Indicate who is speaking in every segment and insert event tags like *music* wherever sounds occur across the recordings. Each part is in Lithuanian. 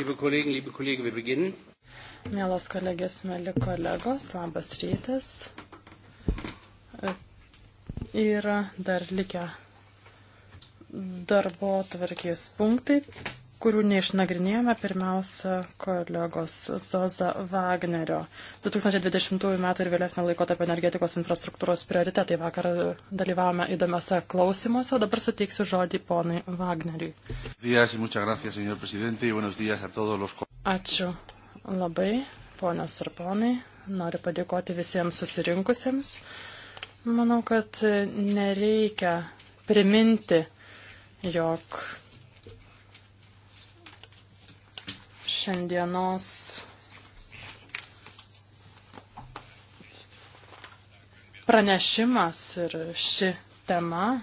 Speaker 1: liebe Kollegen, liebe Kollegen, wir beginnen.
Speaker 2: Mielos kolegės, mėly kolegos, labas rytas. E, yra dar likę darbo tvarkės punktai kurių neišnagrinėjome, pirmiausia, kolegos Zoza Wagnerio 2020 m. ir vėlesnio laiko tarp energetikos infrastruktūros prioritetai. Vakar dalyvavome įdomiose klausimuose, dabar suteiksiu žodį ponui Wagneriui. Ačiū labai, ponios ir ponai. Noriu padėkoti visiems susirinkusiems. Manau, kad nereikia priminti, jog šiandienos pranešimas ir ši tema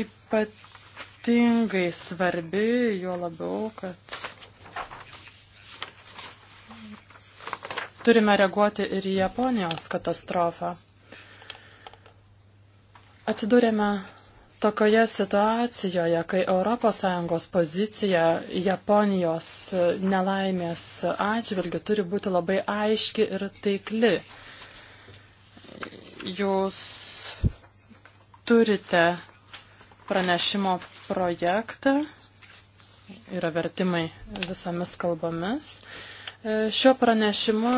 Speaker 2: ypatingai svarbi, juo labiau, kad turime reaguoti ir į Japonijos katastrofą. Atsidūrėme tokioje situacijoje, kai ES pozicija Japonijos nelaimės atžvilgių turi būti labai aiški ir taikli. Jūs turite pranešimo projektą, yra vertimai visomis kalbomis. E, šiuo pranešimu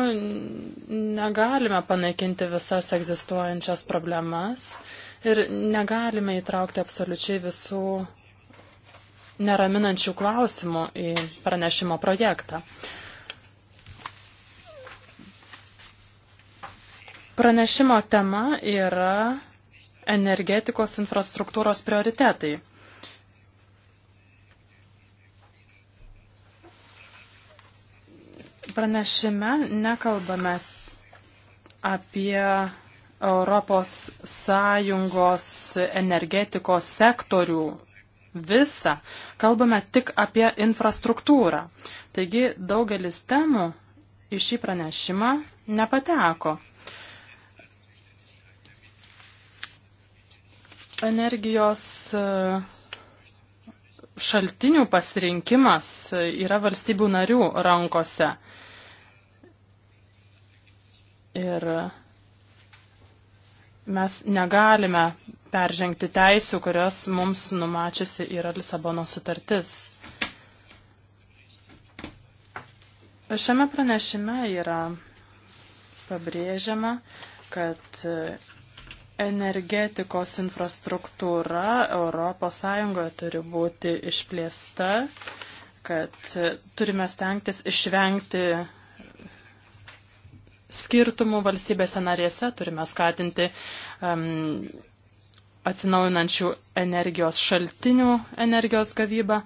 Speaker 2: negalime panaikinti visas egzistuojančias problemas ir negalime įtraukti absoliučiai visų neraminančių klausimų į pranešimo projektą. Pranešimo tema yra energetikos infrastruktūros prioritetai. Pranešime nekalbame apie Europos Sąjungos energetikos sektorių visą, kalbame tik apie infrastruktūrą. Taigi daugelis temų į šį pranešimą nepateko. Energijos e, šaltinių pasirinkimas yra valstybių narių rankose. Ir mes negalime peržengti teisų, kurias mums numačiusi yra Lisabono sutartis. Šiame pranešime yra pabrėžiama, kad energetikos infrastruktūra ES turi būti išplėsta, kad turime stengtis išvengti skirtumų valstybėse narėse, turime skatinti um, atsinaujinančių energijos šaltinių energijos gavybą.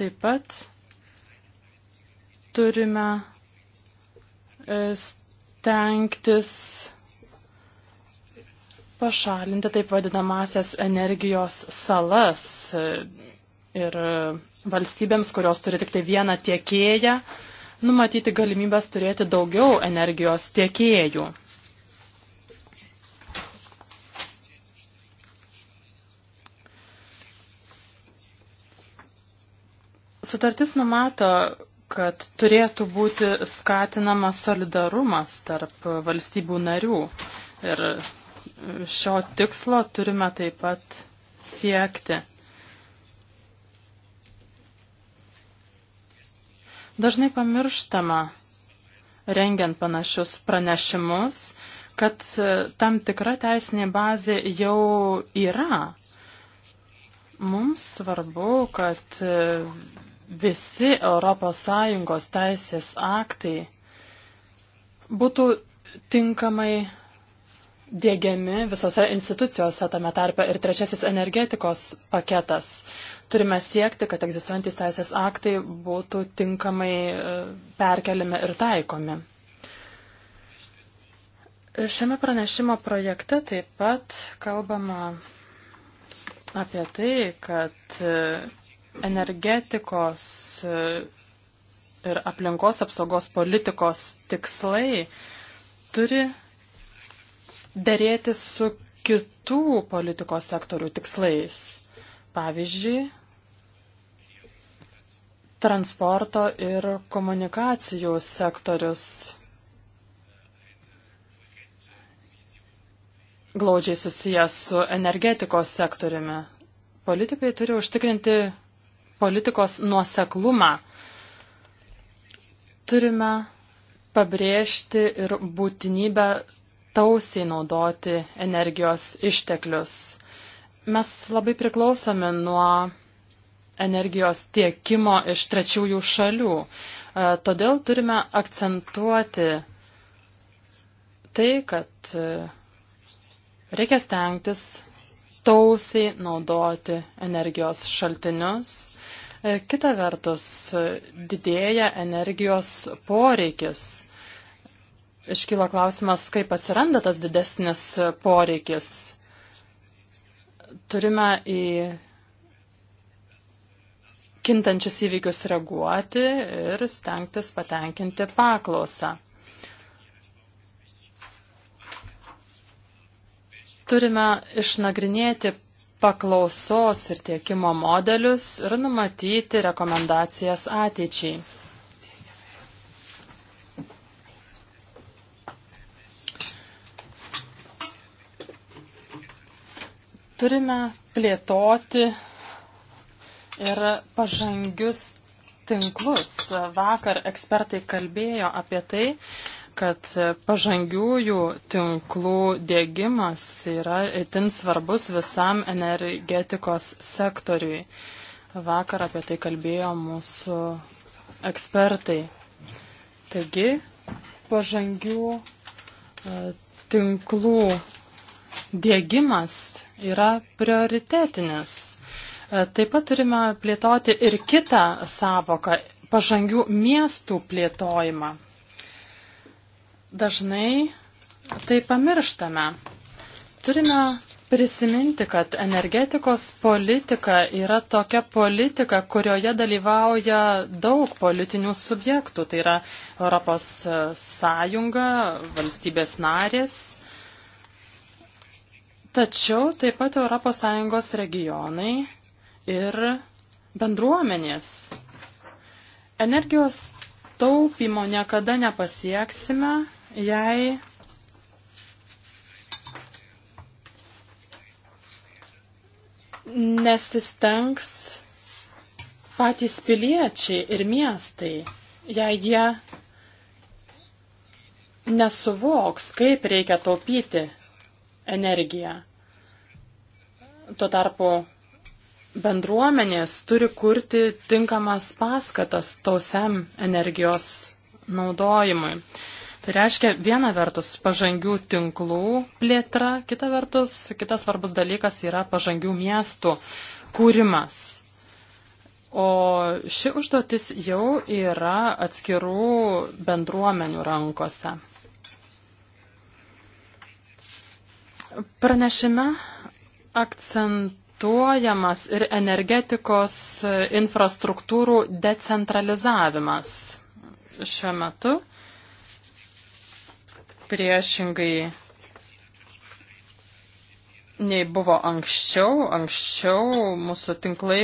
Speaker 2: Taip pat turime e, stengtis pašalinti taip vadinamasias energijos salas e, ir e, valstybėms, kurios turi tik tai vieną tiekėją, uh, numatyti galimybės turėti daugiau energijos tiekėjų. Sutartis numato, kad turėtų būti skatinamas solidarumas tarp valstybių narių. Ir šio tikslo turime taip pat siekti. Dažnai pamirštama, rengiant panašius pranešimus, kad e, tam tikra teisinė bazė jau yra. Mums svarbu, kad e, visi ES teisės aktai būtų tinkamai dėgiami visose institucijose, tame tarpe ir trečiasis energetikos paketas. Turime siekti, kad egzistuojantys teisės aktai būtų tinkamai e, perkeliami ir taikomi. Šiame pranešimo projekte taip pat kalbama apie tai, kad e, energetikos e, ir aplinkos apsaugos politikos tikslai turi dėrėti su kitų politikos sektorių tikslais. Pavyzdžiui, transporto ir komunikacijų sektorius glaudžiai susijęs su energetikos sektoriumi. Politikai turi užtikrinti politikos nuoseklumą. Turime pabrėžti ir būtinybę tausiai naudoti energijos išteklius. Mes labai priklausomi nuo energijos tiekimo iš trečiųjų šalių. E, todėl turime akcentuoti tai, kad e, reikia stengtis tausiai naudoti energijos šaltinius. E, kita vertus, didėja energijos poreikis. Iškyla klausimas, kaip atsiranda tas didesnis poreikis. Turime į kintančius įvykius reaguoti ir stengtis patenkinti paklausą. Turime išnagrinėti paklausos ir tiekimo modelius ir numatyti rekomendacijas ateičiai. Turime plėtoti ir pažangius tinklus. Vakar ekspertai kalbėjo apie tai, kad pažangiųjų tinklų dėgymas yra itin svarbus visam energetikos sektoriui. Vakar apie tai kalbėjo mūsų ekspertai. Taigi, pažangių e, tinklų dėgymas yra prioritetinis. E, taip pat turime plėtoti ir kitą savoką - pažangių miestų plėtojimą. Dažnai tai pamirštame. Turime prisiminti, kad energetikos politika yra tokia politika, kurioje dalyvauja daug politinių subjektų. Tai yra Europos Sąjunga, valstybės narės. Tačiau taip pat ES regionai ir bendruomenės. Energijos taupimo niekada nepasieksime, jei nesistengs patys piliečiai ir miestai, jei jie nesuvoks, kaip reikia taupyti energiją. Tuo tarpu bendruomenės turi kurti tinkamas paskatas tausiam energijos naudojimui. Tai reiškia viena vertus pažangių tinklų plėtra, kita vertus kitas svarbus dalykas yra pažangių miestų kūrimas. O ši užduotis jau yra atskirų bendruomenių rankose. Pranešime akcentuojame akcentuojamas ir energetikos e, infrastruktūrų decentralizavimas šiuo metu. Priešingai nei buvo anksčiau. Anksčiau mūsų tinklai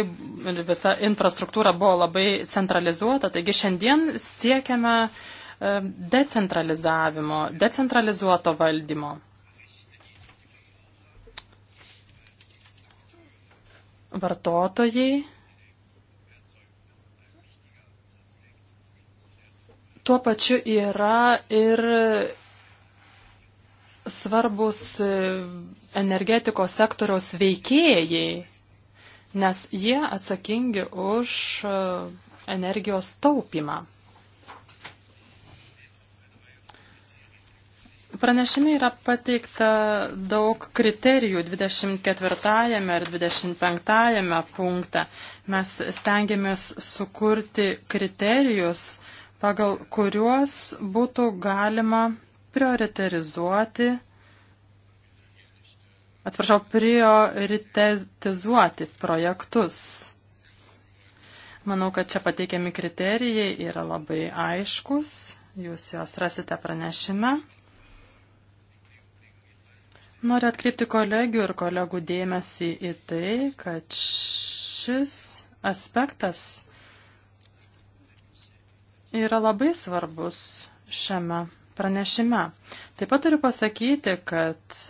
Speaker 2: ir visa infrastruktūra buvo labai centralizuota, taigi šiandien siekiame e, decentralizavimo, decentralizuoto valdymo. vartotojai tuo pačiu yra ir svarbus energetikos sektoriaus veikėjai, nes jie atsakingi už energijos taupimą. Pranešime yra pateikta daug kriterijų 24 ir 25 punkte. Mes stengiamės sukurti kriterijus, pagal kuriuos būtų galima prioritarizuoti, atsiprašau, prioritizuoti projektus. Manau, kad čia pateikiami kriterijai yra labai aiškus, jūs juos rasite pranešime. Noriu atkreipti kolegių ir kolegų dėmesį į tai, kad šis aspektas yra labai svarbus šiame pranešime. Taip pat turiu pasakyti, kad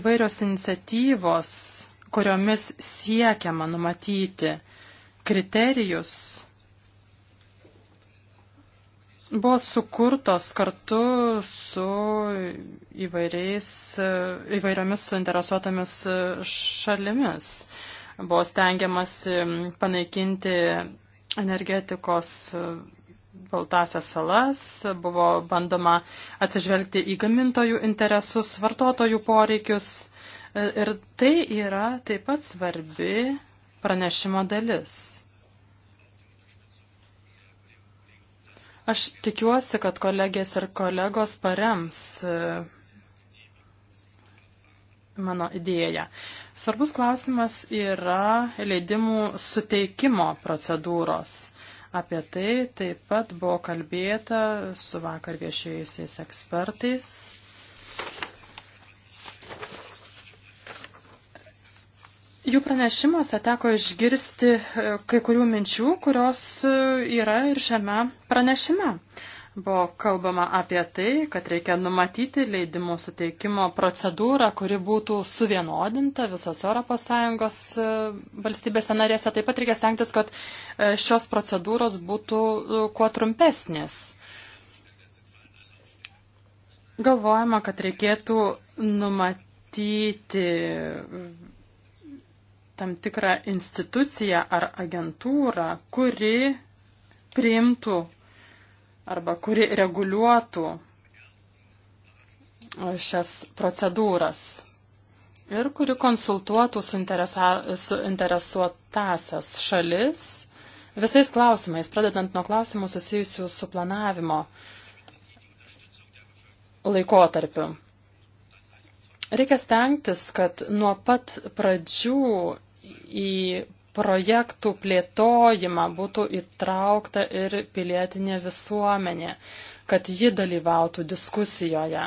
Speaker 2: įvairios iniciatyvos, kuriomis siekiama numatyti kriterijus, buvo sukurtos kartu su įvairiais, įvairiomis suinteresuotomis šalimis. Buvo stengiamasi panaikinti energetikos Baltasias salas, buvo bandoma atsižvelgti į gamintojų interesus, vartotojų poreikius. Ir tai yra taip pat svarbi pranešimo dalis. Aš tikiuosi, kad kolegės ir kolegos parems e, mano idėją. Svarbus klausimas yra leidimų suteikimo procedūros. Apie tai taip pat buvo kalbėta su vakar viešėjusiais ekspertais. Jų pranešimuose teko išgirsti e, kai kurių minčių, kurios e, yra ir šiame pranešime. Buvo kalbama apie tai, kad reikia numatyti leidimų suteikimo procedūrą, kuri būtų suvienodinta visose ES e, valstybėse narėse. Taip pat reikia stengtis, kad šios procedūros būtų kuo trumpesnės. Galvojama, kad reikėtų numatyti tam tikrą instituciją ar agentūrą, kuri priimtų arba kuri reguliuotų e, šias procedūras ir kuri konsultuotų suinteresuotasias šalis visais klausimais, pradedant nuo klausimų susijusių su planavimo laikotarpiu. Reikia stengtis, kad nuo pat pradžių į projektų plėtojimą būtų įtraukta ir pilietinė visuomenė, kad ji dalyvautų diskusijoje.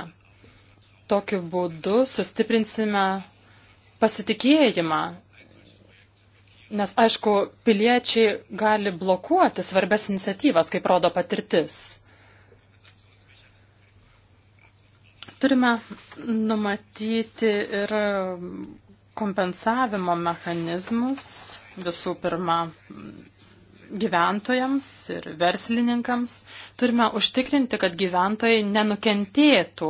Speaker 2: Tokiu būdu sustiprinsime pasitikėjimą, nes, aišku, piliečiai gali blokuoti svarbes iniciatyvas, kaip rodo patirtis. turime numatyti ir kompensavimo mechanizmus visų pirma gyventojams ir verslininkams. Turime užtikrinti, kad gyventojai nenukentėtų,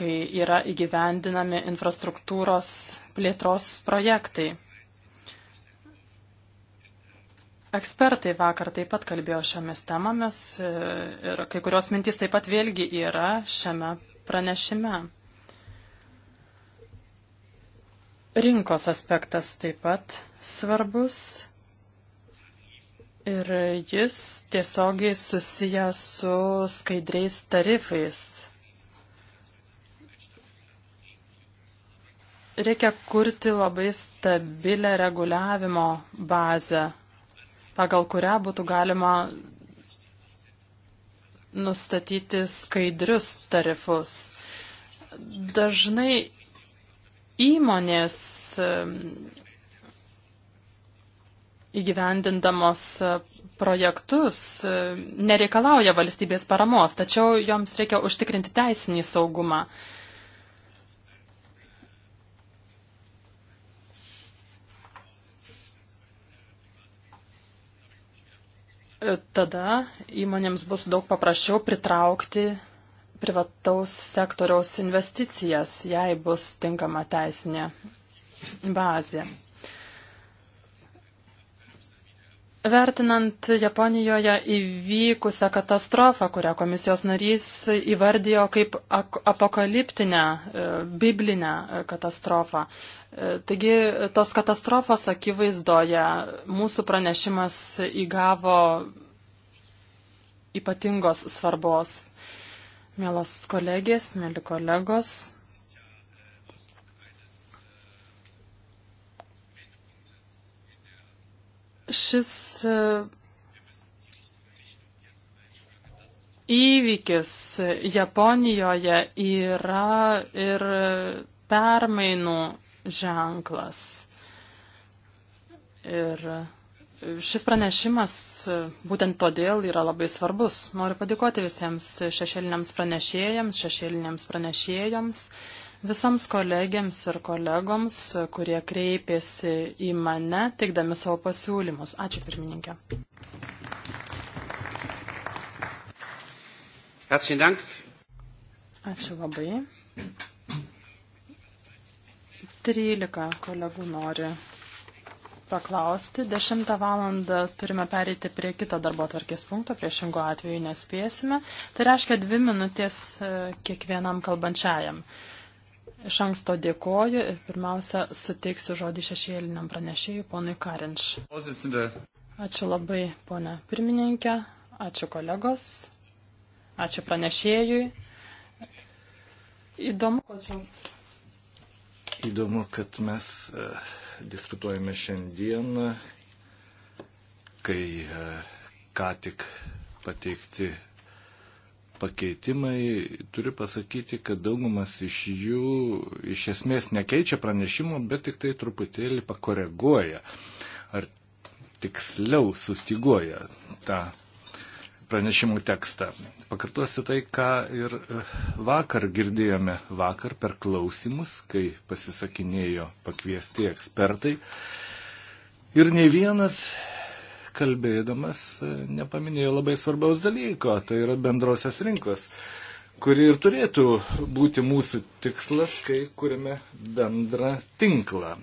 Speaker 2: kai yra įgyvendinami infrastruktūros plėtros projektai. Ekspertai vakar taip pat kalbėjo šiomis temomis e, ir kai kurios mintys taip pat vėlgi yra šiame pranešime. Rinkos aspektas taip pat svarbus ir jis tiesiogiai susijęs su skaidriais tarifais. Reikia kurti labai stabilę reguliavimo bazę, pagal kurią būtų galima nustatyti skaidrius tarifus. Dažnai įmonės įgyvendindamos e, projektus e, nereikalauja valstybės paramos, tačiau joms reikia užtikrinti teisinį saugumą. E, tada įmonėms bus daug paprasčiau pritraukti privataus sektoriaus investicijas, jei bus tinkama teisinė bazė. Vertinant Japonijoje įvykusią katastrofą, kurią komisijos narys įvardijo kaip apokaliptinę, e, biblinę e, katastrofą. E, taigi tos katastrofos akivaizdoje mūsų pranešimas įgavo ypatingos svarbos. Mielas kolegės, mėly kolegos. Šis e, įvykis Japonijoje yra ir permainų ženklas. Ir šis pranešimas būtent todėl yra labai svarbus. Noriu padėkoti visiems šešėliniams pranešėjams, šešėliniams pranešėjams, visoms kolegiams ir kolegoms, kurie kreipėsi į mane, teikdami savo pasiūlymus. Ačiū pirmininkė. Ačiū labai. 13 kolegų nori paklausti. 10 valandą turime pereiti prie kito darbo tvarkės punkto, priešingų atveju nespėsime. Tai reiškia dvi minutės e, kiekvienam kalbančiajam. Iš anksto dėkoju ir pirmiausia suteiksiu žodį šešėliniam pranešėjui, ponui Karinč. Ačiū labai, ponė pirmininkė, ačiū kolegos, ačiū pranešėjui. Įdomu, kad šios.
Speaker 1: Įdomu, kad mes. Uh diskutuojame šiandien, kai e, ką tik pateikti pakeitimai, turiu pasakyti, kad daugumas iš jų iš esmės nekeičia pranešimo, bet tik tai truputėlį pakoreguoja ar tiksliau sustiguoja tą pranešimų tekstą. Pakartosiu tai, ką ir e, vakar girdėjome, vakar per klausimus, kai pasisakinėjo pakviesti ekspertai. Ir ne vienas kalbėdamas e, nepaminėjo labai svarbaus dalyko, tai yra bendrosios rinkos, kuri ir turėtų būti mūsų tikslas, kai kuriame bendrą tinklą.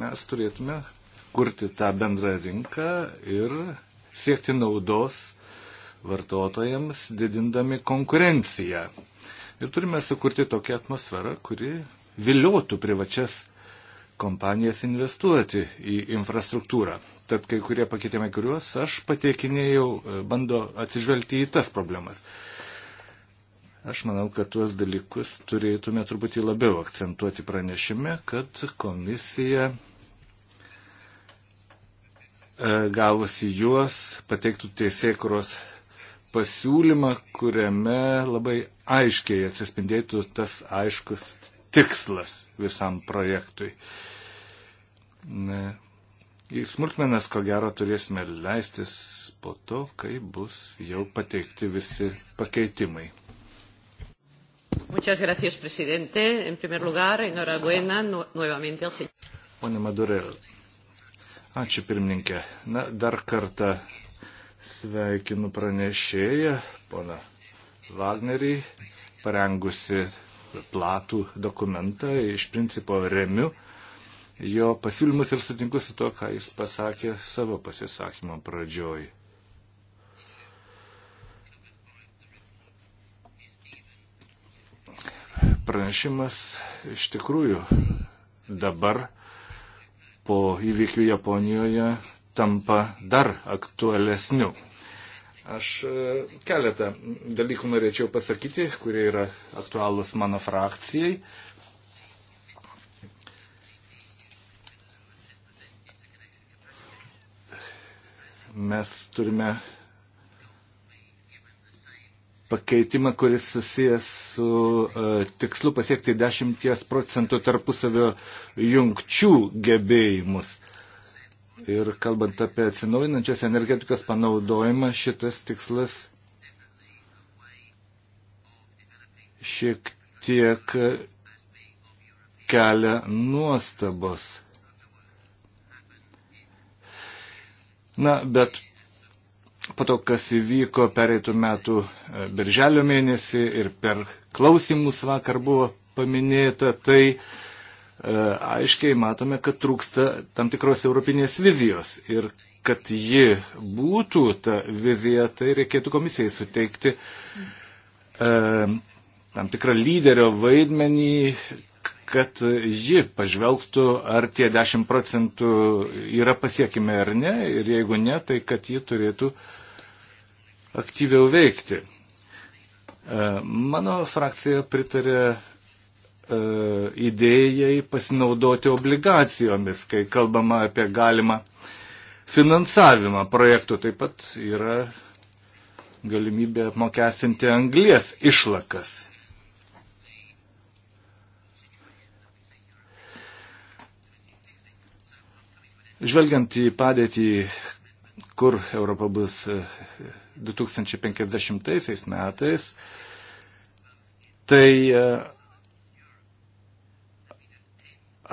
Speaker 1: Mes turėtume kurti tą bendrą rinką ir siekti naudos vartotojams, didindami konkurenciją. Ir turime sukurti tokią atmosferą, kuri viliotų privačias kompanijas investuoti į infrastruktūrą. Tad kai kurie pakeitimai, kuriuos aš pateikinėjau, e, bando atsižvelgti į tas problemas. Aš manau, kad tuos dalykus turėtume truputį labiau akcentuoti pranešime, kad komisija e, gavusi juos pateiktų teisėkuros pasiūlymą, kuriame labai aiškiai atsispindėtų tas aiškus tikslas visam projektui. Ne. Į smulkmenas, ko gero, turėsime leistis po to, kai bus jau pateikti visi pakeitimai.
Speaker 3: Muchas gracias, presidente. En primer lugar, enhorabuena nu-, nuevamente al señor.
Speaker 1: Pone Madurel. Ačiū pirmininkė. Na, dar kartą Sveikinu pranešėją, pona Wagnerį, parengusi platų dokumentą, iš principo remiu jo pasiūlymus ir sutinku su to, ką jis pasakė savo pasisakymo pradžioj. Pranešimas iš tikrųjų dabar po įvykių Japonijoje tampa dar aktualesniu. Aš e, keletą dalykų norėčiau pasakyti, kurie yra aktualūs mano frakcijai. Mes turime pakeitimą, kuris susijęs su uh, tikslu pasiekti 10 procentų tarpusavio jungčių gebėjimus. Uh, Ir kalbant apie atsinaujinančios energetikos panaudojimą, šitas tikslas šiek tiek kelia nuostabos. Na, bet po to, kas įvyko pereitų metų e, birželio mėnesį ir per klausimus vakar buvo paminėta, tai uh, E, aiškiai matome, kad trūksta tam tikros europinės vizijos. Ir kad ji būtų ta vizija, tai reikėtų komisijai suteikti e, tam tikrą lyderio vaidmenį, kad ji pažvelgtų, ar tie 10 procentų yra pasiekime ar ne, ir jeigu ne, tai kad ji turėtų aktyviau veikti. E, mano frakcija pritarė E, idėjai pasinaudoti obligacijomis, kai kalbama apie galimą finansavimą projektų. Taip pat yra galimybė apmokestinti anglės išlakas. Žvelgiant į padėtį, kur Europa bus 2050 e, metais, tai e,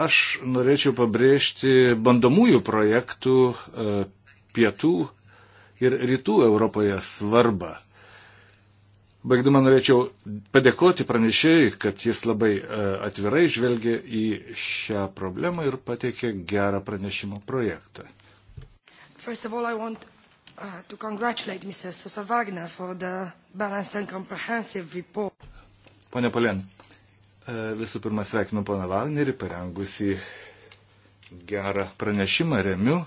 Speaker 1: Aš norėčiau pabrėžti bandomųjų projektų e, pietų ir rytų Europoje svarbą. Baigdama norėčiau padėkoti pranešėjai, kad jis labai e, atvirai žvelgia į šią problemą ir pateikė gerą pranešimo projektą.
Speaker 3: All, uh, to congratulate Mr. Sosa Wagner for the balanced and comprehensive report.
Speaker 1: Pone Polen, E, visų pirma, sveikinu poną Valnerį, parengusi gerą pranešimą, remiu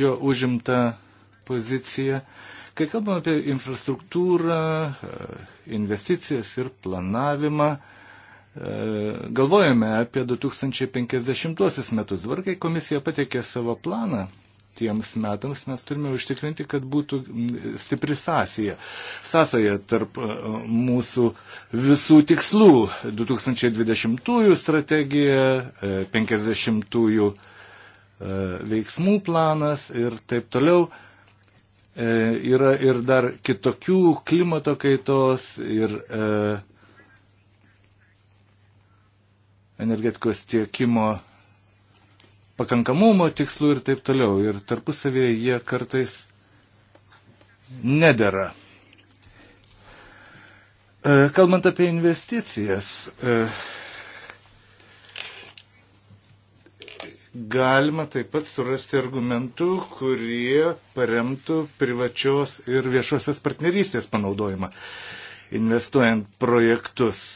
Speaker 1: jo užimtą poziciją. Kai kalbam apie infrastruktūrą, e, investicijas ir planavimą, e, galvojame apie 2050 metus. Dabar, kai komisija pateikė savo planą, kitiems metams, mes turime užtikrinti, kad būtų mm, stipri sąsaja. Sąsaja tarp e, mūsų visų tikslų - 2020 strategija, 50 e, e, veiksmų planas ir taip toliau. Yra ir dar kitokių klimato kaitos ir energetikos tiekimo pakankamumo tikslų ir taip toliau. Ir tarpusavėje jie kartais nedėra. E, kalbant apie investicijas, e, galima taip pat surasti argumentų, kurie paremtų privačios ir viešosios partnerystės panaudojimą, investuojant projektus.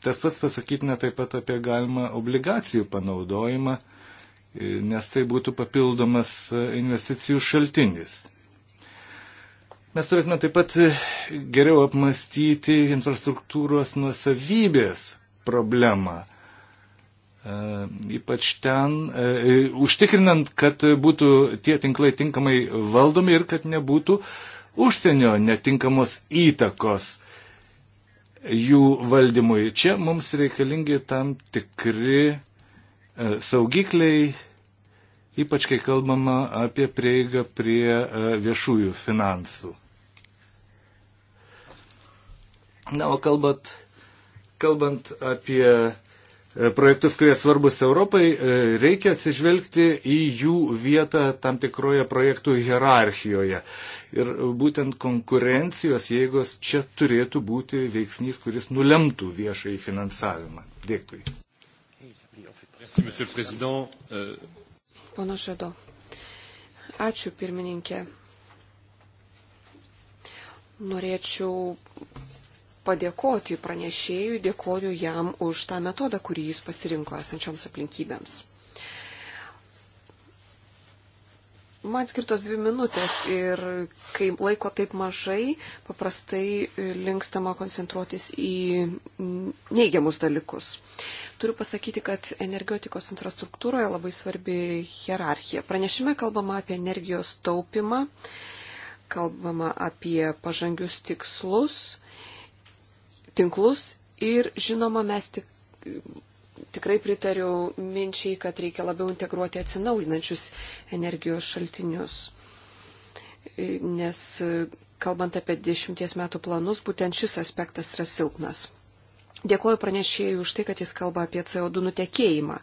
Speaker 1: Tas pats pasakytina taip pat apie galimą obligacijų panaudojimą, e, nes tai būtų papildomas e, investicijų šaltinis. Mes turėtume taip pat e, geriau apmastyti infrastruktūros nusavybės problemą. E, ypač ten, e, užtikrinant, kad būtų tie tinklai tinkamai valdomi ir kad nebūtų užsienio netinkamos įtakos jų valdymui. Čia mums reikalingi tam tikri e, saugikliai, ypač kai kalbama apie prieigą prie e, viešųjų finansų. Na, o kalbant, kalbant apie E, projektus, kurie svarbus Europai, e, reikia atsižvelgti į jų vietą tam tikroje projektų hierarchijoje. Ir būtent konkurencijos jėgos čia turėtų būti veiksnys, kuris nulemtų viešai finansavimą. Dėkui. Euh,
Speaker 3: Pono Žado. Ačiū pirmininkė. Norėčiau padėkoti pranešėjui, dėkoju jam už tą metodą, kurį jis pasirinko esančioms aplinkybėms. Man skirtos dvi minutės ir kai laiko taip mažai, paprastai linkstama koncentruotis į neigiamus dalykus. Turiu pasakyti, kad energetikos infrastruktūroje labai svarbi hierarchija. Pranešime kalbama apie energijos taupimą, kalbama apie pažangius tikslus, tinklus ir žinoma, mes tik, tikrai pritariu minčiai, kad reikia labiau integruoti atsinaujinančius energijos šaltinius. Nes kalbant apie dešimties metų planus, būtent šis aspektas yra silpnas. Dėkoju pranešėjui už tai, kad jis kalba apie CO2 nutekėjimą.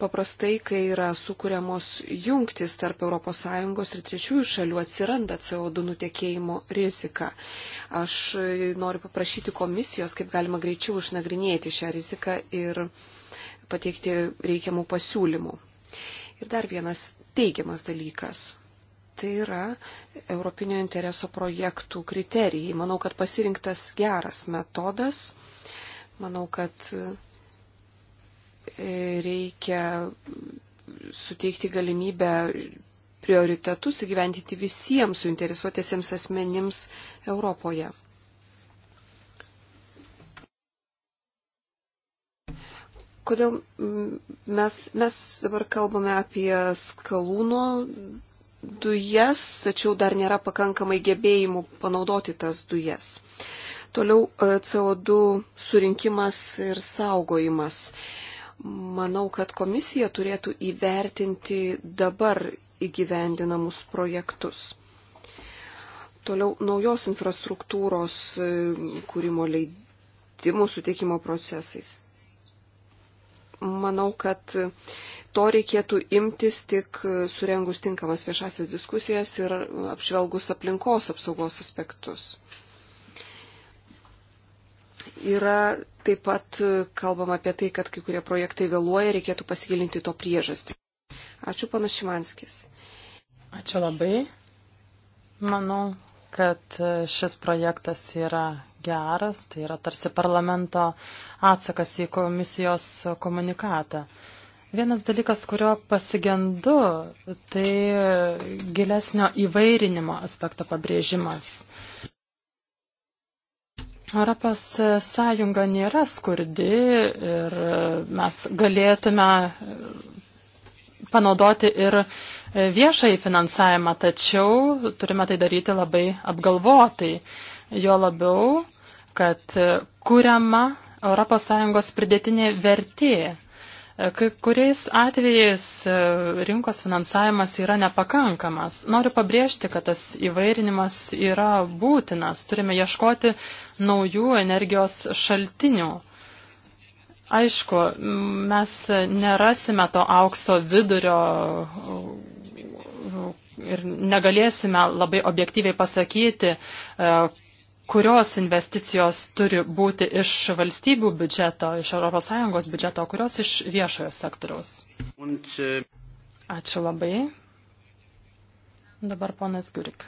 Speaker 3: Paprastai, kai yra sukūriamos jungtis tarp ES ir trečiųjų šalių, atsiranda CO2 nutekėjimo rizika. Aš e, noriu paprašyti komisijos, kaip galima greičiau išnagrinėti šią riziką ir pateikti reikiamų pasiūlymų. Ir dar vienas teigiamas dalykas. Tai yra Europinio intereso projektų kriterijai. Manau, kad pasirinktas geras metodas. Manau, kad reikia suteikti galimybę prioritetus įgyventinti visiems suinteresuotėsiems asmenims Europoje. Kodėl mes, mes dabar kalbame apie skalūno dujas, tačiau dar nėra pakankamai gebėjimų panaudoti tas dujas. Toliau e, CO2 surinkimas ir saugojimas. Manau, kad komisija turėtų įvertinti dabar įgyvendinamus projektus. Toliau naujos infrastruktūros e, kūrimo leidimų suteikimo procesais. Manau, kad to reikėtų imtis tik surengus tinkamas viešasias diskusijas ir apžvelgus aplinkos apsaugos aspektus. Yra taip pat e, kalbama apie tai, kad kai kurie projektai vėluoja, reikėtų pasigilinti to priežastį. Ačiū, panas Šimanskis. Ačiū labai.
Speaker 2: Manau, kad e, šis projektas yra geras, tai yra tarsi parlamento atsakas į komisijos komunikatą. Vienas dalykas, kurio pasigendu, tai gilesnio įvairinimo aspekto pabrėžimas. Europos Sąjunga nėra skurdi ir mes galėtume panaudoti ir viešai finansavimą, tačiau turime tai daryti labai apgalvotai. Jo labiau, kad kuriama ES pridėtinė vertė. Kai kuriais atvejais e, rinkos finansavimas yra nepakankamas. Noriu pabrėžti, kad tas įvairinimas yra būtinas. Turime ieškoti naujų energijos šaltinių. Aišku, mes nerasime to aukso vidurio ir negalėsime labai objektyviai pasakyti, e, kurios investicijos turi būti iš valstybių biudžeto, iš ES biudžeto, kurios iš viešojo sektoriaus.
Speaker 1: E,
Speaker 2: Ačiū labai. Dabar ponas Gurik.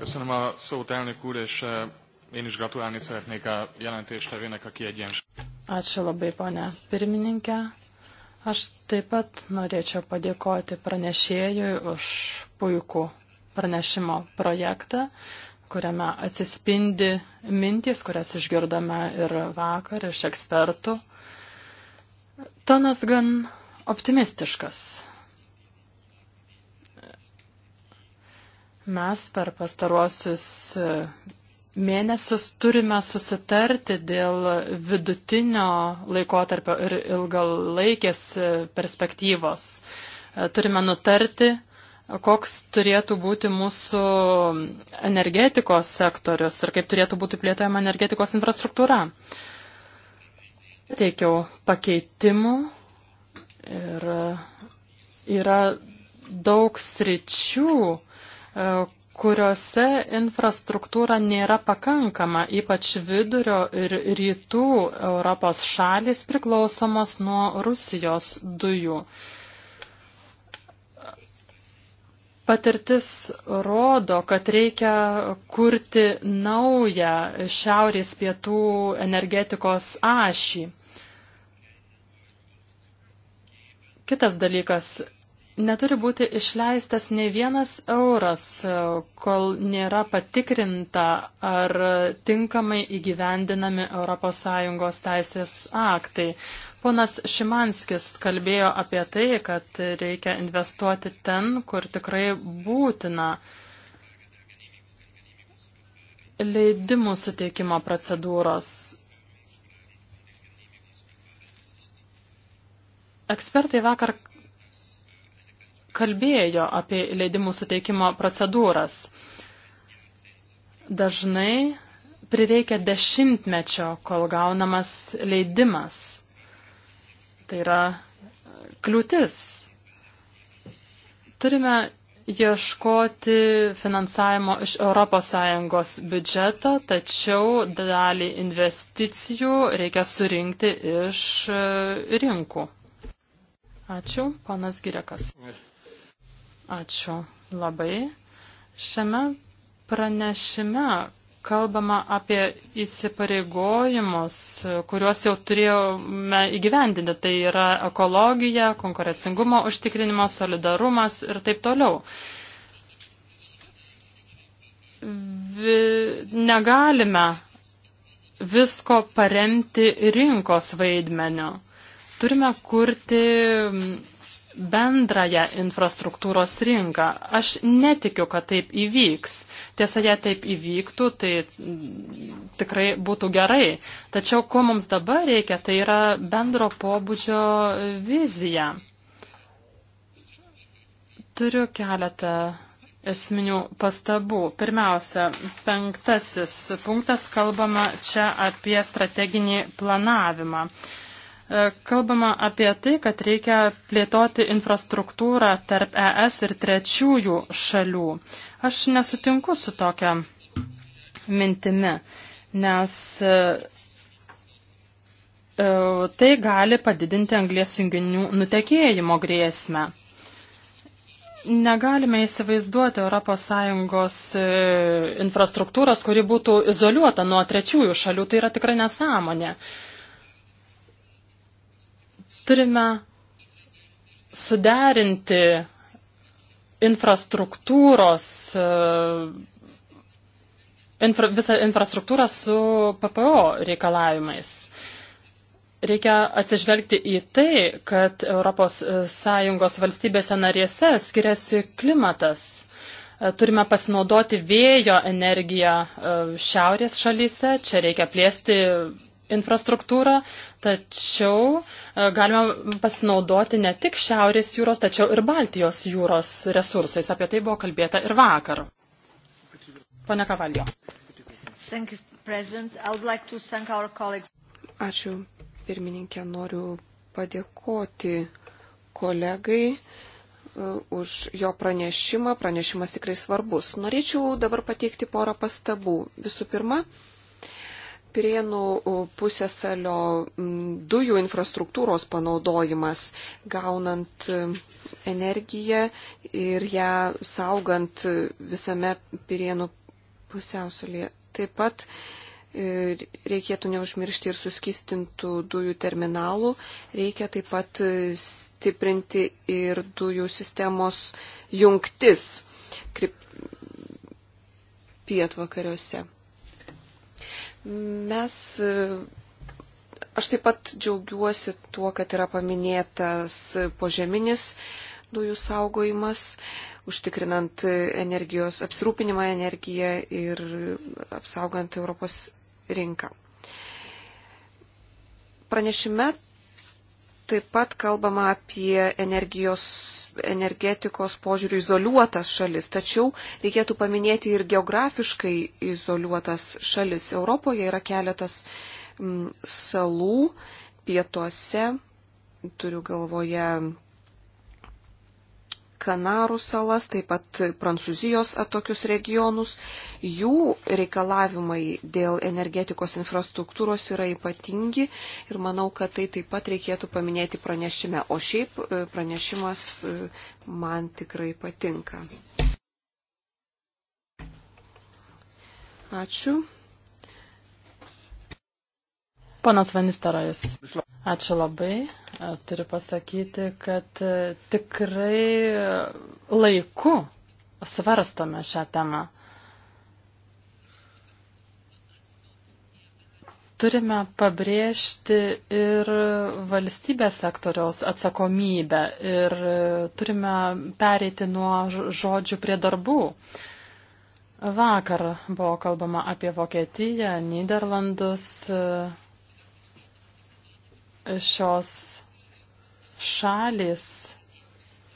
Speaker 1: Köszönöm a szót, elnök úr, és e, én is gratulálni szeretnék a jelentéstevének a kiegyensúlyt.
Speaker 2: Ačiū labai, ponia pirmininkė. Aš taip pat norėčiau padėkoti pranešėjui už puikų pranešimo projektą kuriame atsispindi mintys, kurias išgirdome ir vakar iš ekspertų. Tonas gan optimistiškas. Mes per pastaruosius mėnesius turime susitarti dėl vidutinio laikotarpio ir ilgalaikės perspektyvos. Turime nutarti, koks turėtų būti mūsų energetikos sektorius ir kaip turėtų būti plėtojama energetikos infrastruktūra. Teikiau pakeitimų ir yra daug sričių, e, kuriuose infrastruktūra nėra pakankama, ypač vidurio ir rytų Europos šalis priklausomos nuo Rusijos dujų. Patirtis rodo, kad reikia kurti naują šiaurės pietų energetikos ašį. Kitas dalykas Neturi būti išleistas ne vienas euras, kol nėra patikrinta, ar tinkamai įgyvendinami ES teisės aktai. Ponas Šimanskis kalbėjo apie tai, kad reikia investuoti ten, kur tikrai būtina. Leidimų suteikimo procedūros Ekspertai vakar kalbėjo apie leidimų suteikimo procedūras. Dažnai prireikia dešimtmečio, kol gaunamas leidimas. Tai yra kliūtis. Turime ieškoti finansavimo iš ES biudžeto, tačiau dalį investicijų reikia surinkti iš rinkų. Ačiū, panas Girekas. Ne. Ačiū labai. Šiame pranešime kalbama apie įsipareigojimus, kuriuos jau turėjome įgyvendinti. Tai yra ekologija, konkurencingumo užtikrinimas, solidarumas ir taip toliau. Vi, negalime visko paremti rinkos vaidmeniu. Turime kurti bendrąją infrastruktūros rinką. Aš netikiu, kad taip įvyks. Tiesa, jei taip įvyktų, tai mm, tikrai būtų gerai. Tačiau ko mums dabar reikia, tai yra bendro pobūdžio vizija. Turiu keletą esminių pastabų. Pirmiausia, penktasis punktas kalbama čia apie strateginį planavimą. Uh, E, kalbama apie tai, kad reikia plėtoti infrastruktūrą tarp ES ir trečiųjų šalių. Aš nesutinku su tokia mintimi, nes e, e, tai gali padidinti anglės junginių nutekėjimo grėsmę. Negalime įsivaizduoti ES infrastruktūros, kuri būtų izoliuota nuo trečiųjų šalių. Tai yra tikrai nesąmonė. Turime suderinti infrastruktūros, e, infra, visą infrastruktūrą su PPO reikalavimais. Reikia atsižvelgti į tai, kad ES e, valstybėse narėse skiriasi klimatas. E, turime pasinaudoti vėjo energiją šiaurės šalyse, čia reikia plėsti infrastruktūrą, Tačiau e, galime pasinaudoti ne tik Šiaurės jūros, tačiau ir Baltijos jūros resursais. Apie tai buvo kalbėta ir vakar.
Speaker 3: Pone Kavalio. Ačiū, pirmininkė. Noriu padėkoti kolegai e, už jo pranešimą. Pranešimas tikrai svarbus. Norėčiau dabar pateikti porą pastabų. Visų pirma, Pirėnų pusėsalio dujų infrastruktūros panaudojimas, gaunant e, energiją ir ją saugant visame Pirėnų pusiausalėje. Taip pat e, reikėtų neužmiršti ir suskistintų dujų terminalų, reikia taip pat e, stiprinti ir dujų sistemos jungtis pietvakariuose. Mes, e, aš taip pat džiaugiuosi tuo, kad yra paminėtas požeminis dujų saugojimas, užtikrinant energijos apsirūpinimą energiją ir apsaugant Europos rinką. Pranešime Taip pat kalbama apie energijos, energetikos požiūrių izoliuotas šalis, tačiau reikėtų paminėti ir geografiškai izoliuotas šalis. Europoje yra keletas m, mm, salų pietuose, turiu galvoje Kanarų salas, taip pat Prancūzijos atokius regionus. Jų reikalavimai dėl energetikos infrastruktūros yra ypatingi ir manau, kad tai taip pat reikėtų paminėti pranešime. O šiaip e, pranešimas e, man tikrai patinka. Ačiū.
Speaker 2: Ponas Vanistarojus, ačiū labai. E, turiu pasakyti, kad e, tikrai e, laiku svarstome šią temą. Turime pabrėžti ir valstybės sektoriaus atsakomybę ir turime pereiti nuo žodžių prie darbų. Vakar buvo kalbama apie Vokietiją, Niderlandus, šios šalis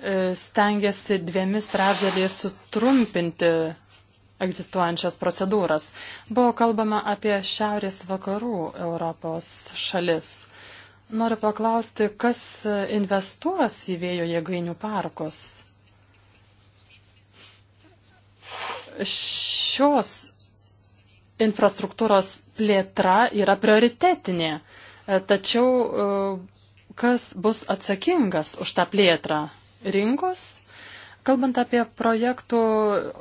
Speaker 2: e, stengiasi dviemis trečdaliais sutrumpinti egzistuojančias procedūras. Buvo kalbama apie šiaurės vakarų Europos šalis. Noriu paklausti, kas investuos į vėjo jėgainių parkus? Šios infrastruktūros plėtra yra prioritetinė. Tačiau e, kas bus atsakingas už tą plėtrą? Rinkos? Kalbant apie projektų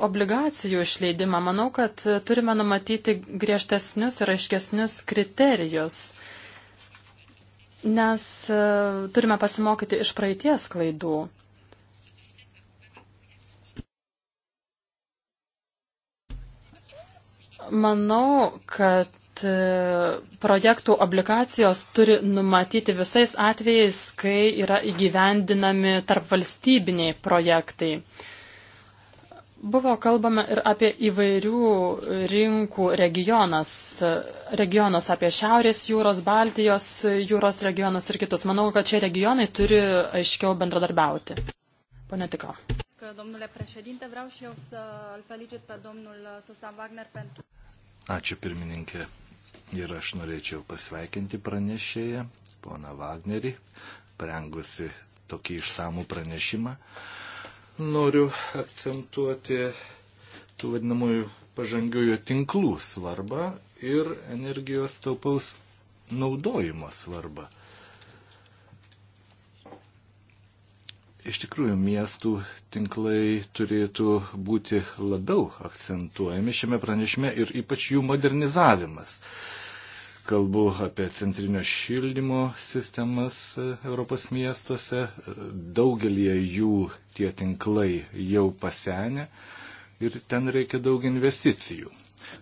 Speaker 2: obligacijų išleidimą, manau, kad turime numatyti griežtesnius ir aiškesnius kriterijus, nes e, turime pasimokyti iš praeities klaidų. Manau, kad kad e, projektų obligacijos turi numatyti visais atvejais, kai yra įgyvendinami tarpvalstybiniai projektai. Buvo kalbama ir apie įvairių rinkų regionas, regionus apie Šiaurės jūros, Baltijos jūros regionus ir kitus. Manau, kad šie regionai turi aiškiau bendradarbiauti. Pone Tikau. Domnule președinte, vreau și eu să îl felicit pe domnul Susan Wagner pentru
Speaker 1: Ačiū pirmininkė. Ir aš norėčiau pasveikinti pranešėją, poną Wagnerį, prengusi tokį išsamų pranešimą. Noriu akcentuoti tų vadinamųjų pažangiųjų tinklų svarbą ir energijos taupaus naudojimo svarbą. Iš tikrųjų, miestų tinklai turėtų būti labiau akcentuojami šiame pranešime ir ypač jų modernizavimas. Kalbu apie centrinio šildymo sistemas e, Europos miestuose. E, daugelie jų tie tinklai jau pasenę ir ten reikia daug investicijų.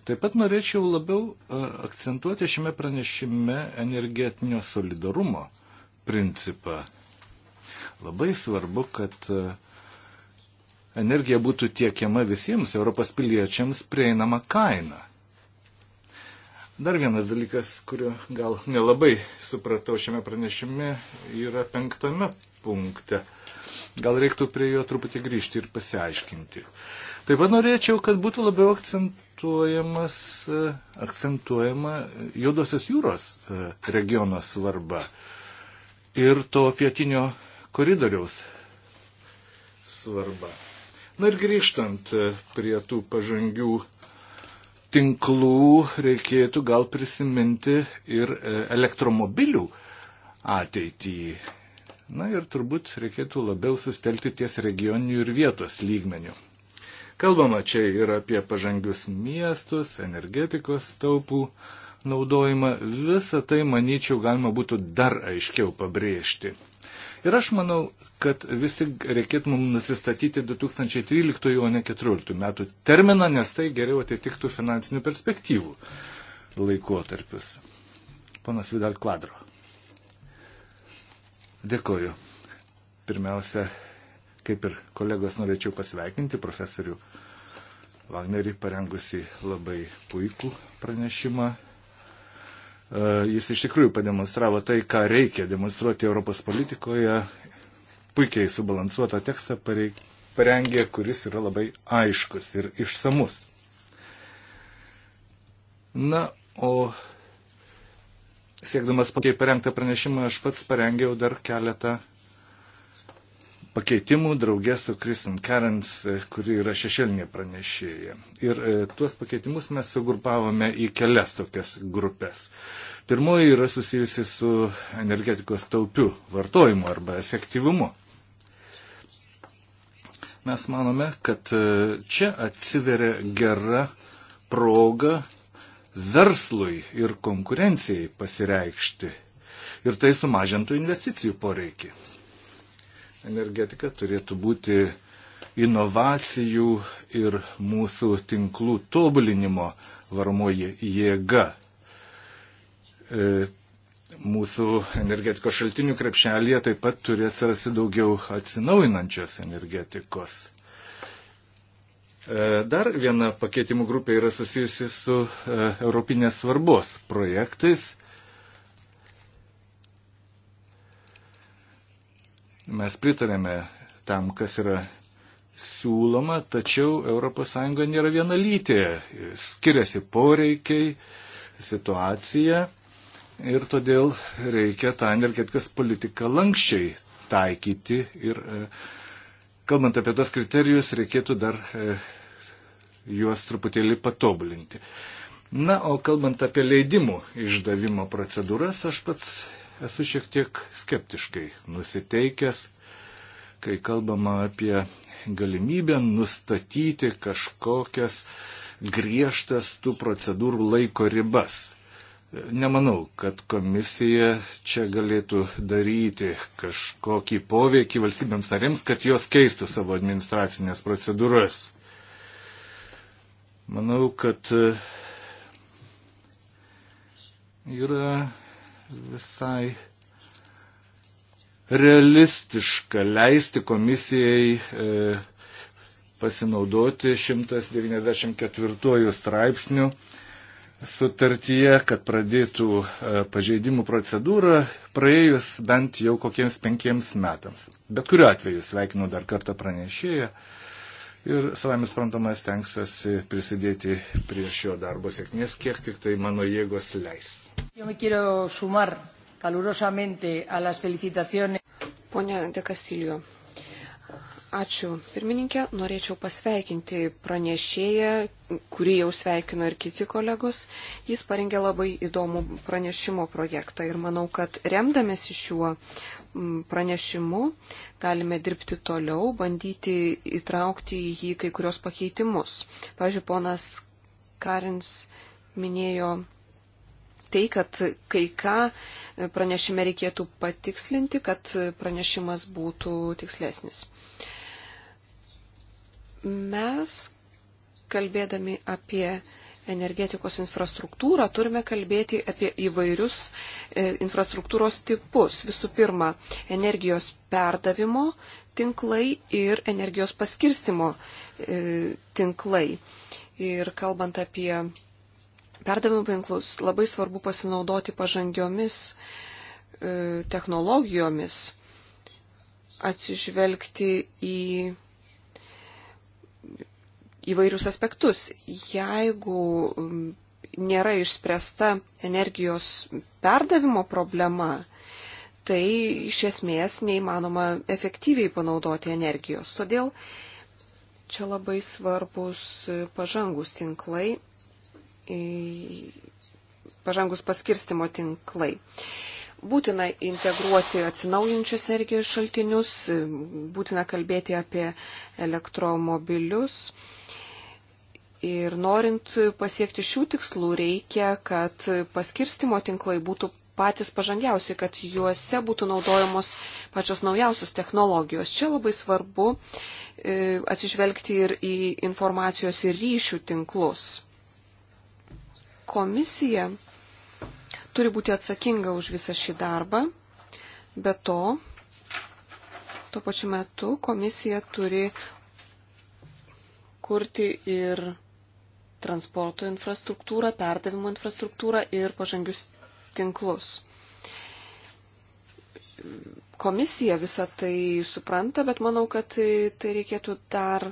Speaker 1: Taip pat norėčiau labiau e, akcentuoti šiame pranešime energetinio solidarumo principą. Labai svarbu, kad energija būtų tiekiama visiems Europos piliečiams prieinama kaina. Dar vienas dalykas, kurio gal nelabai supratau šiame pranešime, yra penktame punkte. Gal reiktų prie jo truputį grįžti ir pasiaiškinti. Taip pat norėčiau, kad būtų labiau akcentuojamas, e, akcentuojama Jodosios jūros e, regiono svarba ir to pietinio koridoriaus svarba. Na ir grįžtant e, prie tų pažangių tinklų reikėtų gal prisiminti ir e, elektromobilių ateitį. Na ir turbūt reikėtų labiau sustelti ties regioninių ir vietos lygmenių. Kalbama čia ir apie pažangius miestus, energetikos taupų naudojimą. Visą tai, manyčiau, galima būtų dar aiškiau pabrėžti. Ir aš manau, kad vis tik reikėtų mums nusistatyti 2013, o ne 2014 metų terminą, nes tai geriau atitiktų finansinių perspektyvų laikotarpius. Panas Vidal Kvadro. Dėkoju. Pirmiausia, kaip ir kolegos, norėčiau pasveikinti profesorių Vagnerį parengusi labai puikų pranešimą E, jis iš tikrųjų pademonstravo tai, ką reikia demonstruoti Europos politikoje. Puikiai subalansuotą tekstą parengė, kuris yra labai aiškus ir išsamus. Na, o siekdamas pakeipę parengtą pranešimą, aš pats parengiau dar keletą pakeitimų draugė su Kristin Karens, e, kuri yra šešėlinė pranešėja. Ir e, tuos pakeitimus mes sugrupavome į kelias tokias grupės. Pirmoji yra susijusi su energetikos taupiu vartojimu arba efektyvumu. Mes manome, kad e, čia atsiveria gera proga verslui ir konkurencijai pasireikšti. Ir tai sumažintų investicijų poreikį energetika turėtų būti inovacijų ir mūsų tinklų tobulinimo varmoji jėga. E, mūsų energetikos šaltinių krepšelėje taip pat turi atsirasti daugiau atsinaujinančios energetikos. E, dar viena pakeitimų grupė yra susijusi su e, Europinės svarbos projektais Mes pritarėme tam, kas yra siūloma, tačiau ES nėra vienalytė. Skiriasi poreikiai, situacija ir todėl reikia tą energetikos politiką lankščiai taikyti. Ir e, kalbant apie tas kriterijus, reikėtų dar e, juos truputėlį patobulinti. Na, o kalbant apie leidimų išdavimo procedūras, aš pats esu šiek tiek skeptiškai nusiteikęs, kai kalbama apie galimybę nustatyti kažkokias griežtas tų procedūrų laiko ribas. Nemanau, kad komisija čia galėtų daryti kažkokį poveikį valstybėms narėms, kad jos keistų savo administracinės procedūras. Manau, kad yra visai realistiška leisti komisijai e, pasinaudoti 194 straipsnių sutartyje, kad pradėtų e, pažeidimų procedūrą praėjus bent jau kokiems penkiems metams. Bet kuriuo atveju sveikinu dar kartą pranešėją ir savaime suprantama stengsiuosi prisidėti prie šio darbo sėkmės, kiek tik tai mano jėgos leis.
Speaker 3: Pone De Castillo, Ačiū. Pirmininkė, norėčiau pasveikinti pranešėją, kurį jau sveikino ir kiti kolegos. Jis parengė labai įdomų pranešimo projektą ir manau, kad remdamėsi šiuo pranešimu galime dirbti toliau, bandyti įtraukti į jį kai kurios pakeitimus. Pavyzdžiui, ponas Karins minėjo tai, kad kai ką pranešime reikėtų patikslinti, kad pranešimas būtų tikslesnis. Mes, kalbėdami apie energetikos infrastruktūrą, turime kalbėti apie įvairius e, infrastruktūros tipus. Visų pirma, energijos perdavimo tinklai ir energijos paskirstimo e, tinklai. Ir kalbant apie perdavimo tinklus, labai svarbu pasinaudoti pažangiomis e, technologijomis, atsižvelgti į įvairius aspektus. Jeigu nėra išspręsta energijos perdavimo problema, tai iš esmės neįmanoma efektyviai panaudoti energijos. Todėl čia labai svarbus pažangus tinklai, pažangus paskirstimo tinklai. Būtina integruoti atsinaujinčius energijos šaltinius, būtina kalbėti apie elektromobilius. Ir norint pasiekti šių tikslų, reikia, kad paskirstimo tinklai būtų patys pažangiausi, kad juose būtų naudojamos pačios naujausios technologijos. Čia labai svarbu e, atsižvelgti ir į informacijos ir ryšių tinklus. Komisija turi būti atsakinga už visą šį darbą. Be to, tuo pačiu metu komisija turi kurti ir transporto infrastruktūrą, perdavimo infrastruktūrą ir pažangius tinklus. Komisija visą tai supranta, bet manau, kad tai reikėtų dar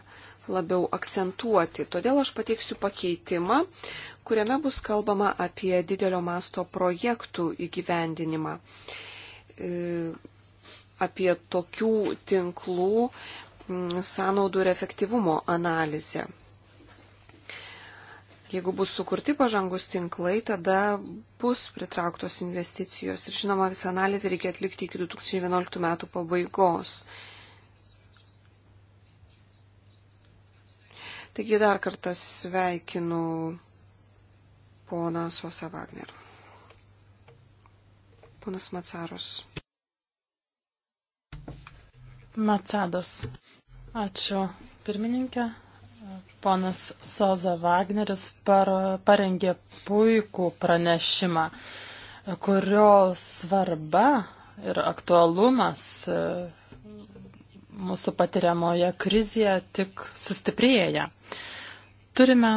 Speaker 3: labiau akcentuoti. Todėl aš pateiksiu pakeitimą, kuriame bus kalbama apie didelio masto projektų įgyvendinimą, e, apie tokių tinklų mm, sąnaudų ir efektyvumo analizę. Jeigu bus sukurti pažangus tinklai, tada bus pritrauktos investicijos. Ir žinoma, visą analizę reikia atlikti iki 2011 metų pabaigos. Taigi dar kartą sveikinu poną Sosa Wagner. Ponas Macaros. Macados.
Speaker 2: Ačiū pirmininkė. Ponas Soza Wagneris par, parengė puikų pranešimą, kurio svarba ir aktualumas e, mūsų patiriamoje krizėje tik sustiprėja. Turime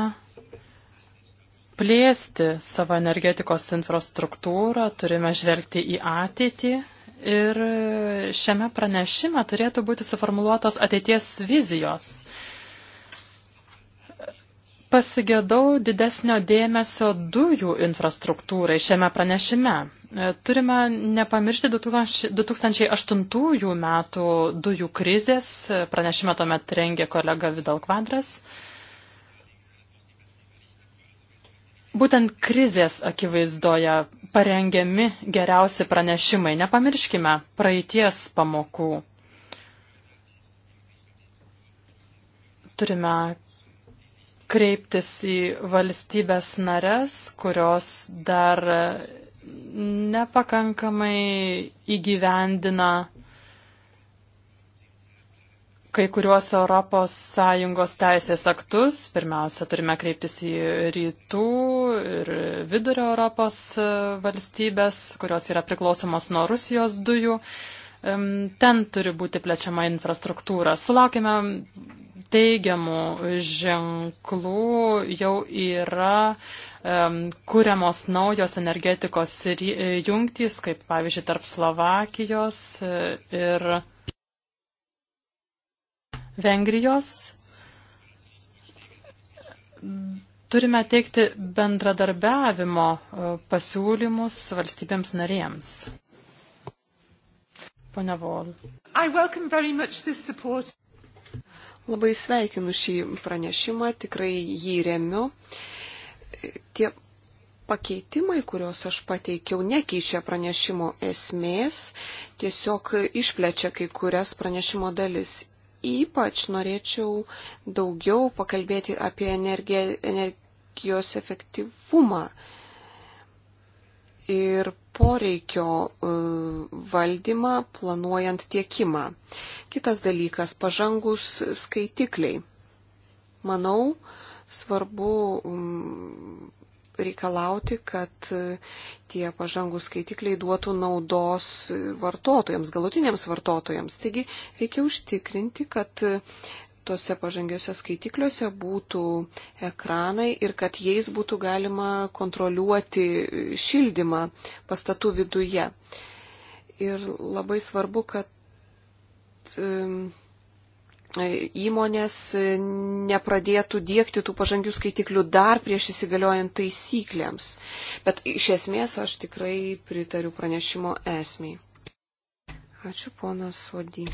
Speaker 2: plėsti savo energetikos infrastruktūrą, turime žvelgti į ateitį ir šiame pranešime turėtų būti suformuluotos ateities vizijos. Pasigėdau didesnio dėmesio dujų infrastruktūrai šiame pranešime. Turime nepamiršti 2008 metų dujų krizės, pranešimą tuomet rengė kolega Vidal Kvadras. Būtent krizės akivaizdoje parengiami geriausi pranešimai. Nepamirškime praeities pamokų. Turime kreiptis į valstybės nares, kurios dar nepakankamai įgyvendina kai kuriuos ES teisės aktus. Pirmiausia, turime kreiptis į rytų ir vidurio Europos e, valstybės, kurios yra priklausomos nuo Rusijos dujų. Ten turi būti plečiama infrastruktūra. Sulaukime teigiamų ženklų, jau yra kuriamos naujos energetikos jungtys, kaip pavyzdžiui, tarp Slovakijos e, ir. Vengrijos. Turime teikti bendradarbiavimo e, pasiūlymus valstybėms
Speaker 3: narėms. Pone Vol. Labai sveikinu šį pranešimą, tikrai jį remiu. Tie pakeitimai, kuriuos aš pateikiau, nekeičia pranešimo esmės, tiesiog išplečia kai kurias pranešimo dalis ypač norėčiau daugiau pakalbėti apie energiją, energijos efektyvumą ir poreikio e, valdymą planuojant tiekimą. Kitas dalykas - pažangus skaitikliai. Manau, svarbu reikalauti, kad e, tie pažangų skaitikliai duotų naudos vartotojams, galutiniams vartotojams. Taigi reikia užtikrinti, kad e, tuose pažangiuose skaitikliuose būtų ekranai ir kad jais būtų galima kontroliuoti šildymą pastatų viduje. Ir labai svarbu, kad e, įmonės nepradėtų dėkti tų pažangių skaitiklių dar prieš įsigaliojant taisyklėms. Bet iš esmės aš tikrai pritariu pranešimo esmiai. Ačiū, ponas Sodį.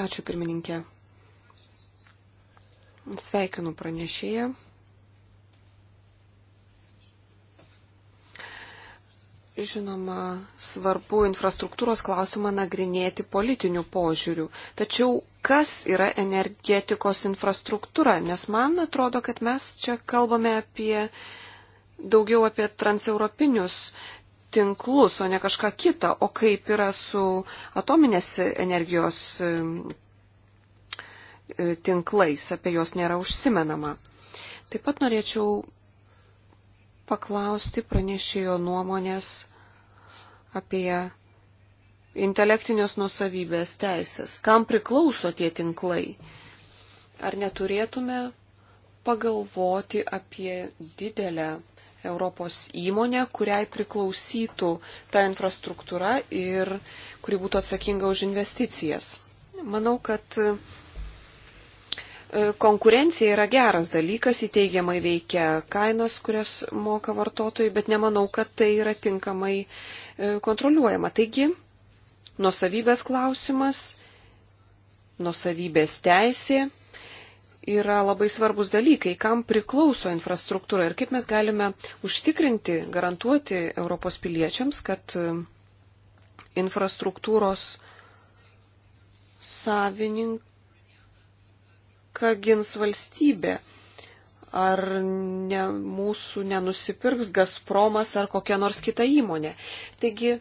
Speaker 3: Ačiū, pirmininkė. Sveikinu pranešėją. žinoma, svarbu infrastruktūros klausimą nagrinėti politinių požiūrių. Tačiau kas yra energetikos infrastruktūra? Nes man atrodo, kad mes čia kalbame apie daugiau apie transeuropinius tinklus, o ne kažką kitą, o kaip yra su atominės energijos e, tinklais, apie juos nėra užsimenama. Taip pat norėčiau paklausti pranešėjo nuomonės apie intelektinės nusavybės teisės. Kam priklauso tie tinklai? Ar neturėtume pagalvoti apie didelę Europos įmonę, kuriai priklausytų ta infrastruktūra ir kuri būtų atsakinga už investicijas? Manau, kad E, konkurencija yra geras dalykas, įteigiamai veikia kainas, kurias moka vartotojai, bet nemanau, kad tai yra tinkamai e, kontroliuojama. Taigi, nusavybės klausimas, nusavybės teisė yra labai svarbus dalykai, kam priklauso infrastruktūra ir kaip mes galime užtikrinti, garantuoti Europos piliečiams, kad e, infrastruktūros savininkai ką gins valstybė. Ar ne, mūsų nenusipirks Gazpromas ar kokia nors kita įmonė. Taigi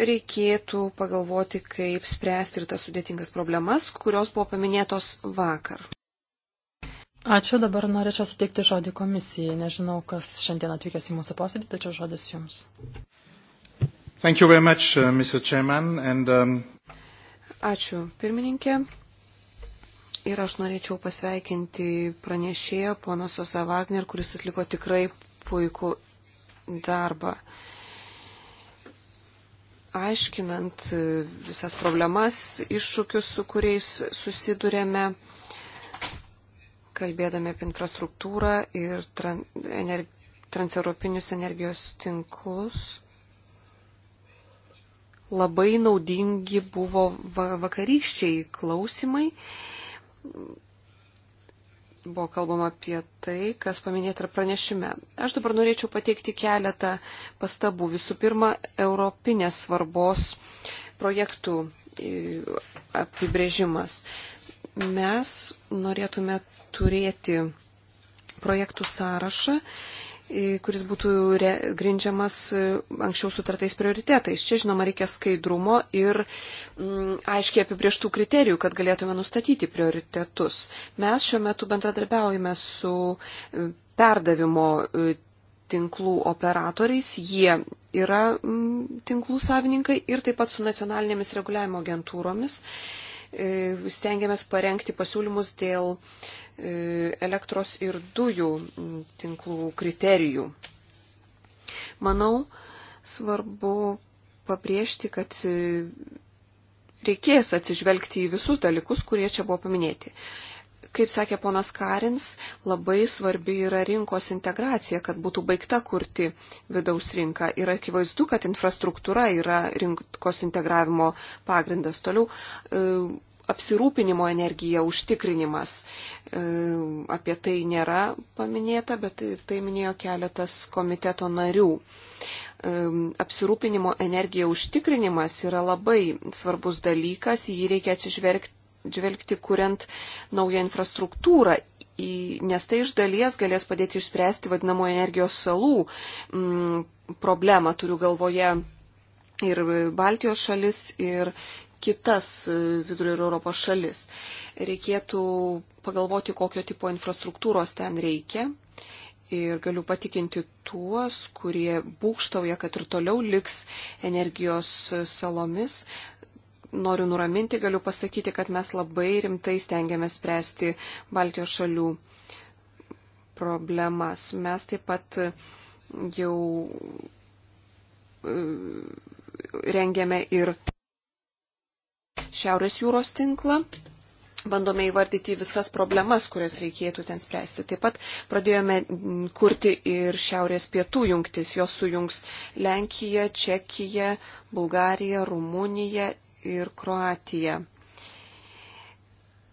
Speaker 3: reikėtų pagalvoti, kaip spręsti ir tas sudėtingas problemas, kurios buvo paminėtos vakar.
Speaker 2: Ačiū, dabar norėčiau suteikti žodį komisijai. Nežinau, kas šiandien atvykęs į mūsų posėdį, tačiau žodis jums.
Speaker 1: Much, uh, Chairman, and, um...
Speaker 3: Ačiū, pirmininkė. Ir aš norėčiau pasveikinti pranešėją, poną Sosa Wagner, kuris atliko tikrai puikų darbą. Aiškinant visas problemas, iššūkius, su kuriais susidurėme, kalbėdami apie infrastruktūrą ir tran, ener, transeuropinius energijos tinklus, labai naudingi buvo vakarykščiai klausimai buvo kalbama apie tai, kas paminėta ir pranešime. Aš dabar norėčiau pateikti keletą pastabų. Visų pirma, europinės svarbos projektų apibrėžimas. Mes norėtume turėti projektų sąrašą kuris būtų re, grindžiamas e, anksčiau sutartais prioritetais. Čia, žinoma, reikia skaidrumo ir mm, aiškiai apibrieštų kriterijų, kad galėtume nustatyti prioritetus. Mes šiuo metu bendradarbiaujame su e, perdavimo e, tinklų operatoriais, jie yra mm, tinklų savininkai ir taip pat su nacionalinėmis reguliavimo agentūromis. E, E, stengiamės parengti pasiūlymus dėl e, elektros ir dujų tinklų kriterijų. Manau, svarbu pabrėžti, kad e, reikės atsižvelgti į visus dalykus, kurie čia buvo paminėti. Kaip sakė ponas Karins, labai svarbi yra rinkos integracija, kad būtų baigta kurti vidaus rinką. Ir akivaizdu, kad infrastruktūra yra rinkos integravimo pagrindas. Toliau e, apsirūpinimo energija užtikrinimas. E, apie tai nėra paminėta, bet tai minėjo keletas komiteto narių. E, apsirūpinimo energija užtikrinimas yra labai svarbus dalykas, jį reikia atsižvelgti atsižvelgti, kuriant naują infrastruktūrą, į, nes tai iš dalies galės padėti išspręsti vadinamojo energijos salų m, mm, problemą, turiu galvoje ir Baltijos šalis, ir kitas e, vidurio ir Europos šalis. Reikėtų pagalvoti, kokio tipo infrastruktūros ten reikia. Ir galiu patikinti tuos, kurie būkštauja, kad ir toliau liks energijos salomis, noriu nuraminti, galiu pasakyti, kad mes labai rimtai stengiamės spręsti Baltijos šalių problemas. Mes taip pat jau e, rengiame ir Šiaurės jūros tinklą. Bandome įvardyti visas problemas, kurias reikėtų ten spręsti. Taip pat pradėjome kurti ir šiaurės pietų jungtis. Jos sujungs Lenkiją, Čekiją, Bulgariją, Rumuniją ir Kroatija.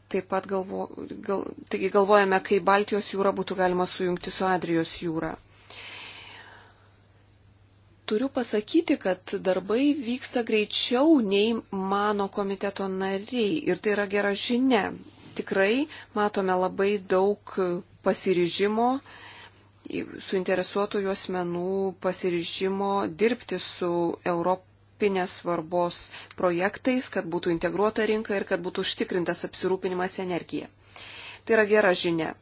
Speaker 3: Taip pat galvo, gal, taigi galvojame, kaip Baltijos jūrą būtų galima sujungti su Adrijos jūra. Turiu pasakyti, kad darbai vyksta greičiau nei mano komiteto nariai ir tai yra gera žinia. Tikrai matome labai daug pasiryžimo, suinteresuotojų asmenų pasiryžimo dirbti su Europos europinės svarbos projektais, kad būtų integruota rinka ir kad būtų užtikrintas apsirūpinimas energija. Tai yra gera žinia.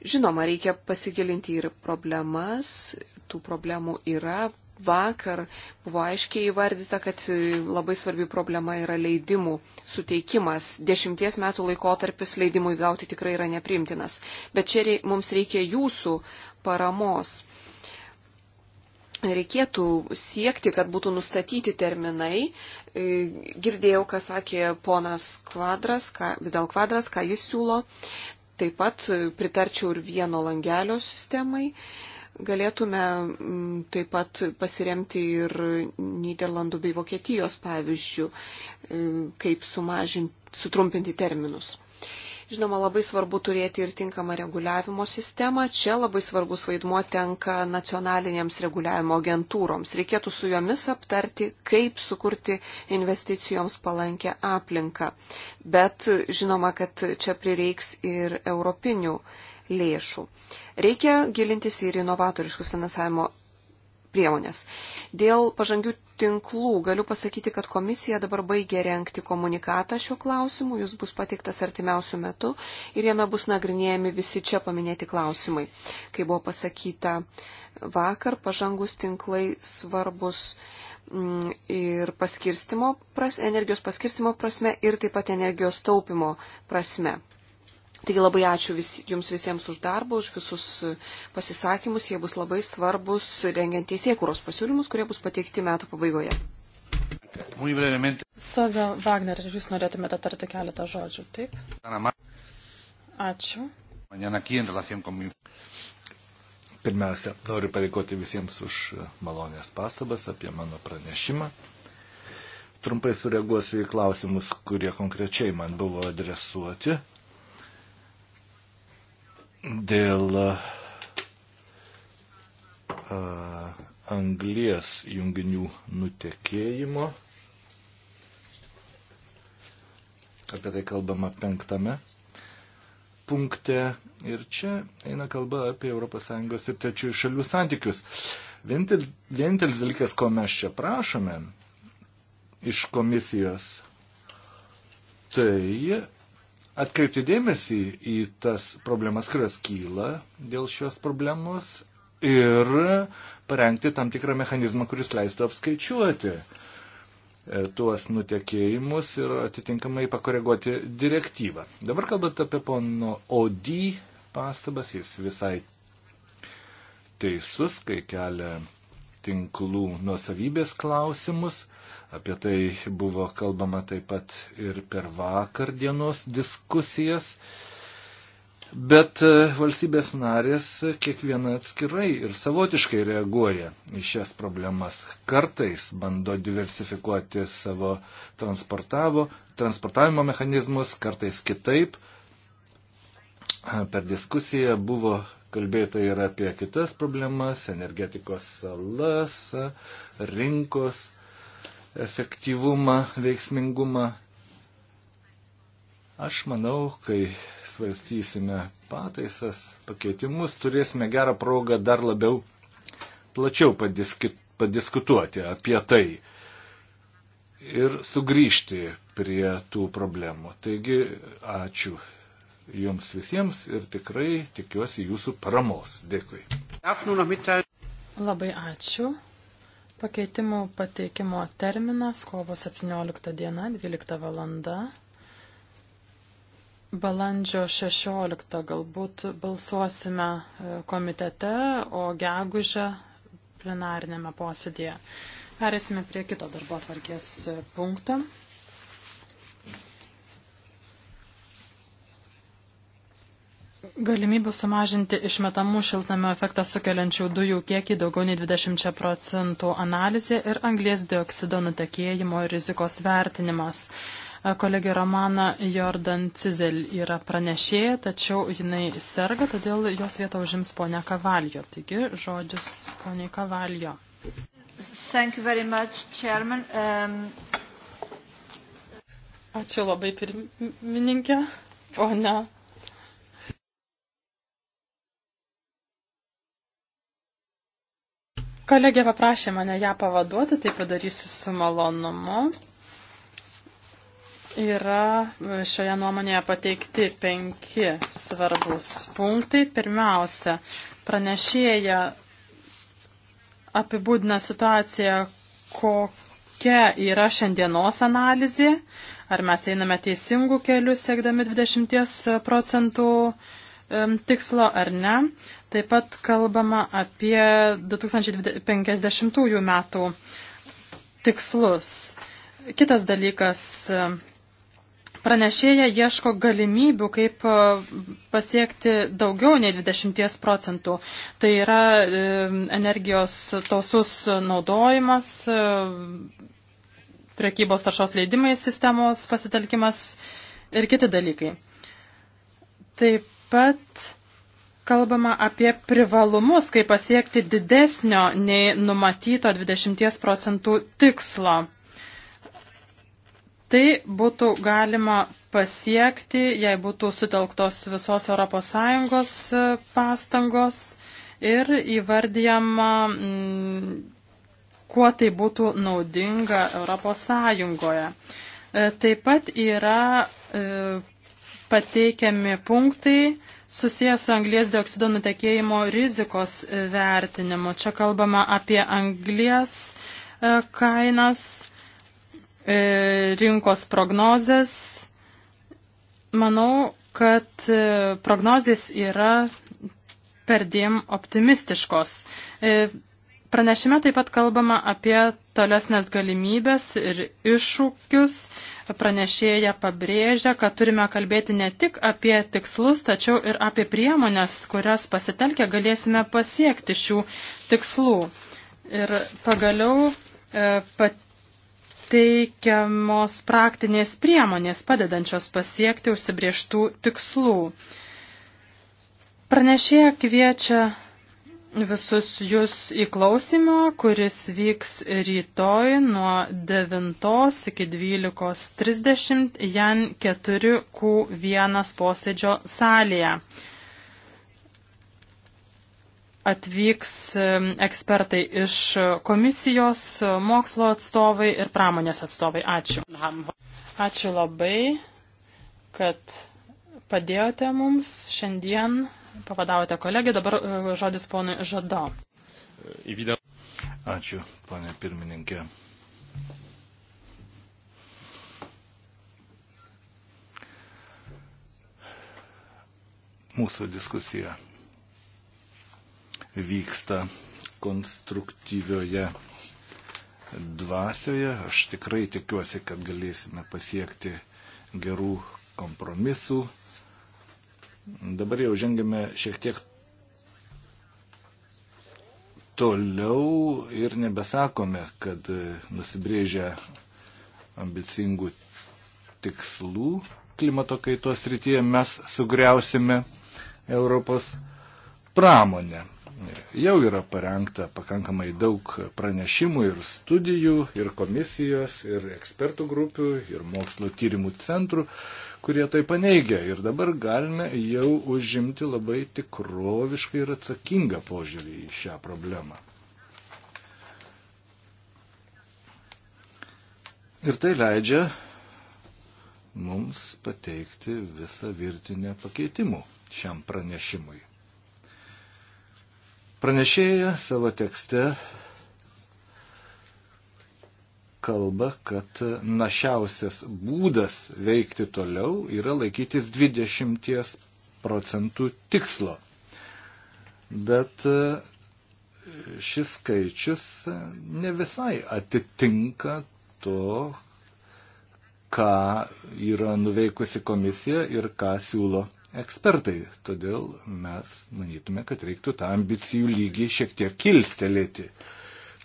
Speaker 3: Žinoma, reikia pasigilinti ir problemas, tų problemų yra. Vakar buvo aiškiai įvardyta, kad labai svarbi problema yra leidimų suteikimas. Dešimties metų laikotarpis leidimui gauti tikrai yra neprimtinas. Bet čia mums reikia jūsų paramos reikėtų siekti, kad būtų nustatyti terminai. E, girdėjau, ką sakė ponas Kvadras, ką, Vidal Kvadras, ką jis siūlo. Taip pat e, pritarčiau ir vieno langelio sistemai. Galėtume taip pat pasiremti ir Niderlandų bei Vokietijos pavyzdžių, e, kaip sumažinti, sutrumpinti terminus. Žinoma, labai svarbu turėti ir tinkamą reguliavimo sistemą. Čia labai svarbus vaidmuo tenka nacionalinėms reguliavimo agentūroms. Reikėtų su jomis aptarti, kaip sukurti investicijoms palankę aplinką. Bet žinoma, kad čia prireiks ir europinių lėšų. Reikia gilintis ir inovatoriškus finansavimo priemonės. Dėl pažangių tinklų galiu pasakyti, kad komisija dabar baigė renkti komunikatą šiuo klausimu, jis bus pateiktas artimiausių metų ir jame bus nagrinėjami visi čia paminėti klausimai. Kai buvo pasakyta vakar, pažangus tinklai svarbus mm, ir paskirstimo pras, energijos paskirstimo prasme ir taip pat energijos taupimo prasme. Taigi labai ačiū vis, jums visiems už darbą, už visus pasisakymus. Jie bus labai svarbus rengiant teisėkūros pasiūlymus, kurie bus pateikti metų pabaigoje. Saza Wagner, jūs norėtumėte tarti keletą žodžių, taip?
Speaker 2: Ačiū.
Speaker 1: Pirmiausia, noriu padėkoti visiems už malonės pastabas apie mano pranešimą. Trumpai sureaguosiu į klausimus, kurie konkrečiai man buvo adresuoti dėl anglies junginių nutekėjimo. Apie tai kalbama penktame punkte. Ir čia eina kalba apie ES ir trečiųjų šalių santykius. Vienintelis dalykas, ko mes čia prašome iš komisijos, tai atkreipti dėmesį į tas problemas, kurios kyla dėl šios problemos ir parengti tam tikrą mechanizmą, kuris leistų apskaičiuoti e, tuos nutekėjimus ir atitinkamai pakoreguoti direktyvą. Dabar kalbant apie pono Odį pastabas, jis visai teisus, kai kelia tinklų nuosavybės klausimus. Apie tai buvo kalbama taip pat ir per vakar dienos diskusijas. Bet e, valstybės narės kiekviena atskirai ir savotiškai reaguoja į šias problemas. Kartais bando diversifikuoti savo transportavimo mechanizmus, kartais kitaip. Per diskusiją buvo kalbėta ir apie kitas problemas - energetikos salas, rinkos efektyvumą, veiksmingumą. Aš manau, kai svarstysime pataisas, pakeitimus, turėsime gerą progą dar labiau plačiau padiski, padiskutuoti apie tai ir sugrįžti prie tų problemų. Taigi, ačiū Jums visiems ir tikrai tikiuosi Jūsų paramos. Dėkui.
Speaker 2: Labai ačiū. Pakeitimų pateikimo terminas kovo 17 diena 12 valanda. Balandžio 16 galbūt balsuosime e, komitete, o gegužę plenarinėme posėdėje. Perėsime prie kito darbo atvarkės e, punkto. Galimybių sumažinti išmetamų šiltame efektą sukeliančių dujų kiekį daugiau nei 20 procentų analizė ir anglės dioksido nutekėjimo rizikos vertinimas. Kolegė Romana Jordan Cizel yra pranešėja, tačiau jinai serga, todėl jos vietą užims ponia Kavaljo. Taigi žodis ponia Kavaljo. Much, chairman. um... Ačiū labai pirmininkė, ponia Kolegė paprašė mane ją pavaduoti, tai padarysiu su malonumu. Yra e, šioje nuomonėje pateikti penki svarbus punktai. Pirmiausia, pranešėja apibūdina situaciją, kokia yra šiandienos analizė, ar mes einame teisingų kelių, siekdami 20 procentų uh, tikslo ar ne. Taip pat kalbama apie 2050 metų tikslus. Kitas dalykas. Pranešėja ieško galimybių, kaip e, pasiekti daugiau nei 20 procentų. Tai yra energijos tausus naudojimas, e, prekybos taršos leidimai sistemos pasitelkimas ir kiti dalykai. Taip pat kalbama apie privalumus, kaip pasiekti didesnio nei numatyto 20 procentų tikslo. Tai būtų galima pasiekti, jei būtų sutelktos visos ES e, pastangos ir įvardyjama, mm, kuo tai būtų naudinga ES. E, taip pat yra e, pateikiami punktai susijęs su anglės dioksido nutekėjimo rizikos vertinimu. Čia kalbama apie anglės e, kainas, e, rinkos prognozes. Manau, kad e, prognozės yra perdėm optimistiškos. Pranešime taip pat kalbama apie tolesnės galimybės ir iššūkius. Pranešėja pabrėžia, kad turime kalbėti ne tik apie tikslus, tačiau ir apie priemonės, kurias pasitelkę galėsime pasiekti šių tikslų. Ir pagaliau e, pateikiamos praktinės priemonės padedančios pasiekti užsibrieštų tikslų. Pranešėja kviečia visus jūs į klausimą, kuris vyks rytoj nuo 9 iki 12.30 Jan 4Q1 posėdžio salėje. Atvyks ekspertai iš komisijos, mokslo atstovai ir pramonės atstovai. Ačiū. Ačiū labai, kad padėjote mums šiandien pavadavote kolegį, dabar e, žodis ponui Žado.
Speaker 1: Ačiū, ponė pirmininkė. Mūsų diskusija vyksta konstruktyvioje dvasioje. Aš tikrai tikiuosi, kad galėsime pasiekti gerų kompromisų Dabar jau žengėme šiek tiek toliau ir nebesakome, kad e, nusibrėžę ambicingų tikslų klimato kaitos rytyje mes sugriausime Europos pramonę. Jau yra parengta pakankamai daug pranešimų ir studijų, ir komisijos, ir ekspertų grupių, ir mokslo tyrimų centrų kurie tai paneigia. Ir dabar galime jau užimti labai tikroviškai ir atsakingą požiūrį į šią problemą. Ir tai leidžia mums pateikti visą virtinę pakeitimų šiam pranešimui. Pranešėja savo tekste kalba, kad našiausias būdas veikti toliau yra laikytis 20 procentų tikslo. Bet e, šis skaičius ne visai atitinka to, ką yra nuveikusi komisija ir ką siūlo ekspertai. Todėl mes manytume, kad reiktų tą ambicijų lygį šiek tiek kilstelėti.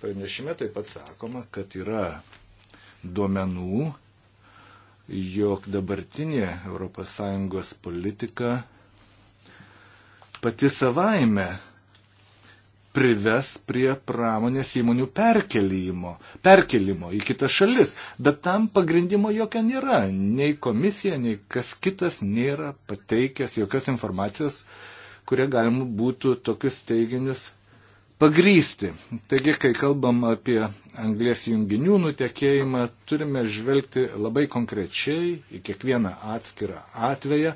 Speaker 1: Pranešime taip pat sakoma, kad yra duomenų, jog dabartinė ES politika pati savaime prives prie pramonės įmonių perkelimo, perkelimo į kitas šalis. Bet tam pagrindimo jokio nėra. Nei komisija, nei kas kitas nėra pateikęs jokios informacijos, kurie galima būtų tokius teiginius pagrysti. Taigi, kai kalbam apie anglės junginių nutekėjimą, turime žvelgti labai konkrečiai į kiekvieną atskirą atveją.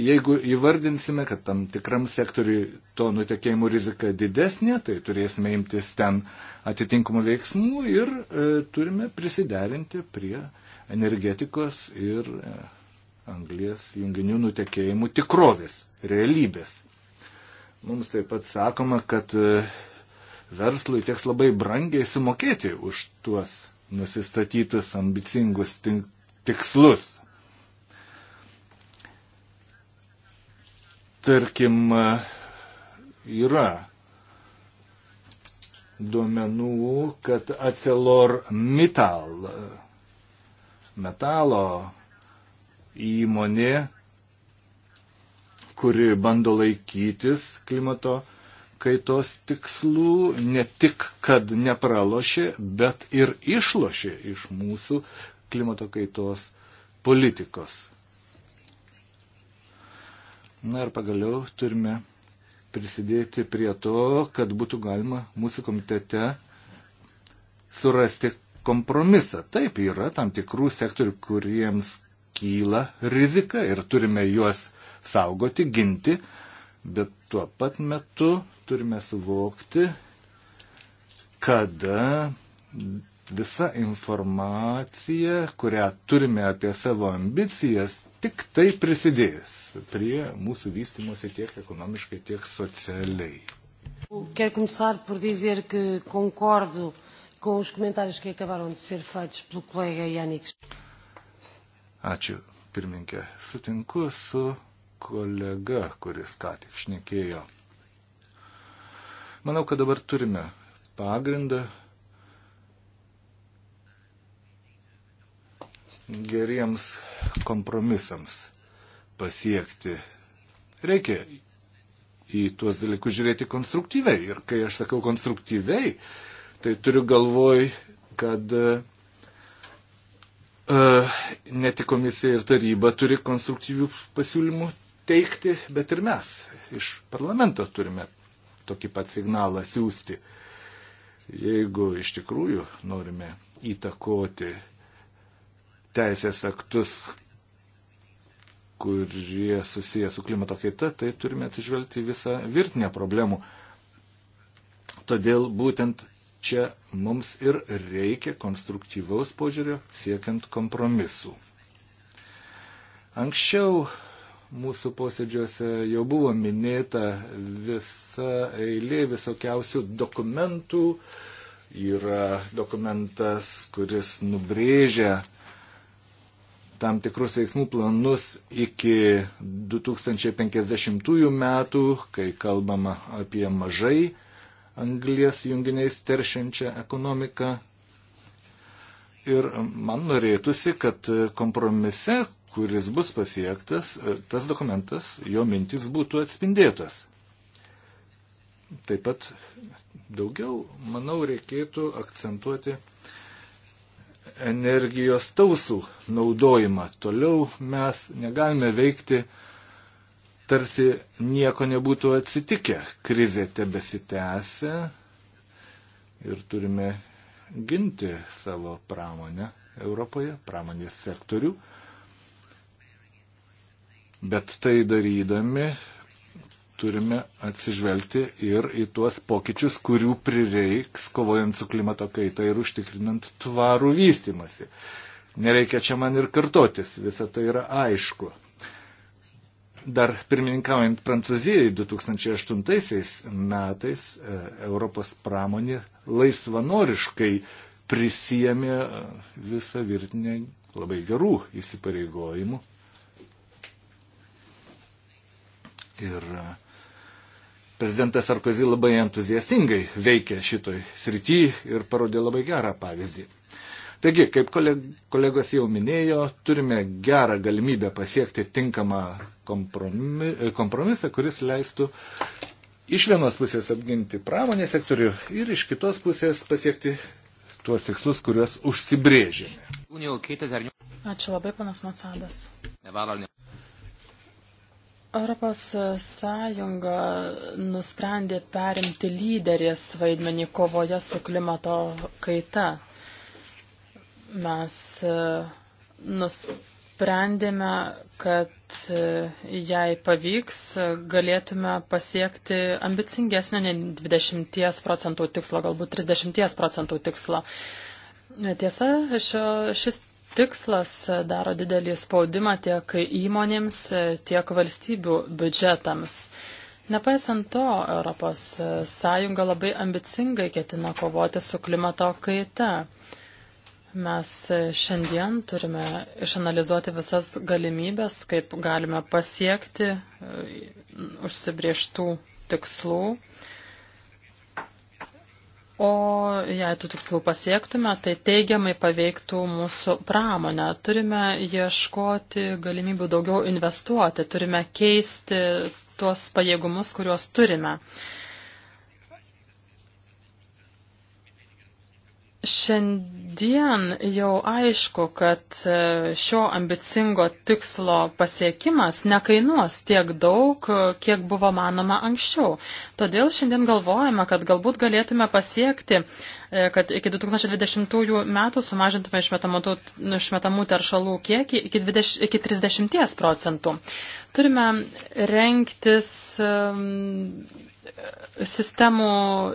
Speaker 1: Jeigu įvardinsime, kad tam tikram sektoriui to nutekėjimų rizika didesnė, tai turėsime imtis ten atitinkamų veiksmų ir e, turime prisiderinti prie energetikos ir e, anglės junginių nutekėjimų tikrovės, realybės. Mums taip pat sakoma, kad e, verslui teks labai brangiai sumokėti už tuos nusistatytus ambicingus tikslus. Tarkim, e, yra duomenų, kad Acelor Metal e, metalo įmonė kuri bando laikytis klimato kaitos tikslų, ne tik, kad nepralošė, bet ir išlošė iš mūsų klimato kaitos politikos. Na ir pagaliau turime prisidėti prie to, kad būtų galima mūsų komitete surasti kompromisą. Taip yra tam tikrų sektorių, kuriems kyla rizika ir turime juos uh, saugoti, ginti, bet tuo pat metu turime suvokti, kada visa informacija, kurią turime apie savo ambicijas, tik tai prisidės prie mūsų vystimosi tiek ekonomiškai, tiek socialiai.
Speaker 2: Quero começar por dizer que concordo com os comentários que acabaram de ser feitos pelo colega Yannick.
Speaker 1: Ačiū, pirmininkė. Sutinku su kolega, kuris ką tik šnekėjo. Manau, kad dabar turime pagrindą geriems kompromisams pasiekti. Reikia į tuos dalykus žiūrėti konstruktyviai. Ir kai aš sakau konstruktyviai, tai turiu galvoj, kad uh, ne tik komisija ir taryba turi konstruktyvių pasiūlymų, teikti, bet ir mes iš parlamento turime tokį pat signalą siūsti. Jeigu iš tikrųjų norime įtakoti teisės aktus, kurie susiję su klimato kaita, tai turime atsižvelgti visą virtinę problemų. Todėl būtent čia mums ir reikia konstruktyvaus požiūrio siekiant kompromisų. Anksčiau mūsų posėdžiuose jau buvo minėta visa eilė visokiausių dokumentų. Yra dokumentas, kuris nubrėžia tam tikrus veiksmų planus iki 2050 metų, kai kalbama apie mažai anglies junginiais teršiančią ekonomiką. Ir man norėtųsi, kad kompromise, kuris bus pasiektas, e, tas dokumentas, jo mintis būtų atspindėtas. Taip pat daugiau, manau, reikėtų akcentuoti energijos tausų naudojimą. Toliau mes negalime veikti, tarsi nieko nebūtų atsitikę. Krizė tebesitęsia ir turime ginti savo pramonę Europoje, pramonės sektorių. Bet tai darydami turime atsižvelgti ir į tuos pokyčius, kurių prireiks kovojant su klimato kaita ir užtikrinant tvarų vystimasi. Nereikia čia man ir kartotis, visa tai yra aišku. Dar pirmininkaujant Prancūzijai 2008 metais e, Europos pramonė laisvanoriškai prisijėmė e, visą virtinę labai gerų įsipareigojimų ir e, prezidentas Sarkozy labai entuziastingai veikė šitoj srity ir parodė labai gerą pavyzdį. Taigi, kaip kolegos jau minėjo, turime gerą galimybę pasiekti tinkamą kompromisą, kuris leistų iš vienos pusės apginti pramonės sektorių ir iš kitos pusės pasiekti tuos tikslus, kuriuos užsibrėžėme.
Speaker 2: Ačiū labai, panas Matsadas. Europos Sąjunga nusprendė perimti lyderės vaidmenį kovoje su klimato kaita. Mes e, nusprendėme, kad e, jei pavyks, galėtume pasiekti ambicingesnio nei 20 procentų tikslo, galbūt 30 procentų tikslo. Tiesa, šio, šis tikslas e, daro didelį spaudimą tiek įmonėms, e, tiek valstybių biudžetams. Nepaisant to, ES e, labai ambicingai ketina kovoti su klimato kaita. Mes šiandien turime išanalizuoti visas galimybės, kaip galime pasiekti užsibrieštų tikslų. O jei tų tikslų pasiektume, tai teigiamai paveiktų mūsų pramonę. Turime ieškoti galimybių daugiau investuoti, turime keisti tuos pajėgumus, kuriuos turime. Uh, Šiandien jau aišku, kad e, šio ambicingo tikslo pasiekimas nekainuos tiek daug, e, kiek buvo manoma anksčiau. Todėl šiandien galvojame, kad galbūt galėtume pasiekti, e, kad iki 2020 metų sumažintume išmetamų teršalų kiekį iki, 20, iki 30 procentų. Turime renktis. Um, sistemų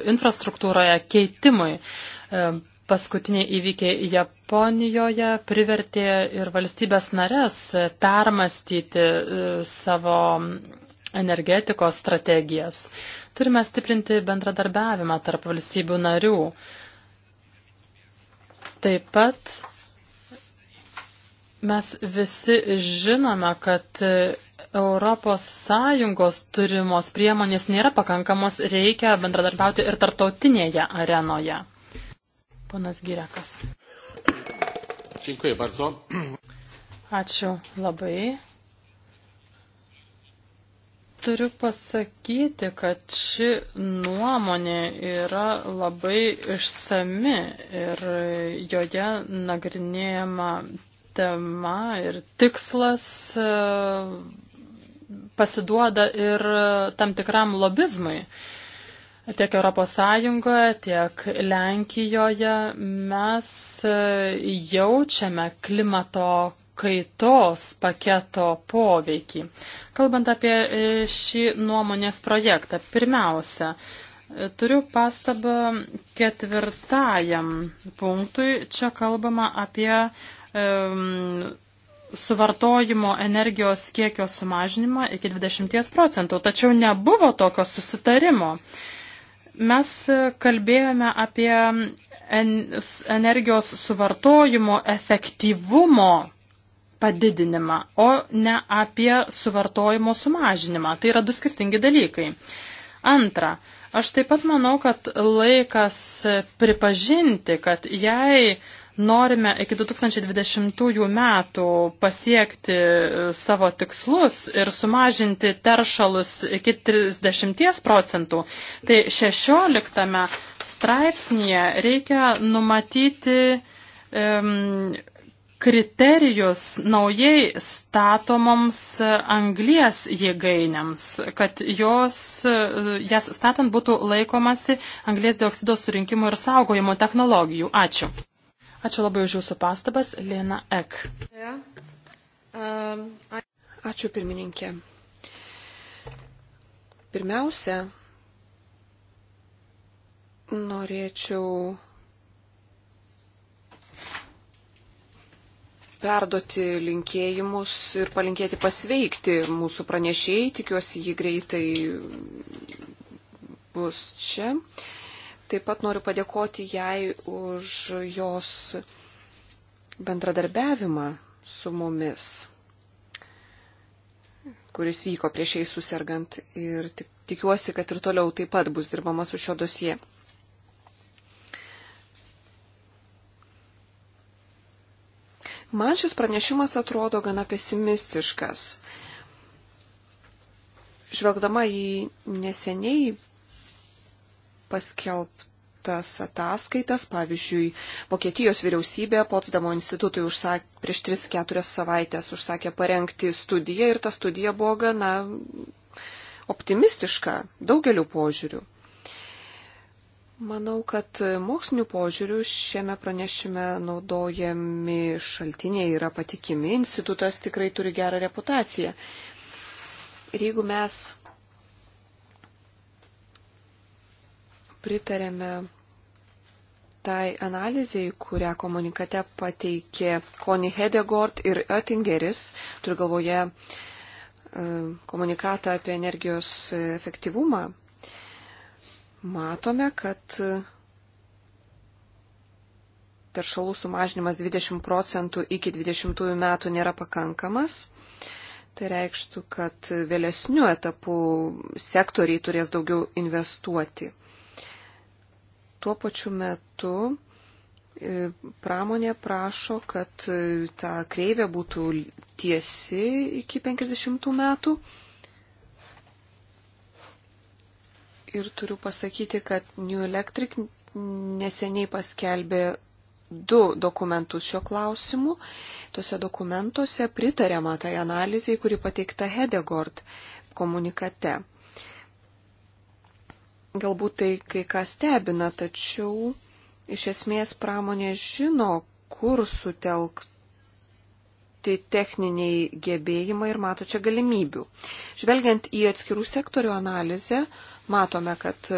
Speaker 2: infrastruktūroje keitimui Paskutiniai įvykiai Japonijoje privertė ir valstybės nares permastyti e, savo energetikos strategijas. Turime stiprinti bendradarbiavimą tarp valstybių narių. Taip pat mes visi žinome, kad Europos Sąjungos turimos priemonės nėra pakankamos, reikia bendradarbiauti ir tarptautinėje arenoje. Ponas Girekas.
Speaker 1: Dziękuję bardzo.
Speaker 2: Ačiū labai. Turiu pasakyti, kad ši nuomonė yra labai išsami ir joje nagrinėjama tema ir tikslas e, pasiduoda ir tam tikram lobizmui tiek Europos Sąjungoje, tiek Lenkijoje mes e, jaučiame klimato kaitos paketo poveikį. Kalbant apie e, šį nuomonės projektą, pirmiausia, e, turiu pastabą ketvirtajam punktui. Čia kalbama apie um, suvartojimo energijos kiekio sumažinimą iki 20 procentų, tačiau nebuvo tokio susitarimo. Uh, Mes kalbėjome apie energijos suvartojimo efektyvumo padidinimą, o ne apie suvartojimo sumažinimą. Tai yra du skirtingi dalykai. Antra, Aš taip pat manau, kad laikas pripažinti, kad jei norime iki 2020 metų pasiekti e, savo tikslus ir sumažinti teršalus iki 30 procentų, tai 16 straipsnėje reikia numatyti um, kriterijus naujai statomoms e, anglies jėgainėms, kad jos, e, jas statant būtų laikomasi anglies dioksido surinkimo ir saugojimo technologijų. Ačiū. Ačiū labai už Jūsų pastabas, Lena Ek.
Speaker 3: Ačiū pirmininkė. Pirmiausia, norėčiau perduoti linkėjimus ir palinkėti pasveikti mūsų pranešėjai. Tikiuosi, jį greitai bus čia. Taip pat noriu padėkoti jai už jos bendradarbiavimą su mumis, kuris vyko prieš jai susirgant ir tik, tikiuosi, kad ir toliau taip pat bus dirbama su šio dosie. Man šis pranešimas atrodo gana pesimistiškas. Žvelgdama į neseniai paskelbtas ataskaitas, pavyzdžiui, Vokietijos vyriausybė Potsdamo institutui užsak, prieš 3-4 savaitės užsakė parengti studiją ir ta studija buvo gana optimistiška daugeliu požiūriu. Manau, kad mokslinių požiūrių šiame pranešime naudojami šaltiniai yra patikimi, institutas tikrai turi gerą reputaciją. Ir jeigu mes pritarėme tai analizai, kurią komunikate pateikė Koni Hedegord ir Oettingeris, turiu galvoje e, komunikatą apie energijos efektyvumą, matome, kad teršalų sumažinimas 20 procentų iki 20 metų nėra pakankamas. Tai reikštų, kad vėlesnių etapų sektoriai turės daugiau investuoti. Tuo pačiu metu e, pramonė prašo, kad e, ta kreivė būtų tiesi iki 50 metų. ir turiu pasakyti, kad New Electric neseniai paskelbė du dokumentus šio klausimu. Tuose dokumentuose pritariama tai analizai, kuri pateikta Hedegord komunikate. Galbūt tai kai ką stebina, tačiau iš esmės pramonė žino, kur sutelkti ugdyti techniniai gebėjimai ir mato čia galimybių. Žvelgiant į atskirų sektorių analizę, matome, kad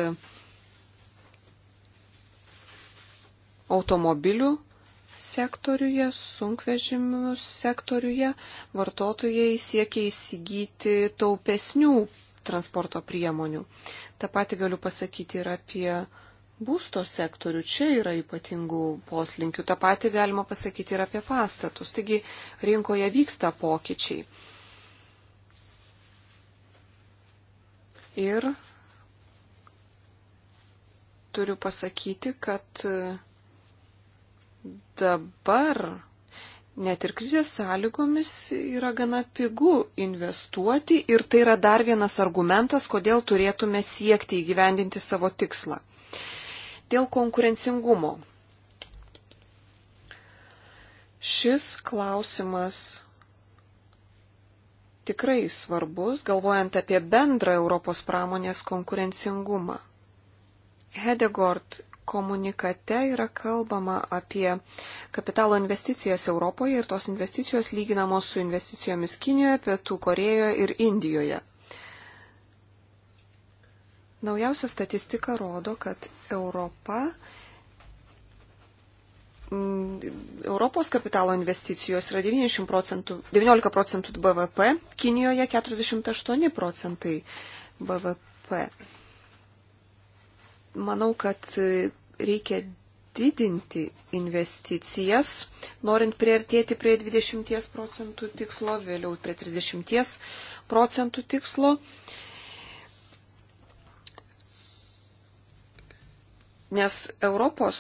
Speaker 3: automobilių sektoriuje, sunkvežimių sektoriuje vartotojai siekia įsigyti taupesnių transporto priemonių. Ta pati galiu pasakyti ir apie būsto sektorių. Čia yra ypatingų poslinkių. Ta pati galima pasakyti ir apie pastatus. Taigi rinkoje vyksta pokyčiai. Ir turiu pasakyti, kad dabar net ir krizės sąlygomis yra gana pigu investuoti ir tai yra dar vienas argumentas, kodėl turėtume siekti įgyvendinti savo tikslą. Dėl konkurencingumo. Šis klausimas tikrai svarbus, galvojant apie bendrą Europos pramonės konkurencingumą. Hedegord komunikate yra kalbama apie kapitalo investicijas Europoje ir tos investicijos lyginamos su investicijomis Kinijoje, Pietų Korejoje ir Indijoje. Naujausia statistika rodo, kad Europa, mm, Europos kapitalo investicijos yra 90 procentų, 19 procentų BVP, Kinijoje 48 procentai BVP. Manau, kad reikia didinti investicijas, norint priartėti prie 20 procentų tikslo, vėliau prie 30 procentų tikslo. Nes Europos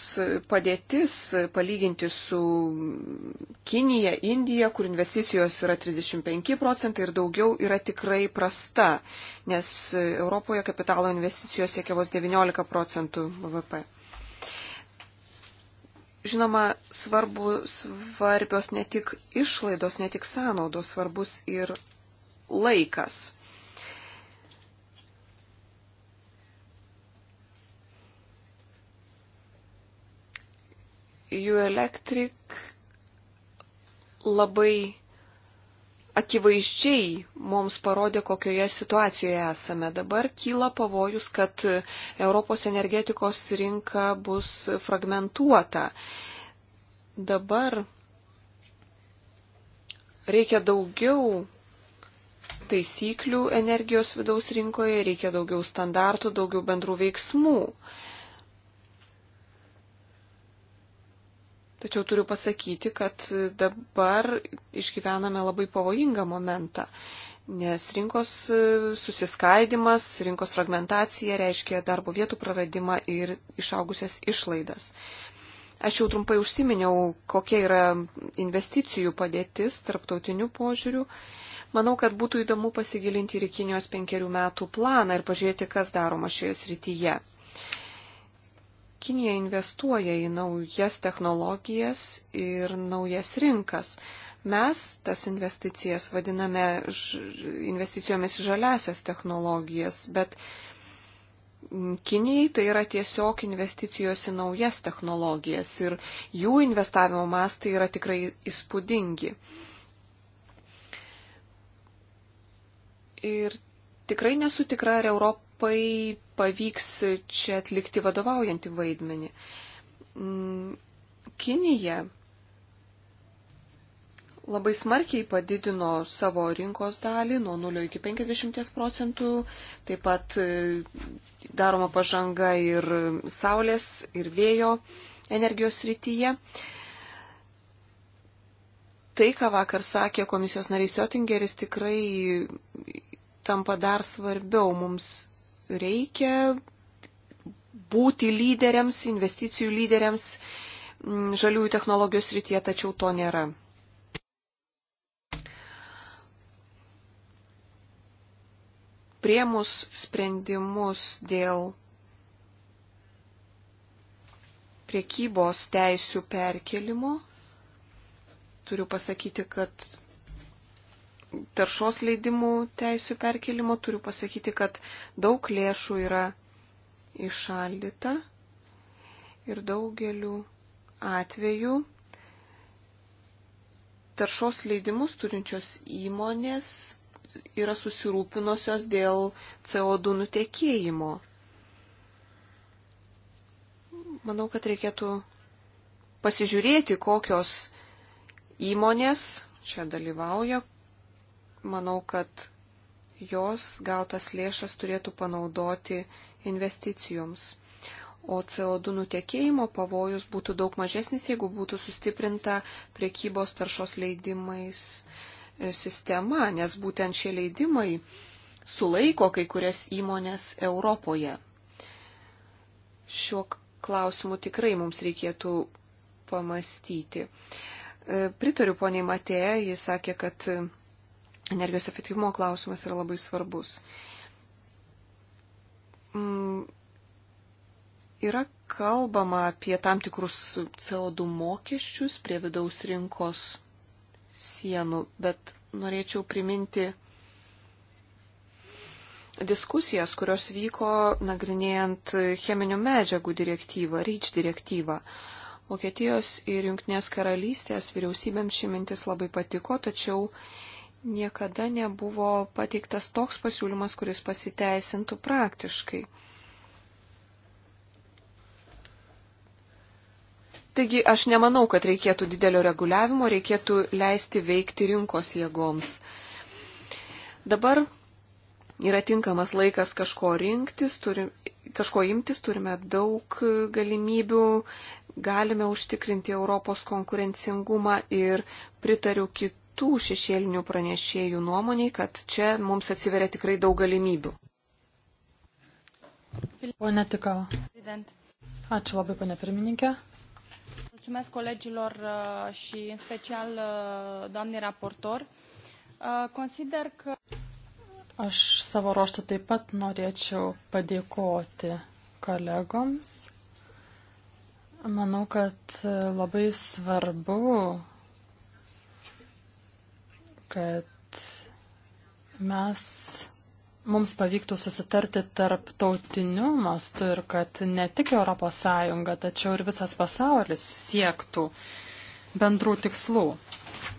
Speaker 3: padėtis palyginti su Kinija, Indija, kur investicijos yra 35 procentai ir daugiau, yra tikrai prasta, nes Europoje kapitalo investicijos siekia vos 19 procentų BVP. Žinoma, svarbu, svarbios ne tik išlaidos, ne tik sąnaudos, svarbus ir laikas. jų elektrik labai akivaizdžiai mums parodė, kokioje situacijoje esame. Dabar kyla pavojus, kad Europos energetikos rinka bus fragmentuota. Dabar reikia daugiau taisyklių energijos vidaus rinkoje, reikia daugiau standartų, daugiau bendrų veiksmų. Tačiau turiu pasakyti, kad dabar išgyvename labai pavojingą momentą, nes rinkos susiskaidimas, rinkos fragmentacija reiškia darbo vietų praradimą ir išaugusias išlaidas. Aš jau trumpai užsiminiau, kokia yra investicijų padėtis tarptautinių požiūrių. Manau, kad būtų įdomu pasigilinti ir Kinijos penkerių metų planą ir pažiūrėti, kas daroma šioje srityje. Kinija investuoja į naujas technologijas ir naujas rinkas. Mes tas investicijas vadiname investicijomis į žaliasias technologijas, bet Kinijai tai yra tiesiog investicijos į naujas technologijas ir jų investavimo mastai yra tikrai įspūdingi. Ir tikrai nesu tikra, ar Europos labai pavyks čia atlikti vadovaujantį vaidmenį. Mm, Kinija labai smarkiai padidino savo rinkos dalį nuo 0 iki 50 procentų, taip pat e, daroma pažanga ir saulės, ir vėjo energijos rytyje. Tai, ką vakar sakė komisijos narys Jotingeris, tikrai tampa dar svarbiau mums reikia būti lyderiams, investicijų lyderiams mm, žaliųjų technologijos rytyje, tačiau to nėra. Priemus sprendimus dėl priekybos teisių perkelimo, turiu pasakyti, kad taršos leidimų teisų perkelimo, turiu pasakyti, kad daug lėšų yra išaldyta ir daugeliu atveju taršos leidimus turinčios įmonės yra susirūpinusios dėl CO2 nutekėjimo. Manau, kad reikėtų pasižiūrėti, kokios įmonės čia dalyvauja, manau, kad jos gautas lėšas turėtų panaudoti investicijoms. O CO2 nutekėjimo pavojus būtų daug mažesnis, jeigu būtų sustiprinta priekybos taršos leidimais e, sistema, nes būtent šie leidimai sulaiko kai kurias įmonės Europoje. Šiuo klausimu tikrai mums reikėtų pamastyti. E, pritariu poniai Matėje, jis sakė, kad energijos efektyvumo klausimas yra labai svarbus. Mm, yra kalbama apie tam tikrus CO2 mokesčius prie vidaus rinkos sienų, bet norėčiau priminti diskusijas, kurios vyko nagrinėjant cheminių medžiagų direktyvą, REACH direktyvą. Vokietijos ir Junktinės karalystės vyriausybėms ši mintis labai patiko, tačiau uh, niekada nebuvo pateiktas toks pasiūlymas, kuris pasiteisintų praktiškai. Taigi aš nemanau, kad reikėtų didelio reguliavimo, reikėtų leisti veikti rinkos jėgoms. Dabar yra tinkamas laikas kažko rinktis, turim, kažko imtis, turime daug galimybių, galime užtikrinti Europos konkurencingumą ir pritariu kitų kitų šešėlinių pranešėjų nuomoniai, kad čia mums atsiveria tikrai daug galimybių.
Speaker 2: Pone Tikau. Ačiū labai, pane pirmininkė. Mulțumesc colegilor uh, și în special uh, doamnei raportor. Uh, consider că... Aš savo ruoštų taip pat norėčiau padėkoti kolegoms. Manau, kad labai svarbu kad mes mums pavyktų susitarti tarptautiniu mastu ir kad ne tik ES, tačiau ir visas pasaulis siektų bendrų tikslų.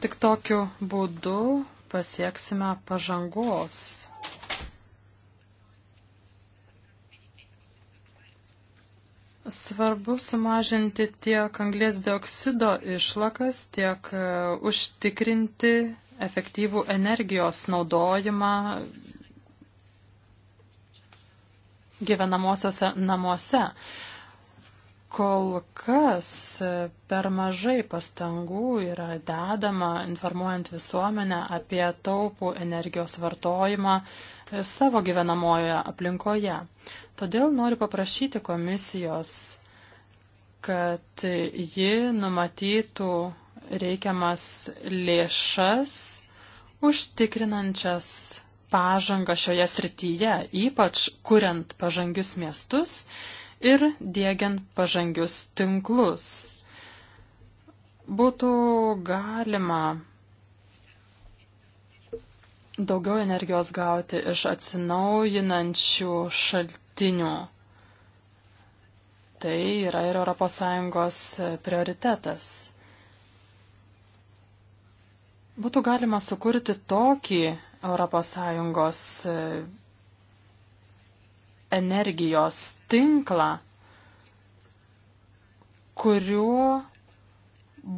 Speaker 2: Tik tokiu būdu pasieksime pažangos. Svarbu sumažinti tiek anglės dioksido išlakas, tiek e, užtikrinti efektyvų energijos naudojimą gyvenamosiose namuose. Kol kas per mažai pastangų yra dedama informuojant visuomenę apie taupų energijos vartojimą savo gyvenamojoje aplinkoje. Todėl noriu paprašyti komisijos, kad ji numatytų reikiamas lėšas užtikrinančias pažangą šioje srityje, ypač kuriant pažangius miestus ir dėgiant pažangius tinklus. Būtų galima daugiau energijos gauti iš atsinaujinančių šaltinių. Tai yra ir ES prioritetas būtų galima sukurti tokį ES e, energijos tinklą, kuriuo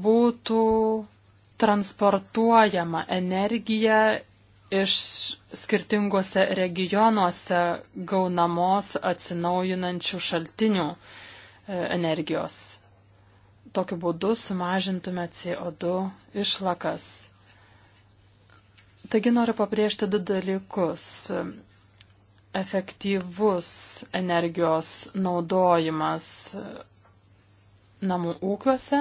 Speaker 2: būtų transportuojama energija iš skirtinguose regionuose gaunamos atsinaujinančių šaltinių e, energijos. Tokiu būdu sumažintume CO2 išlakas. Taigi noriu pabrėžti du dalykus. Efektyvus energijos naudojimas namų ūkiuose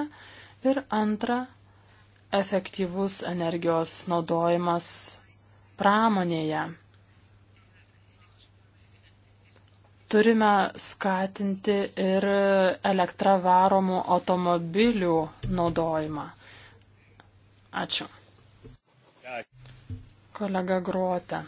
Speaker 2: ir antra, efektyvus energijos naudojimas pramonėje. Turime skatinti ir elektravaromų automobilių naudojimą. Ačiū kolega Gruotė.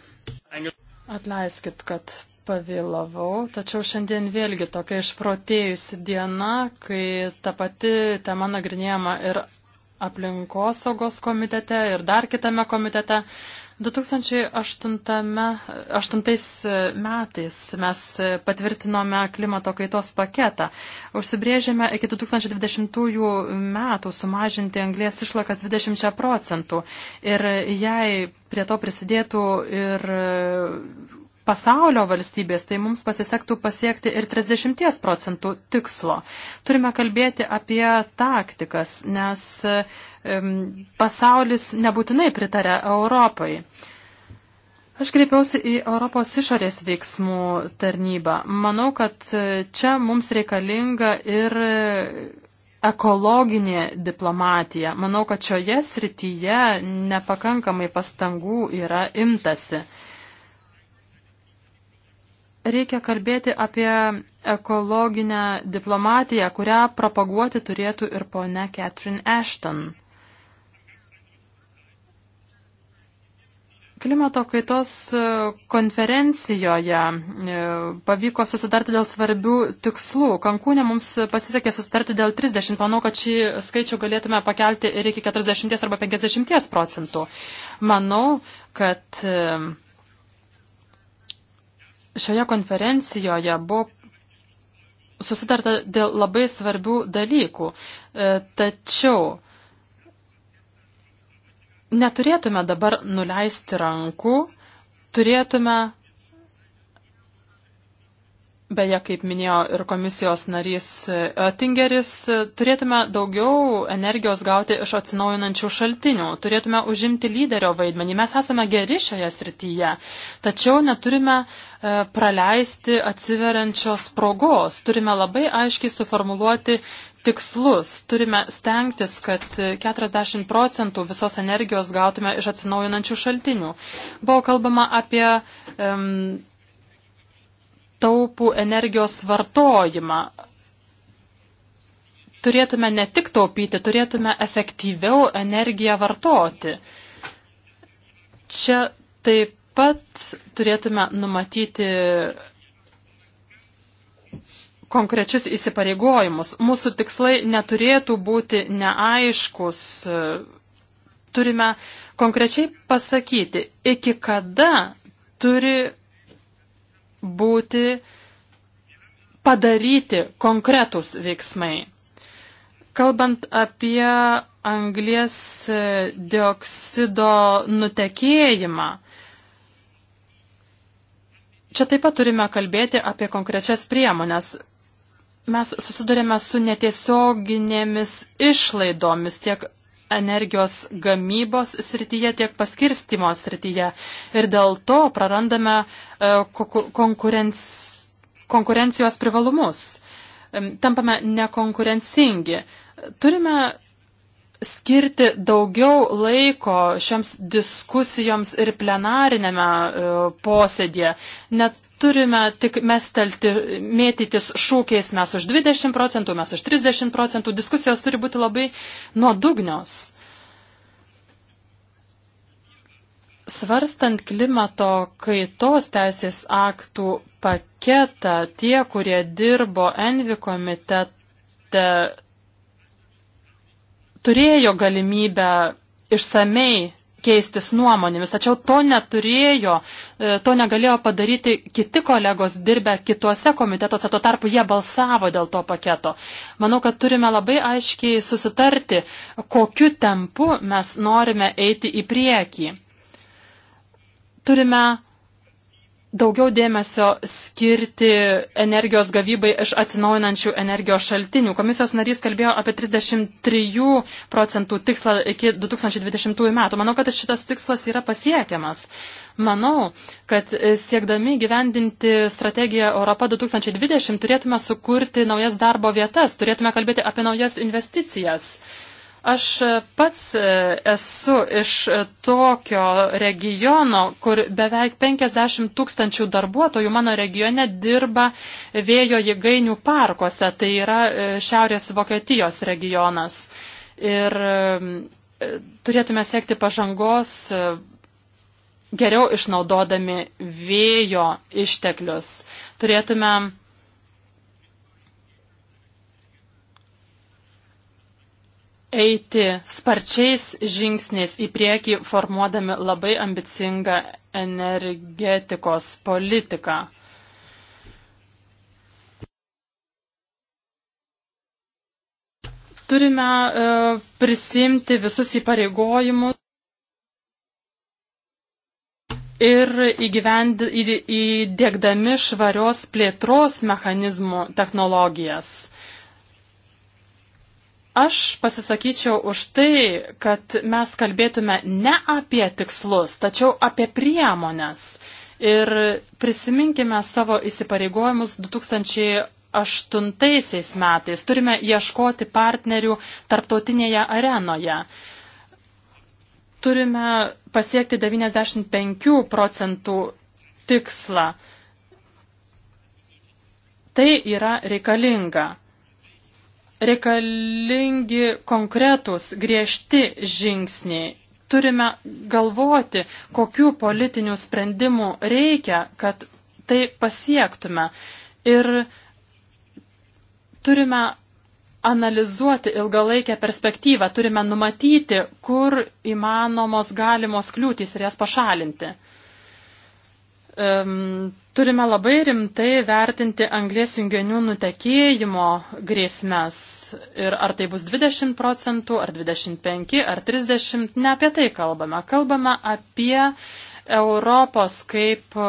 Speaker 2: Atleiskit, kad pavėlavau, tačiau šiandien vėlgi tokia išprotėjusi diena, kai ta pati tema nagrinėjama ir aplinkosaugos komitete, ir dar kitame komitete. 2008 e, metais mes e, patvirtinome klimato kaitos paketą. Užsibrėžėme iki 2020 metų sumažinti anglės išlakas 20 procentų. Ir jei prie to prisidėtų ir pasaulio valstybės, tai mums pasisektų pasiekti ir 30 procentų tikslo. Turime kalbėti apie taktikas, nes pasaulis nebūtinai pritarė Europai. Aš kreipiausi į Europos išorės veiksmų tarnybą. Manau, kad čia mums reikalinga ir ekologinė diplomatija. Manau, kad šioje srityje nepakankamai pastangų yra imtasi reikia kalbėti apie ekologinę diplomatiją, kurią propaguoti turėtų ir ponia Catherine Ashton. Klimato kaitos konferencijoje e, pavyko susitarti dėl svarbių tikslų. Kankūne mums pasisekė susitarti dėl 30. Manau, kad šį skaičių galėtume pakelti ir iki 40 arba 50 procentų. Manau, kad e, Šioje konferencijoje buvo susitarta dėl labai svarbių dalykų, e, tačiau neturėtume dabar nuleisti rankų, turėtume Beje, kaip minėjo ir komisijos narys e, Tingeris, e, turėtume daugiau energijos gauti iš atsinaujinančių šaltinių, turėtume užimti lyderio vaidmenį. Mes esame geri šioje srityje, tačiau neturime e, praleisti atsiveriančios sprogos, turime labai aiškiai suformuluoti tikslus, turime stengtis, kad 40 procentų visos energijos gautume iš atsinaujinančių šaltinių. Buvo kalbama apie um, taupų energijos vartojimą. Turėtume ne tik taupyti, turėtume efektyviau energiją vartoti. Čia taip pat turėtume numatyti konkrečius įsipareigojimus. Mūsų tikslai neturėtų būti neaiškus. Turime konkrečiai pasakyti, iki kada turi būti padaryti konkretūs veiksmai. Kalbant apie anglės dioksido nutekėjimą, čia taip pat turime kalbėti apie konkrečias priemonės. Mes susidurėme su netiesioginėmis išlaidomis tiek energijos gamybos srityje, tiek paskirstimo srityje. Ir dėl to prarandame e, konkurenc... konkurencijos privalumus. Tampame nekonkurencingi. Turime skirti daugiau laiko šioms diskusijoms ir plenarinėme e, posėdėje. Net turime tik mestelti, mėtytis šūkiais mes už 20 procentų, mes už 30 procentų. Diskusijos turi būti labai nuodugnios. Svarstant klimato kaitos teisės aktų paketą, tie, kurie dirbo Envi komitete, turėjo galimybę išsamei keistis nuomonėmis. Tačiau to neturėjo, e, to negalėjo padaryti kiti kolegos dirbę kituose komitetuose, tuo tarpu jie balsavo dėl to paketo. Manau, kad turime labai aiškiai susitarti, kokiu tempu mes norime eiti į priekį. Turime daugiau dėmesio skirti energijos gavybai iš atsinaujinančių energijos šaltinių. Komisijos narys kalbėjo apie 33 procentų tikslą iki 2020 metų. Manau, kad šitas tikslas yra pasiekiamas. Manau, kad siekdami gyvendinti strategiją Europa 2020 turėtume sukurti naujas darbo vietas, turėtume kalbėti apie naujas investicijas. Uh, Aš pats e, esu iš tokio regiono, kur beveik 50 tūkstančių darbuotojų mano regione dirba vėjo jėgainių parkuose, tai yra e, Šiaurės Vokietijos regionas. Ir e, turėtume siekti pažangos geriau išnaudodami vėjo išteklius. Turėtume eiti sparčiais žingsniais į priekį, formuodami labai ambicingą energetikos politiką. Turime e, prisimti visus įpareigojimus ir įgyvend, įdėkdami švarios plėtros mechanizmų technologijas. E, Aš pasisakyčiau už tai, kad mes kalbėtume ne apie tikslus, tačiau apie priemonės. Ir prisiminkime savo įsipareigojimus 2008 metais. Turime ieškoti partnerių tarptautinėje arenoje. Turime pasiekti 95 procentų tikslą. Tai yra reikalinga reikalingi konkretūs, griežti žingsniai. Turime galvoti, kokių politinių sprendimų reikia, kad tai pasiektume. Ir turime analizuoti ilgalaikę perspektyvą, turime numatyti, kur įmanomos galimos kliūtys ir jas pašalinti. Um, Turime labai rimtai vertinti anglės junginių nutekėjimo grėsmės. Ir ar tai bus 20 procentų, ar 25, ar 30, ne apie tai kalbame. Kalbame apie Europos kaip e,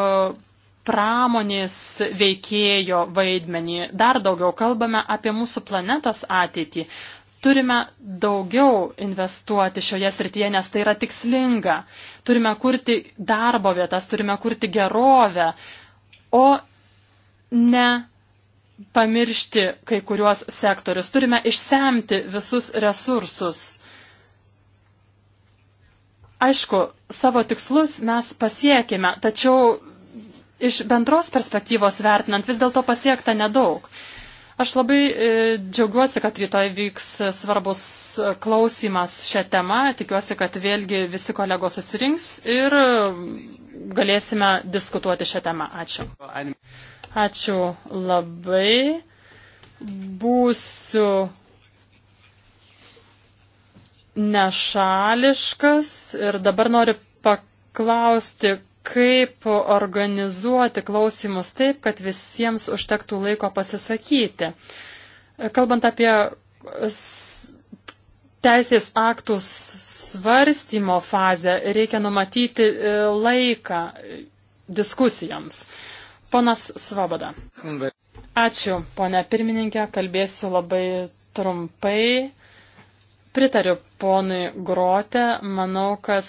Speaker 2: pramonės veikėjo vaidmenį. Dar daugiau kalbame apie mūsų planetos ateitį. Turime daugiau investuoti šioje srityje, nes tai yra tikslinga. Turime kurti darbo vietas, turime kurti gerovę o ne pamiršti kai kuriuos sektorius. Turime išsemti visus resursus. Aišku, savo tikslus mes pasiekime, tačiau iš bendros perspektyvos vertinant vis dėlto pasiekta nedaug. Aš labai e, džiaugiuosi, kad rytoj vyks svarbus klausimas šią temą. Tikiuosi, kad vėlgi visi kolegos susirinks ir galėsime diskutuoti šią temą. Ačiū. Ačiū labai. Būsiu nešališkas ir dabar noriu paklausti, kaip organizuoti klausimus taip, kad visiems užtektų laiko pasisakyti. Kalbant apie teisės aktų svarstymo fazę reikia numatyti e, laiką diskusijoms. Ponas Svoboda. Ačiū, ponė pirmininkė, kalbėsiu labai trumpai. Pritariu ponui Grote, manau, kad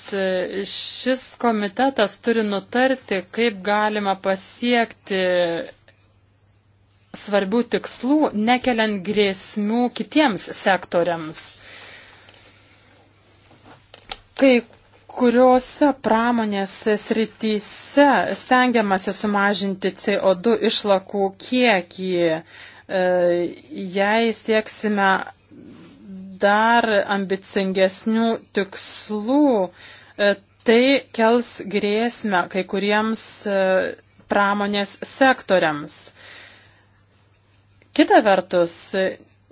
Speaker 2: šis komitetas turi nutarti, kaip galima pasiekti svarbių tikslų, nekeliant grėsmių kitiems sektoriams kai kuriuose pramonės srityse stengiamasi sumažinti CO2 išlakų kiekį, e, jei sieksime dar ambicingesnių tikslų, e, tai kels grėsmę kai kuriems e, pramonės sektoriams. Kita vertus,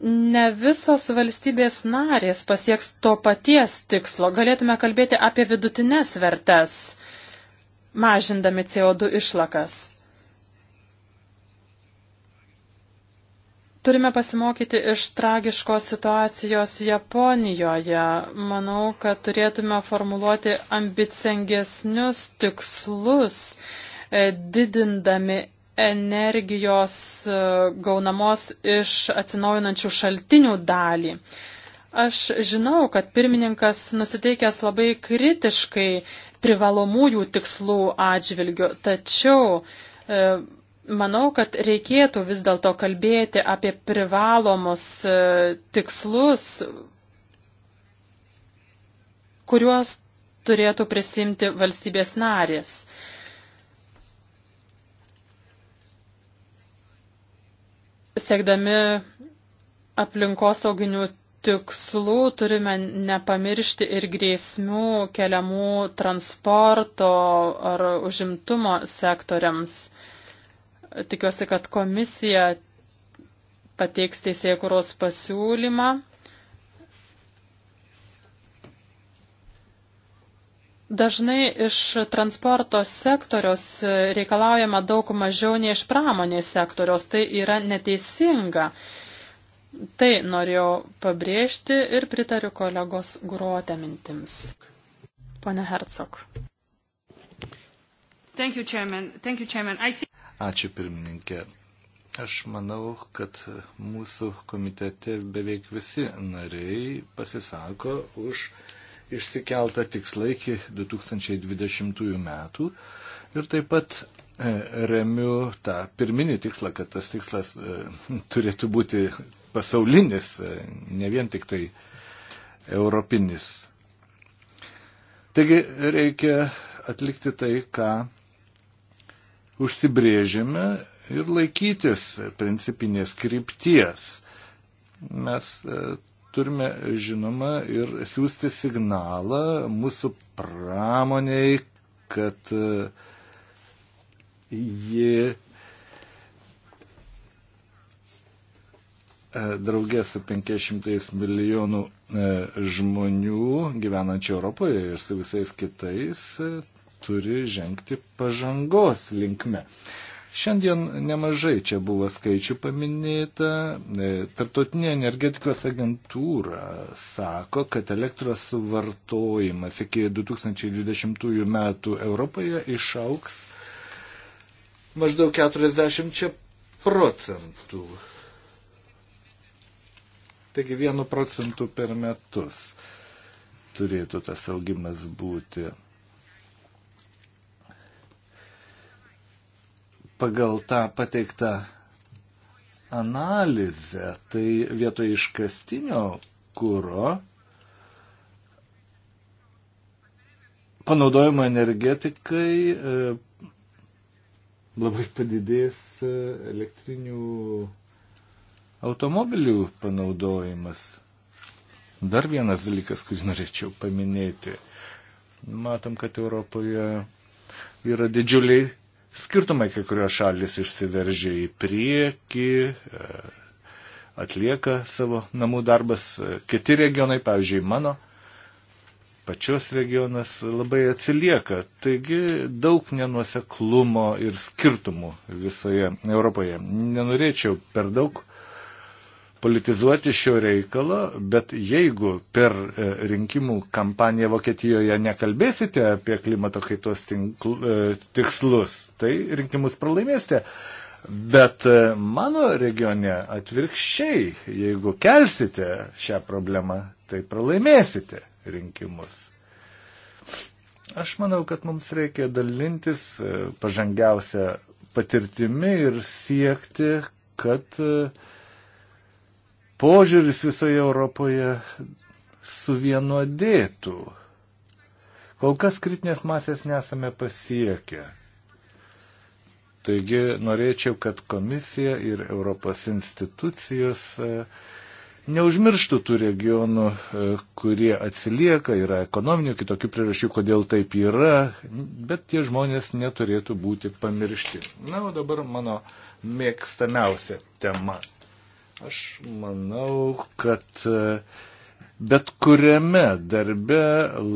Speaker 2: ne visos valstybės narės pasieks to paties tikslo. Galėtume kalbėti apie vidutines vertes, mažindami CO2 išlakas. Turime pasimokyti iš tragiškos situacijos Japonijoje. Manau, kad turėtume formuluoti ambicingesnius tikslus, e, didindami energijos e, gaunamos iš atsinaujinančių šaltinių dalį. Aš žinau, kad pirmininkas nusiteikęs labai kritiškai privalomųjų tikslų atžvilgių, tačiau e, manau, kad reikėtų vis dėlto kalbėti apie privalomus e, tikslus, kuriuos turėtų prisimti valstybės narės. siekdami aplinkosauginių tikslų turime nepamiršti ir grėsmių keliamų transporto ar užimtumo sektoriams. Tikiuosi, kad komisija pateiks teisėjų kuros pasiūlymą Dažnai iš transporto sektoriaus reikalaujama daug mažiau nei iš pramonės sektoriaus. Tai yra neteisinga. Tai norėjau pabrėžti ir pritariu kolegos gruotę mintims. Pone Hercog. Thank you, Chairman. Thank you, Chairman. I see...
Speaker 1: Ačiū pirmininkė. Aš manau, kad mūsų komitete beveik visi nariai pasisako už uh, išsikeltą tikslą iki 2020 metų ir taip pat e, remiu tą pirminį tikslą, kad tas tikslas e, *laughs* turėtų būti pasaulinis, e, ne vien tik tai europinis. Taigi reikia atlikti tai, ką užsibrėžėme ir laikytis principinės krypties. Mes turime, žinoma, ir siūsti signalą mūsų pramoniai, kad e, ji e, draugė su 500 milijonų e, žmonių gyvenančių Europoje ir su visais kitais turi žengti pažangos linkme. Šiandien nemažai čia buvo skaičių paminėta. E, Tarptautinė energetikos agentūra sako, kad elektros suvartojimas iki 2020 metų Europoje išauks maždaug 40 procentų. Taigi vienu procentu per metus turėtų tas augimas būti. pagal tą pateiktą analizę, tai vietoj iškastinio kūro panaudojimo energetikai e, labai padidės e, elektrinių automobilių panaudojimas. Dar vienas dalykas, kurį norėčiau paminėti. Matom, kad Europoje yra didžiuliai skirtumai, kai kurios šalis išsiveržia į priekį, e, atlieka savo namų darbas, e, kiti regionai, pavyzdžiui, mano pačios regionas labai atsilieka. Taigi daug nenuoseklumo ir skirtumų visoje Europoje. Nenorėčiau per daug politizuoti šio reikalo, bet jeigu per e, rinkimų kampaniją Vokietijoje nekalbėsite apie klimato kaitos tinkl, e, tikslus, tai rinkimus pralaimėsite. Bet e, mano regione atvirkščiai, jeigu kelsite šią problemą, tai pralaimėsite rinkimus. Aš manau, kad mums reikia dalintis pažangiausią patirtimi ir siekti, kad uh, požiūris visoje Europoje suvienodėtų. Kol kas kritinės masės nesame pasiekę. Taigi norėčiau, kad komisija ir Europos institucijos e, neužmirštų tų regionų, e, kurie atsilieka, yra ekonominių kitokių priežasčių, kodėl taip yra, bet tie žmonės neturėtų būti pamiršti. Na, o dabar mano mėgstamiausia tema Aš manau, kad e, bet kuriame darbe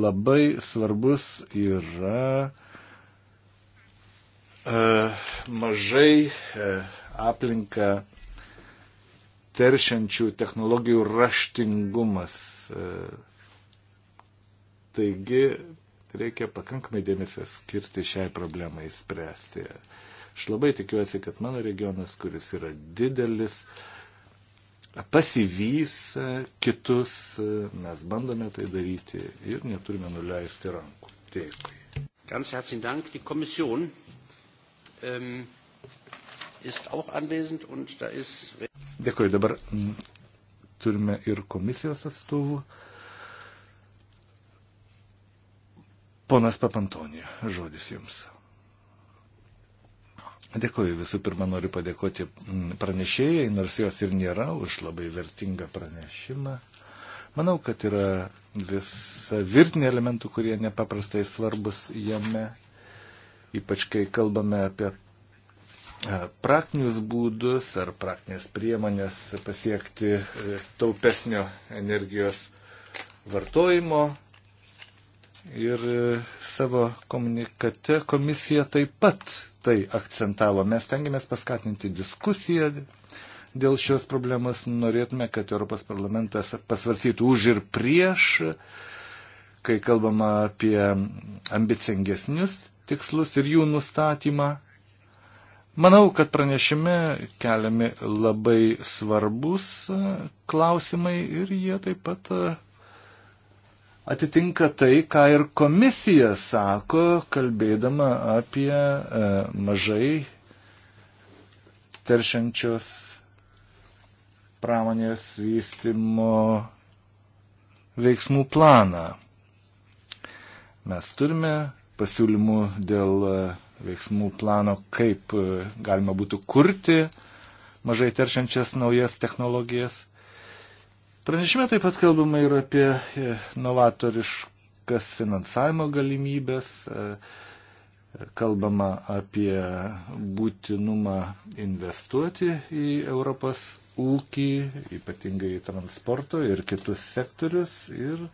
Speaker 1: labai svarbus yra e, mažai e, aplinką teršiančių technologijų raštingumas. Taigi reikia pakankamai dėmesio skirti šiai problemai spręsti. Aš labai tikiuosi, kad mano regionas, kuris yra didelis, uh, pasivys kitus. Mes bandome tai daryti ir neturime nuleisti rankų.
Speaker 2: Dėkui. Ganz herzlichen Dank. Die Kommission ähm, ist auch anwesend und da ist.
Speaker 1: Dėkui, dabar mm, turime ir komisijos atstovų. Ponas Papantonija, žodis jums. Dėkuoju visų pirma, noriu padėkoti mm, pranešėjai, nors jos ir nėra, už labai vertingą pranešimą. Manau, kad yra visa virtinė elementų, kurie nepaprastai svarbus jame, ypač kai kalbame apie e, praktinius būdus ar praktinės priemonės pasiekti e, taupesnio energijos vartojimo. Ir e, savo komunikate komisija taip pat tai akcentavo. Mes tengiamės paskatinti diskusiją dėl šios problemos. Norėtume, kad Europos parlamentas pasvarsytų už ir prieš, kai kalbama apie ambicingesnius tikslus ir jų nustatymą. Manau, kad pranešime keliami labai svarbus klausimai ir jie taip pat atitinka tai, ką ir komisija sako, kalbėdama apie e, mažai teršiančios pramonės vystimo veiksmų planą. Mes turime pasiūlymų dėl e, veiksmų plano, kaip e, galima būtų kurti mažai teršiančias naujas technologijas. Pranešime taip pat kalbama ir apie e, novatoriškas finansavimo galimybės, e, e, kalbama apie būtinumą investuoti į Europos ūkį, ypatingai transporto ir kitus sektorius ir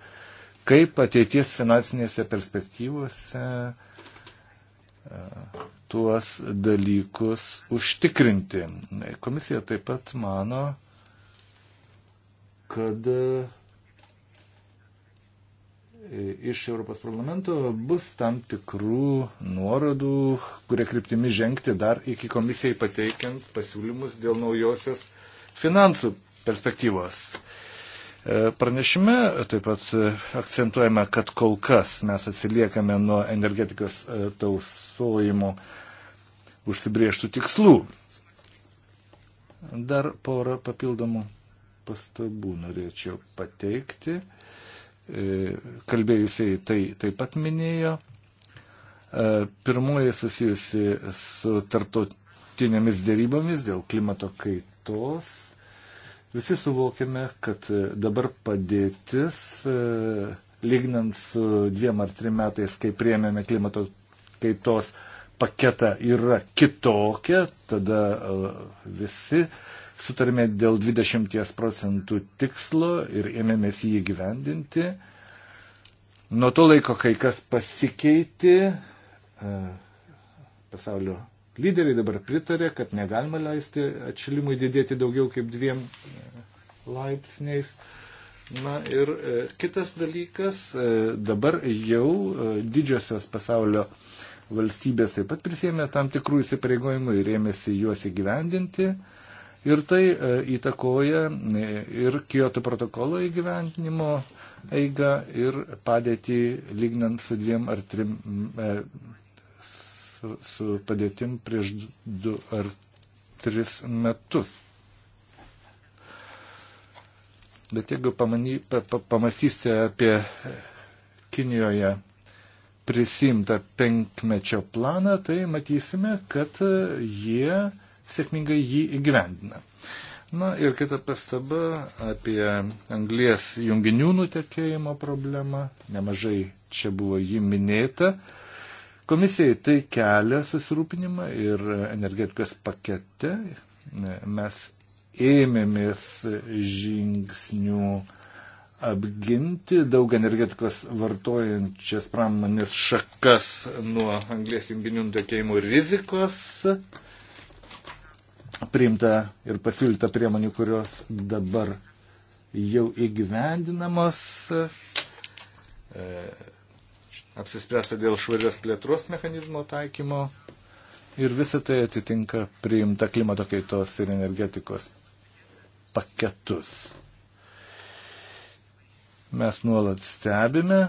Speaker 1: kaip ateities finansinėse perspektyvose tuos dalykus užtikrinti. Komisija taip pat mano, kad e, iš Europos parlamento bus tam tikrų nuorodų, kurie kryptimi žengti dar iki komisijai pateikiant pasiūlymus dėl naujosios finansų perspektyvos. E, pranešime taip pat e, akcentuojame, kad kol kas mes atsiliekame nuo energetikos tausojimo užsibrieštų tikslų. Dar porą papildomų pastabų norėčiau pateikti. E, kalbėjusiai tai taip pat minėjo. E, pirmoji susijusi su tarptautinėmis dėrybomis dėl klimato kaitos. Visi suvokiame, kad dabar padėtis, e, lygnant su dviem ar trim metais, kai priemėme klimato kaitos paketą, yra kitokia, tada visi uh, sutarėme dėl 20 procentų tikslo ir ėmėmės jį gyvendinti. Nuo to laiko kai kas pasikeitė, e, pasaulio lyderiai dabar pritarė, kad negalima leisti atšilimui didėti daugiau kaip dviem e, laipsniais. Na ir e, kitas dalykas, dabar jau didžiosios pasaulio valstybės taip pat prisėmė tam tikrų įsipareigojimų ir ėmėsi juos įgyvendinti. Ir tai e, įtakoja e, ir Kyoto protokolo įgyventinimo eigą ir padėtį lygnant su dviem ar trim, e, su, su padėtim prieš du ar tris metus. Bet jeigu pamany, pa, pa, pamastysite apie Kinijoje prisimtą penkmečio planą, tai matysime, kad jie sėkmingai jį įgyvendina. Na ir kita pastaba apie anglies junginių nutekėjimo problemą. Nemažai čia buvo jį minėta. Komisijai tai kelia susirūpinimą ir energetikos pakete mes ėmėmės žingsnių apginti daug energetikos vartojančias pramonės šakas nuo anglės junginių nutekėjimų rizikos priimta ir pasiūlyta priemonių, kurios dabar jau įgyvendinamos. E, apsispręsta dėl švarios plėtros mechanizmo taikymo ir visa tai atitinka priimta klimato kaitos ir energetikos paketus. Mes nuolat stebime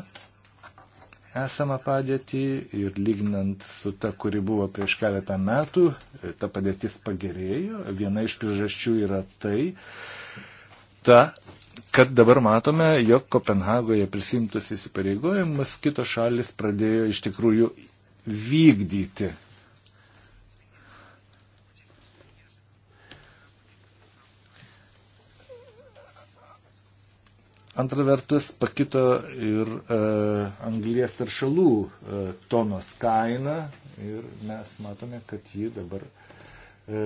Speaker 1: esamą padėtį ir lyginant su ta, kuri buvo prieš keletą metų, e, ta padėtis pagerėjo. Viena iš priežasčių yra tai, ta, kad dabar matome, jog Kopenhagoje prisimtus įsipareigojimus kitos šalis pradėjo iš tikrųjų vykdyti. Antra vertus, pakito ir e, anglijas taršalų e, tonos kaina ir mes matome, kad ji dabar e,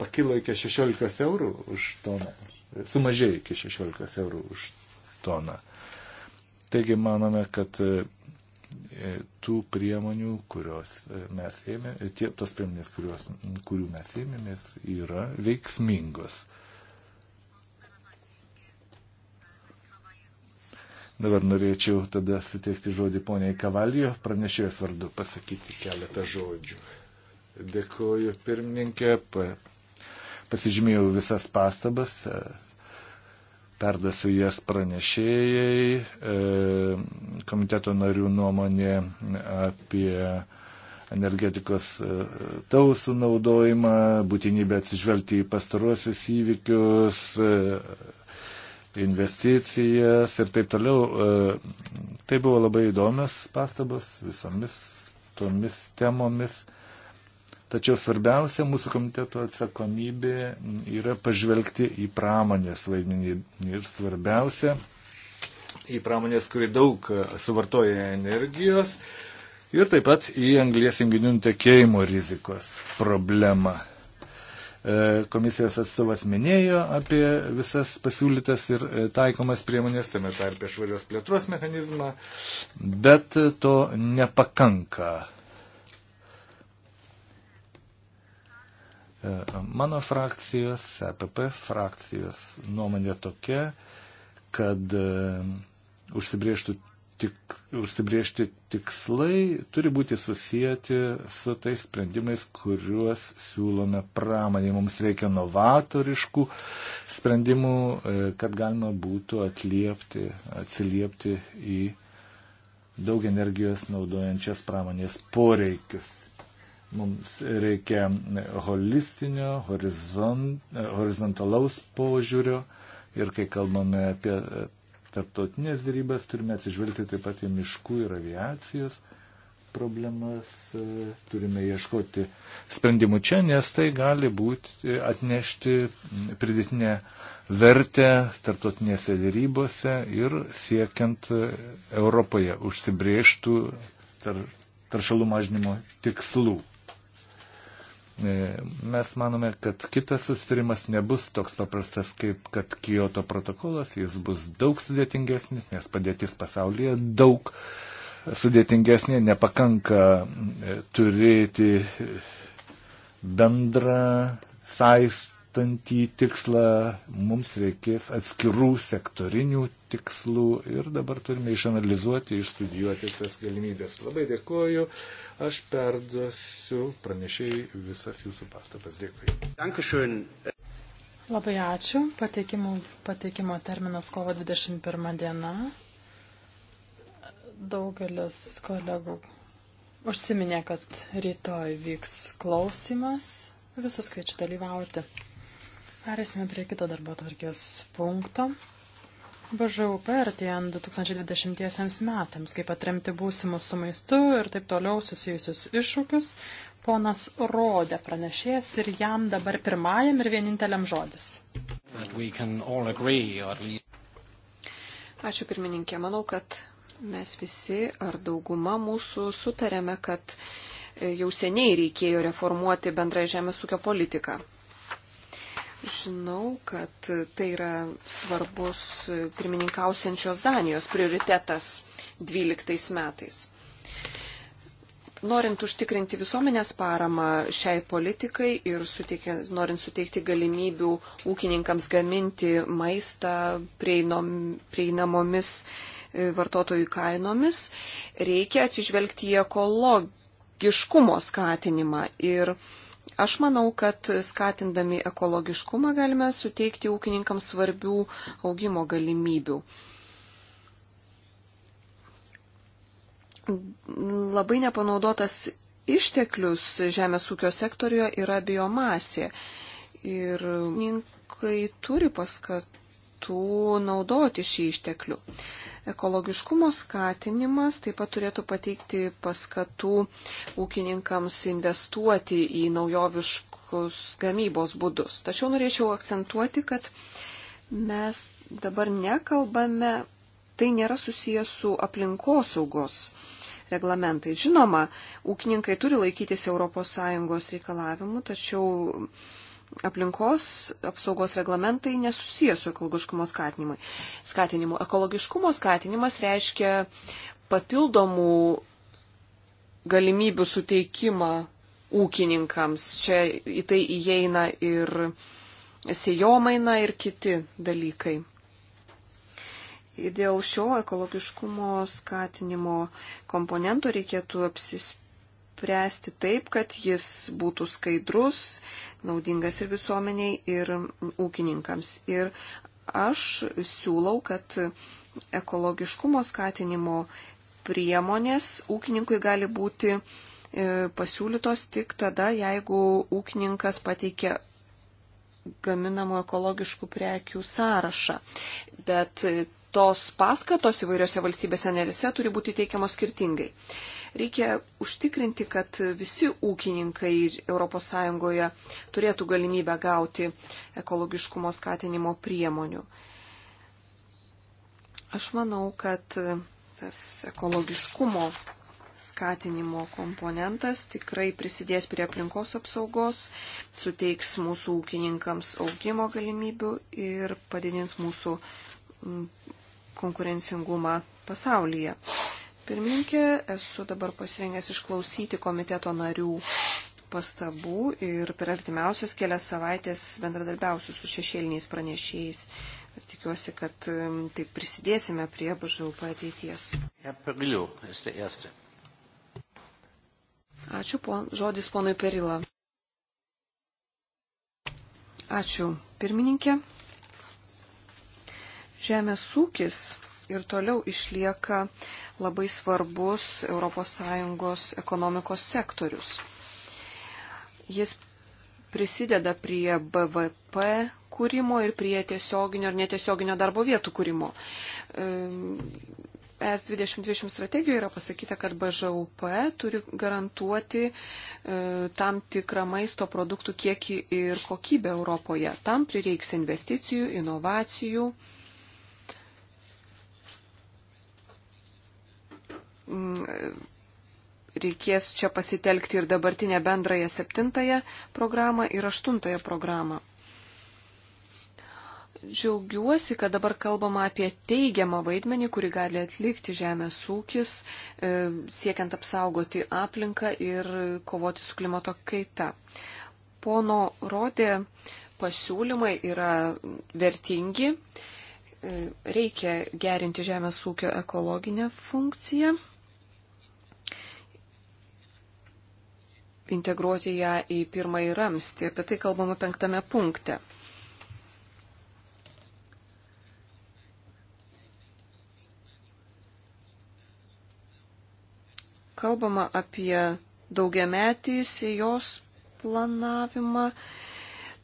Speaker 1: pakilo iki 16 eurų už toną, sumažėjo iki 16 eurų už toną. Taigi manome, kad e, e, tų priemonių, kurios e, mes ėmėmės, tos priemonės, kurios, kurių mes ėmėmės, yra veiksmingos. Dabar norėčiau tada suteikti žodį poniai Kavalijo, pranešėjos vardu pasakyti keletą žodžių. Dėkuoju pirmininkė, pasižymėjau visas pastabas, e, perduosiu jas pranešėjai, e, komiteto narių nuomonė apie energetikos e, tausų naudojimą, būtinybę atsižvelgti į pastaruosius įvykius, investicijas ir taip toliau. E, tai buvo labai įdomios pastabos visomis tomis temomis. Tačiau svarbiausia mūsų komiteto atsakomybė yra pažvelgti į pramonės vaidmenį ir svarbiausia į pramonės, kuri daug suvartoja energijos ir taip pat į anglės junginių tekėjimo rizikos problemą. E, komisijos atstovas minėjo apie visas pasiūlytas ir e, taikomas priemonės, tame tarpe švarios plėtros mechanizmą, bet to nepakanka. E, mano frakcijos, EPP frakcijos nuomonė tokia, kad užsibrieštų tik, užsibriežti tikslai turi būti susijęti su tais sprendimais, kuriuos siūlome pramonė. Mums reikia novatoriškų sprendimų, e, kad galima būtų atliepti, atsiliepti į daug energijos naudojančias pramonės poreikius. Mums reikia holistinio, horizon, e, horizontalaus požiūrio ir kai kalbame apie tarptautinės dėrybas, turime atsižvelgti taip pat į miškų ir aviacijos problemas, e, turime ieškoti sprendimų čia, nes tai gali būti e, atnešti pridėtinę vertę tarptautinėse dėrybose ir siekiant e, Europoje užsibrieštų tar, taršalų mažinimo tikslų. E, mes manome, kad kitas sustarimas nebus toks paprastas kaip kad Kyoto protokolas, jis bus daug sudėtingesnis, nes padėtis pasaulyje daug sudėtingesnė, nepakanka e, turėti bendrą saistantį tikslą, mums reikės atskirų sektorinių tikslų ir dabar turime išanalizuoti, išstudijuoti tas galimybės. Labai dėkoju, aš perduosiu pranešėjai visas jūsų pastabas. Dėkui. Dankeschön.
Speaker 2: Labai ačiū. Pateikimo, pateikimo terminas kovo 21 diena. Daugelis kolegų užsiminė, kad rytoj vyks klausimas. Visus kviečiu dalyvauti. Perėsime prie kito darbo tvarkės punkto. BŽUP artėjant 2020 metams, kaip atremti būsimus su maistu ir taip toliau susijusius iššūkius, ponas Rodė pranešės ir jam dabar pirmajam ir vieninteliam žodis. Agree,
Speaker 3: Ačiū pirmininkė, manau, kad mes visi ar dauguma mūsų sutarėme, kad jau seniai reikėjo reformuoti bendrąją žemės ūkio politiką. Žinau, kad tai yra svarbus pirmininkausiančios Danijos prioritetas 12 metais. Norint užtikrinti visuomenės paramą šiai politikai ir suteikia, norint suteikti galimybių ūkininkams gaminti maistą prieinom, prieinamomis e, vartotojų kainomis, reikia atsižvelgti į ekologiškumo skatinimą ir uh, Aš manau, kad skatindami ekologiškumą galime suteikti ūkininkams svarbių augimo galimybių. Labai nepanaudotas išteklius žemės ūkio sektorijoje yra biomasė. Ir ūkininkai turi paskatų naudoti šį išteklių. Ekologiškumo skatinimas taip pat turėtų pateikti paskatų ūkininkams investuoti į naujoviškus gamybos būdus. Tačiau norėčiau akcentuoti, kad mes dabar nekalbame, tai nėra susijęs su aplinkosaugos reglamentais. Žinoma, ūkininkai turi laikytis ES reikalavimų, tačiau aplinkos apsaugos reglamentai nesusijęs su ekologiškumo skatinimu. Ekologiškumo skatinimas reiškia papildomų galimybių suteikimą ūkininkams. Čia į tai įeina ir sėjomaina ir kiti dalykai. Ir dėl šio ekologiškumo skatinimo komponento reikėtų apsis, spręsti taip, kad jis būtų skaidrus, naudingas ir visuomeniai, ir ūkininkams. Ir aš siūlau, kad ekologiškumo skatinimo priemonės ūkininkui gali būti e, pasiūlytos tik tada, jeigu ūkininkas pateikia gaminamų ekologiškų prekių sąrašą. Bet e, tos paskatos įvairiose valstybėse narėse turi būti teikiamos skirtingai. Reikia užtikrinti, kad visi ūkininkai ES turėtų galimybę gauti ekologiškumo skatinimo priemonių. Aš manau, kad tas ekologiškumo skatinimo komponentas tikrai prisidės prie aplinkos apsaugos, suteiks mūsų ūkininkams augimo galimybių ir padidins mūsų mm, konkurencingumą pasaulyje pirmininkė, esu dabar pasirengęs išklausyti komiteto narių pastabų ir per artimiausias kelias savaitės bendradarbiausiu su šešėliniais pranešėjais. Ir tikiuosi, kad um, taip prisidėsime prie BŽUP ateities. Ačiū, pon, žodis ponui Perila. Ačiū, pirmininkė. Žemės ūkis ir toliau išlieka labai svarbus ES ekonomikos sektorius. Jis prisideda prie BVP kūrimo ir prie tiesioginio ir netiesioginio darbo vietų kūrimo. ES ehm, 2020 strategijoje yra pasakyta, kad BŽUP turi garantuoti e, tam tikrą maisto produktų kiekį ir kokybę Europoje. Tam prireiks investicijų, inovacijų, Mm, reikės čia pasitelkti ir dabartinę bendrąją septintąją programą ir aštuntąją programą. Džiaugiuosi, kad dabar kalbama apie teigiamą vaidmenį, kurį gali atlikti žemės ūkis, e, siekiant apsaugoti aplinką ir kovoti su klimato kaita. Pono Rodė pasiūlymai yra vertingi, e, reikia gerinti žemės ūkio ekologinę funkciją. integruoti ją į pirmąjį ramstį. Apie tai kalbama penktame punkte. Kalbama apie daugiametį sėjos planavimą.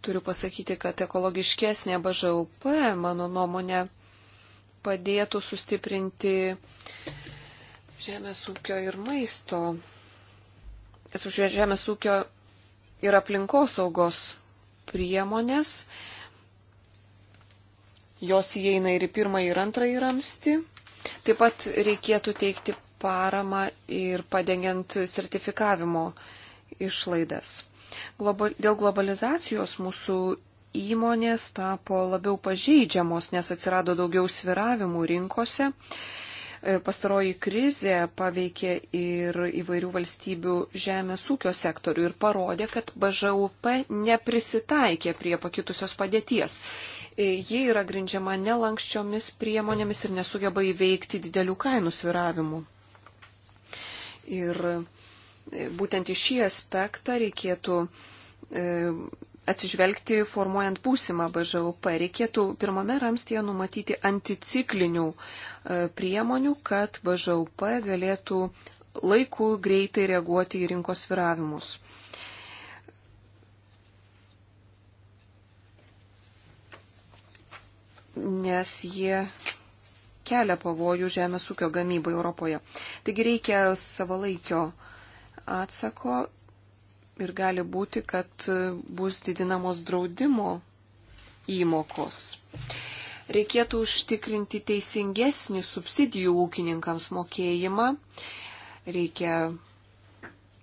Speaker 3: Turiu pasakyti, kad ekologiškesnė BŽUP, mano nuomonė, padėtų sustiprinti žemės ūkio ir maisto atsiprašau, žemės ūkio ir aplinkosaugos priemonės. Jos įeina ir į pirmąjį, ir antrąjį ramsti. Taip pat reikėtų teikti paramą ir padengiant sertifikavimo išlaidas. Global, dėl globalizacijos mūsų įmonės tapo labiau pažeidžiamos, nes atsirado daugiau sviravimų rinkose E, pastaroji krizė paveikė ir įvairių valstybių žemės ūkio sektorių ir parodė, kad BŽUP neprisitaikė prie pakitusios padėties. E, ji yra grindžiama nelankščiomis priemonėmis ir nesugeba įveikti didelių kainų sviravimų. Ir e, būtent į šį aspektą reikėtų atsižvelgti formuojant būsimą BŽUP. Reikėtų pirmame ramstėje numatyti anticiklinių e, priemonių, kad BŽUP galėtų laiku greitai reaguoti į rinkos viravimus. Nes jie kelia pavojų žemės ūkio gamybai Europoje. Taigi reikia savalaikio atsako ir gali būti, kad bus didinamos draudimo įmokos. Reikėtų užtikrinti teisingesnį subsidijų ūkininkams mokėjimą. Reikia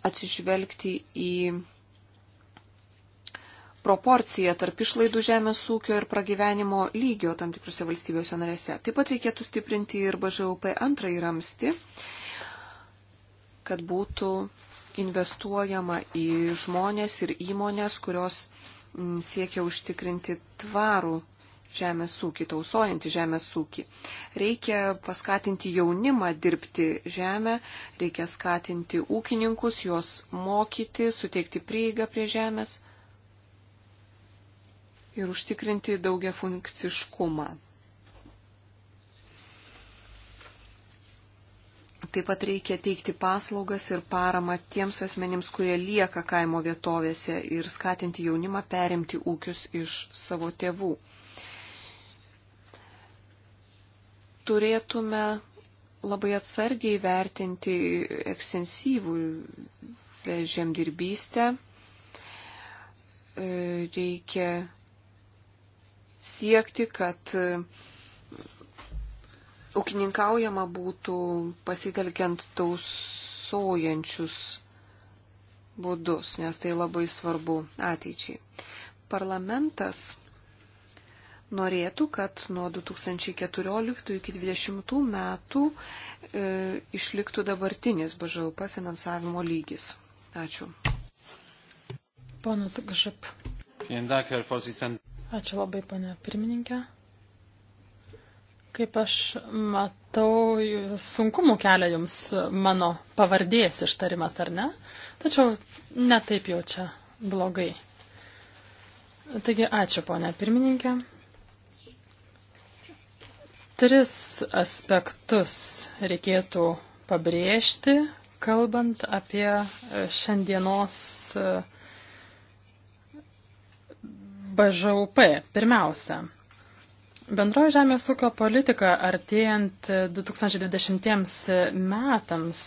Speaker 3: atsižvelgti į proporciją tarp išlaidų žemės ūkio ir pragyvenimo lygio tam tikrose valstybėse narėse. Taip pat reikėtų stiprinti ir BŽUP antrąjį ramsti, kad būtų investuojama į žmonės ir įmonės, kurios mm, siekia užtikrinti tvarų žemės ūkį, tausojantį žemės ūkį. Reikia paskatinti jaunimą dirbti žemę, reikia skatinti ūkininkus, juos mokyti, suteikti prieigą prie žemės ir užtikrinti daugia funkciškumą. Taip pat reikia teikti paslaugas ir paramą tiems asmenims, kurie lieka kaimo vietovėse ir skatinti jaunimą perimti ūkius iš savo tėvų. Turėtume labai atsargiai vertinti ekstensyvų žemdirbystę. Reikia siekti, kad ūkininkaujama būtų pasitelkiant tausojančius būdus, nes tai labai svarbu ateičiai. Parlamentas norėtų, kad nuo 2014 iki 2020 metų e, išliktų dabartinis BŽUP finansavimo lygis. Ačiū. Ponas Gažap.
Speaker 2: Ačiū labai, pane pirmininkė. Kaip aš matau, sunkumų kelia jums mano pavardės ištarimas, ar ne? Tačiau netaip jau čia blogai. Taigi, ačiū, ponia pirmininkė. Tris aspektus reikėtų pabrėžti, kalbant apie šiandienos e, BŽUP. Pirmiausia, Bendroji žemės ūkio politika artėjant 2020 metams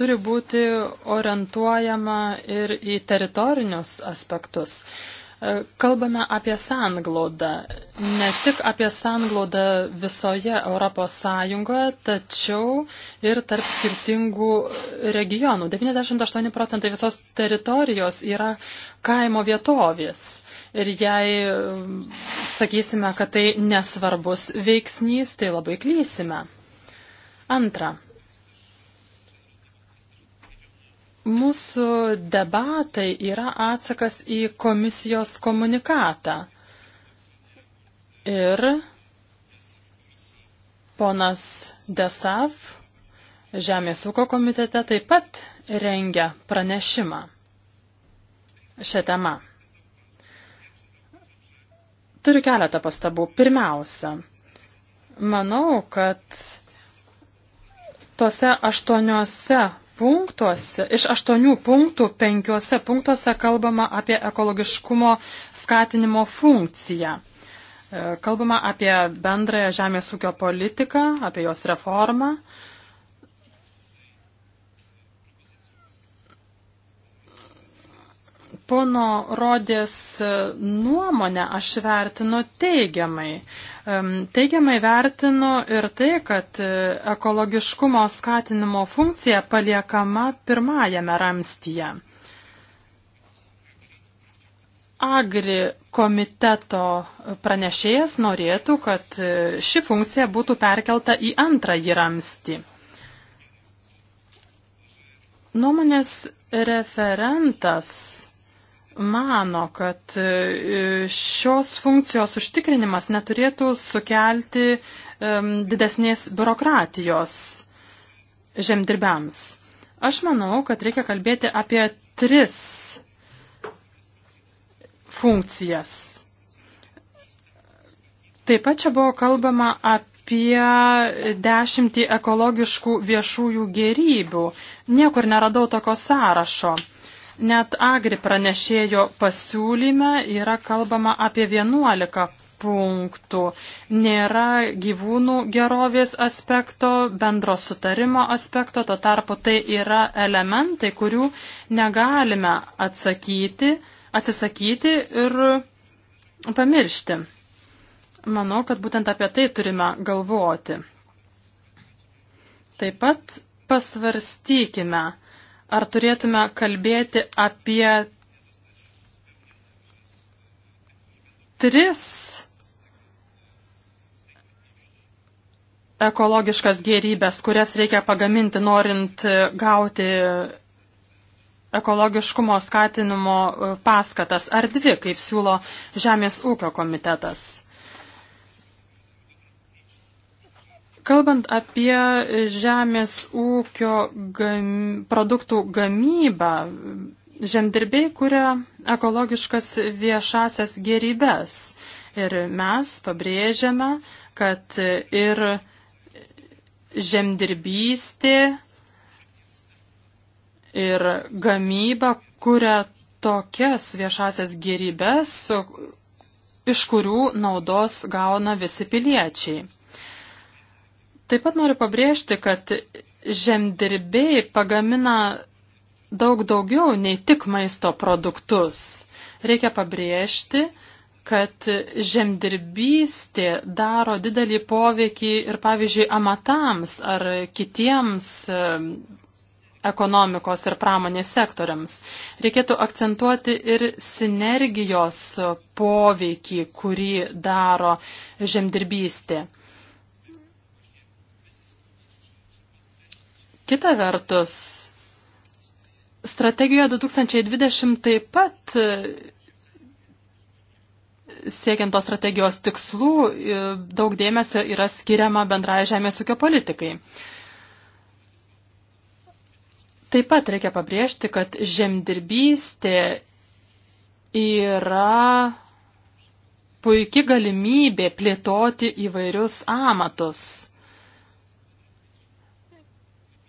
Speaker 2: turi būti orientuojama ir į teritorinius aspektus. E, kalbame apie sanglaudą. Ne tik apie sanglaudą visoje Europos Sąjungoje, tačiau ir tarp skirtingų regionų. 98 procentai visos teritorijos yra kaimo vietovės. Ir jei sakysime, kad tai nesvarbus veiksnys, tai labai klysime. Antra. Mūsų debatai yra atsakas į komisijos komunikatą. Ir ponas Desav Žemės ūkio komitete taip pat rengia pranešimą šią temą. Turiu keletą pastabų. Pirmiausia, manau, kad tose aštuoniuose punktuose, iš aštuonių punktų, penkiuose punktuose kalbama apie ekologiškumo skatinimo funkciją. E, kalbama apie bendrąją žemės ūkio politiką, apie jos reformą. pono Rodės e, nuomonę aš vertinu teigiamai. Teigiamai vertinu ir tai, kad e, ekologiškumo skatinimo funkcija paliekama pirmajame ramstyje. Agri komiteto pranešėjas norėtų, kad e, ši funkcija būtų perkelta į antrąjį ramstį. Nuomonės referentas mano, kad e, šios funkcijos užtikrinimas neturėtų sukelti um, didesnės biurokratijos žemdirbiams. Aš manau, kad reikia kalbėti apie tris funkcijas. Taip pat čia buvo kalbama apie dešimtį ekologiškų viešųjų gerybių. Niekur neradau tokio sąrašo. Net Agri pranešėjo pasiūlyme yra kalbama apie 11 punktų. Nėra gyvūnų gerovės aspekto, bendro sutarimo aspekto, to tarpu tai yra elementai, kurių negalime atsakyti, atsisakyti ir pamiršti. Manau, kad būtent apie tai turime galvoti. Taip pat pasvarstykime, Ar turėtume kalbėti apie tris ekologiškas gėrybės, kurias reikia pagaminti, norint gauti ekologiškumo skatinimo paskatas, ar dvi, kaip siūlo Žemės ūkio komitetas. Kalbant apie žemės ūkio gam, produktų gamybą, žemdirbiai kuria ekologiškas viešasias gerybės. Ir mes pabrėžiame, kad ir žemdirbystė ir gamyba kuria tokias viešasias gerybės, iš kurių naudos gauna visi piliečiai. Taip pat noriu pabrėžti, kad žemdirbiai pagamina daug daugiau nei tik maisto produktus. Reikia pabrėžti, kad žemdirbystė daro didelį poveikį ir, pavyzdžiui, amatams ar kitiems ekonomikos ir pramonės sektoriams. Reikėtų akcentuoti ir sinergijos poveikį, kurį daro žemdirbystė. Kita vertus, strategija 2020 taip pat e, siekiant tos strategijos tikslų e, daug dėmesio yra skiriama bendrai žemės ūkio politikai. Taip pat reikia pabrėžti, kad žemdirbystė yra puikia galimybė plėtoti įvairius amatus.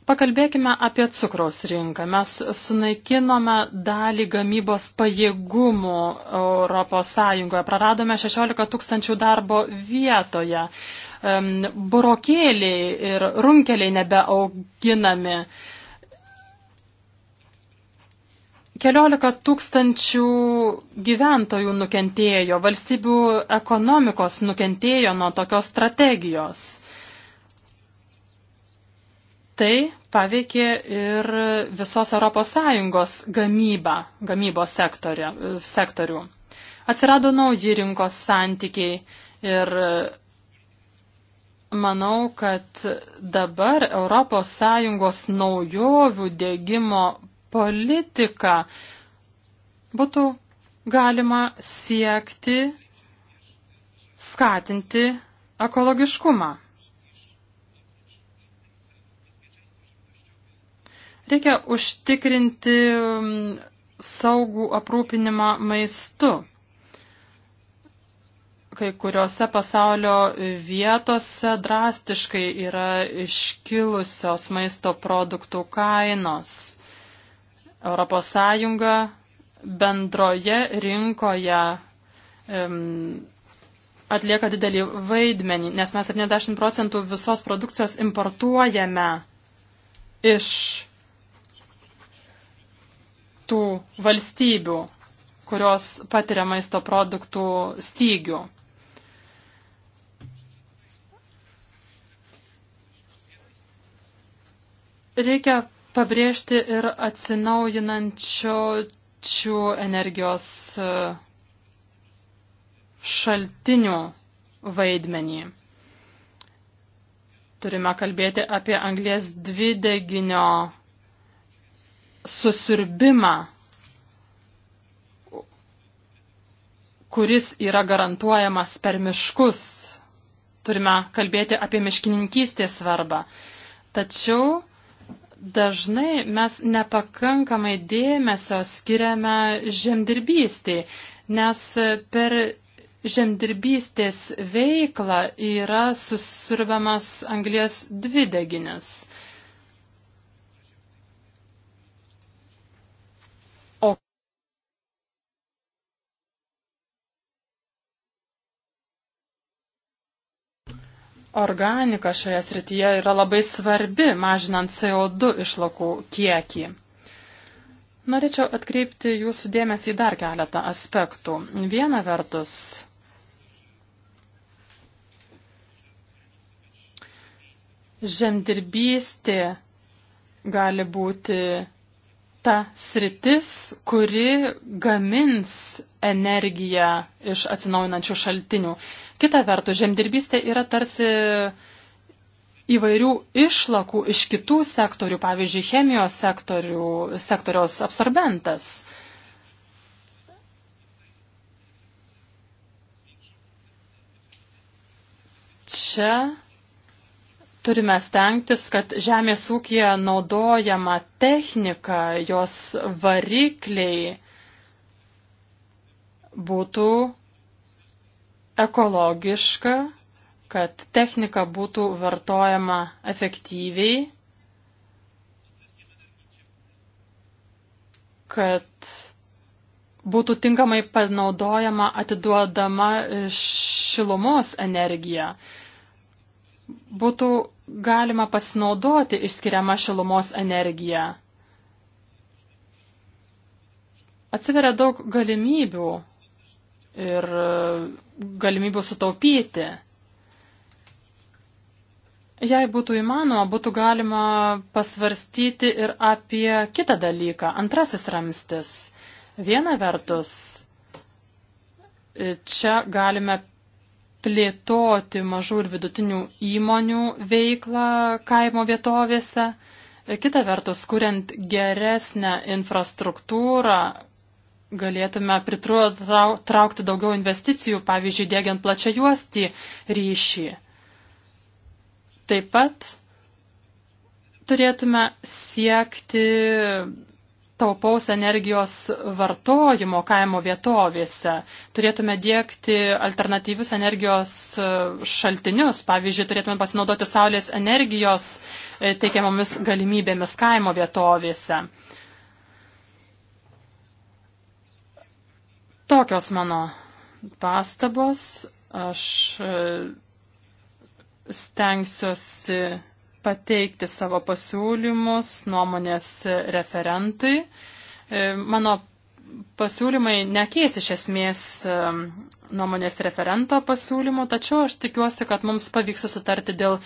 Speaker 2: Pakalbėkime apie cukraus rinką. Mes sunaikinome dalį gamybos pajėgumų ES, praradome 16 tūkstančių darbo vietoje. Burokėliai ir runkeliai nebeauginami. Keliolika tūkstančių gyventojų nukentėjo, valstybių ekonomikos nukentėjo nuo tokios strategijos tai paveikė ir visos ES gamybą, gamybos sektorių, sektorių. Atsirado nauji rinkos santykiai ir manau, kad dabar ES naujovių dėgymo politiką būtų galima siekti skatinti ekologiškumą. Reikia užtikrinti mm, saugų aprūpinimą maistu. Kai kuriuose pasaulio vietose drastiškai yra iškilusios maisto produktų kainos. ES bendroje rinkoje um, atlieka didelį vaidmenį, nes mes 70 procentų visos produkcijos importuojame iš tų valstybių, kurios patiria maisto produktų stygių. Reikia pabrėžti ir atsinaujinančių energijos e, šaltinių vaidmenį. Turime kalbėti apie anglės dvideginio susirbimą, kuris yra garantuojamas per miškus. Turime kalbėti apie miškininkystės svarbą. Tačiau dažnai mes nepakankamai dėmesio skiriame žemdirbystėj, nes per žemdirbystės veiklą yra susirbamas anglės dvideginis. organika šioje srityje yra labai svarbi, mažinant CO2 išlakų kiekį. Norėčiau atkreipti jūsų dėmesį į dar keletą aspektų. Viena vertus, žemdirbystė gali būti ta sritis, kuri gamins energiją iš atsinaujinančių šaltinių. Kita vertus, žemdirbystė yra tarsi įvairių išlakų iš kitų sektorių, pavyzdžiui, chemijos sektorių, sektoriaus absorbentas. Čia turime stengtis, kad žemės ūkija naudojama technika, jos varikliai būtų ekologiška, kad technika būtų vartojama efektyviai, kad būtų tinkamai panaudojama atiduodama šilumos energija. Būtų galima pasinaudoti išskiriamą šilumos energiją. Atsiveria daug galimybių ir e, galimybių sutaupyti. Jei būtų įmanoma, būtų galima pasvarstyti ir apie kitą dalyką, antrasis ramstis. Viena vertus, e, čia galime plėtoti mažų ir vidutinių įmonių veiklą kaimo vietovėse. E, kita vertus, kuriant geresnę infrastruktūrą, galėtume pritraukti daugiau investicijų, pavyzdžiui, dėgiant plačią juostį ryšį. Taip pat turėtume siekti taupaus energijos vartojimo kaimo vietovėse. Turėtume dėkti alternatyvius energijos e, šaltinius. Pavyzdžiui, turėtume pasinaudoti saulės energijos e, teikiamomis galimybėmis kaimo vietovėse. Tokios mano pastabos. Aš e, stengsiuosi pateikti savo pasiūlymus nuomonės referentui. E, mano pasiūlymai nekeis iš esmės e, nuomonės referento pasiūlymų, tačiau aš tikiuosi, kad mums pavyks susitarti dėl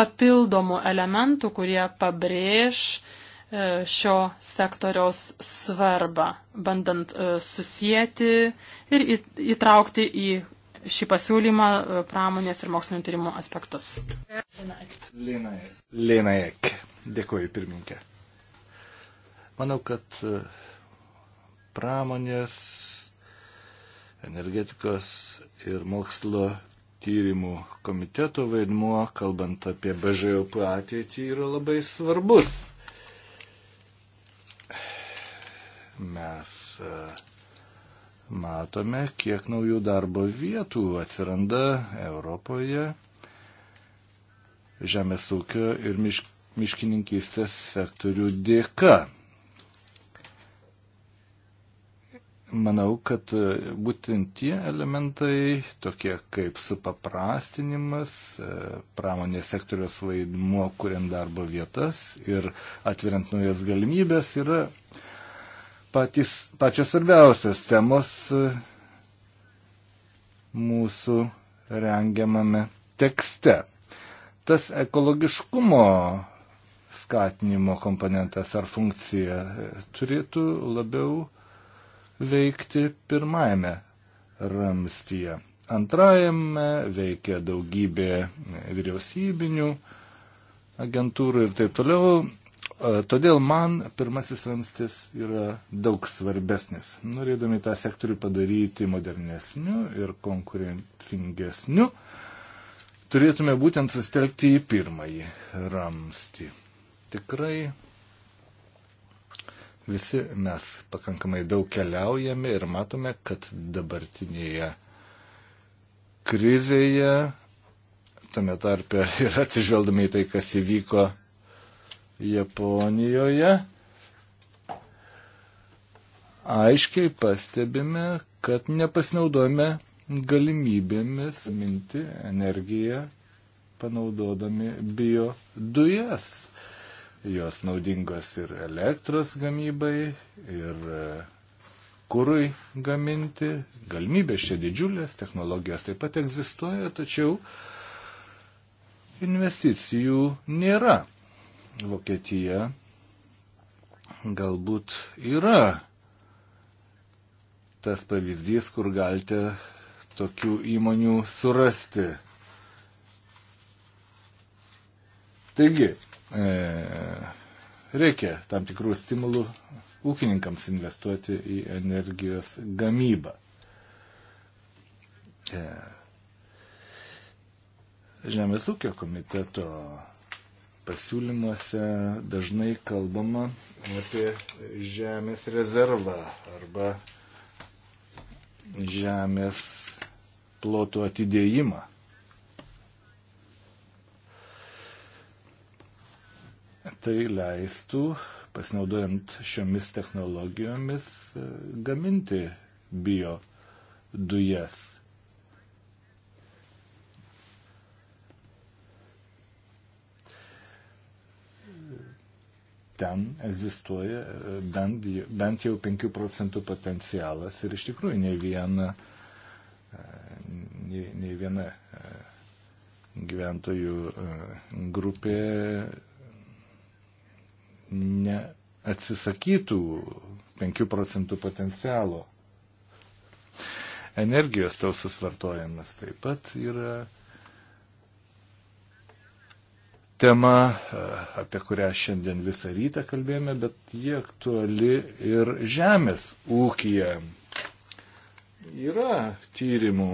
Speaker 2: papildomų elementų, kurie pabrėž uh, E, šio sektoriaus svarbą, bandant e, susijęti ir įtraukti į šį pasiūlymą e, pramonės ir mokslinio tyrimų aspektus.
Speaker 1: Lina Ek. Dėkuoju, pirmininkė. Manau, kad pramonės, energetikos ir mokslo tyrimų komiteto vaidmuo, kalbant apie BŽOP ateitį, yra labai svarbus. Mes e, matome, kiek naujų darbo vietų atsiranda Europoje žemės ūkio ir mišk, miškininkystės sektorių dėka. Manau, kad e, būtent tie elementai, tokie kaip supaprastinimas, e, pramonės sektoriaus vaidmuo, kuriant darbo vietas ir atveriant naujas galimybės, yra uh, patys, pačios svarbiausios temos e, mūsų rengiamame tekste. Tas ekologiškumo skatinimo komponentas ar funkcija e, turėtų labiau veikti pirmajame ramstyje. Antrajame veikia daugybė vyriausybinių agentūrų ir taip toliau. E, todėl man pirmasis ramstis yra daug svarbesnis. Norėdami tą sektorių padaryti modernesniu ir konkurencingesniu, turėtume būtent sustelkti į pirmąjį ramstį. Tikrai visi mes pakankamai daug keliaujame ir matome, kad dabartinėje krizėje, tame tarpe ir atsižvelgdami į tai, kas įvyko Japonijoje aiškiai pastebime, kad nepasinaudojame galimybėmis minti energiją panaudodami bio dujas. Jos naudingos ir elektros gamybai, ir e, kūrui gaminti. Galimybės čia didžiulės, technologijos taip pat egzistuoja, tačiau investicijų nėra. Vokietija galbūt yra tas pavyzdys, kur galite tokių įmonių surasti. Taigi, e, reikia tam tikrų stimulų ūkininkams investuoti į energijos gamybą. E, Žemės ūkio komiteto pasiūlymuose dažnai kalbama apie žemės rezervą arba žemės plotų atidėjimą. Tai leistų, pasinaudojant šiomis technologijomis, gaminti bio dujas ten egzistuoja e, bent, bent jau 5 procentų potencialas ir iš tikrųjų ne viena, ne, ne viena e, gyventojų e, grupė neatsisakytų 5 procentų potencialo. Energijos tausus vartojimas taip pat yra tema, e, apie kurią šiandien visą rytą kalbėjome, bet jie aktuali ir žemės ūkija. Yra tyrimų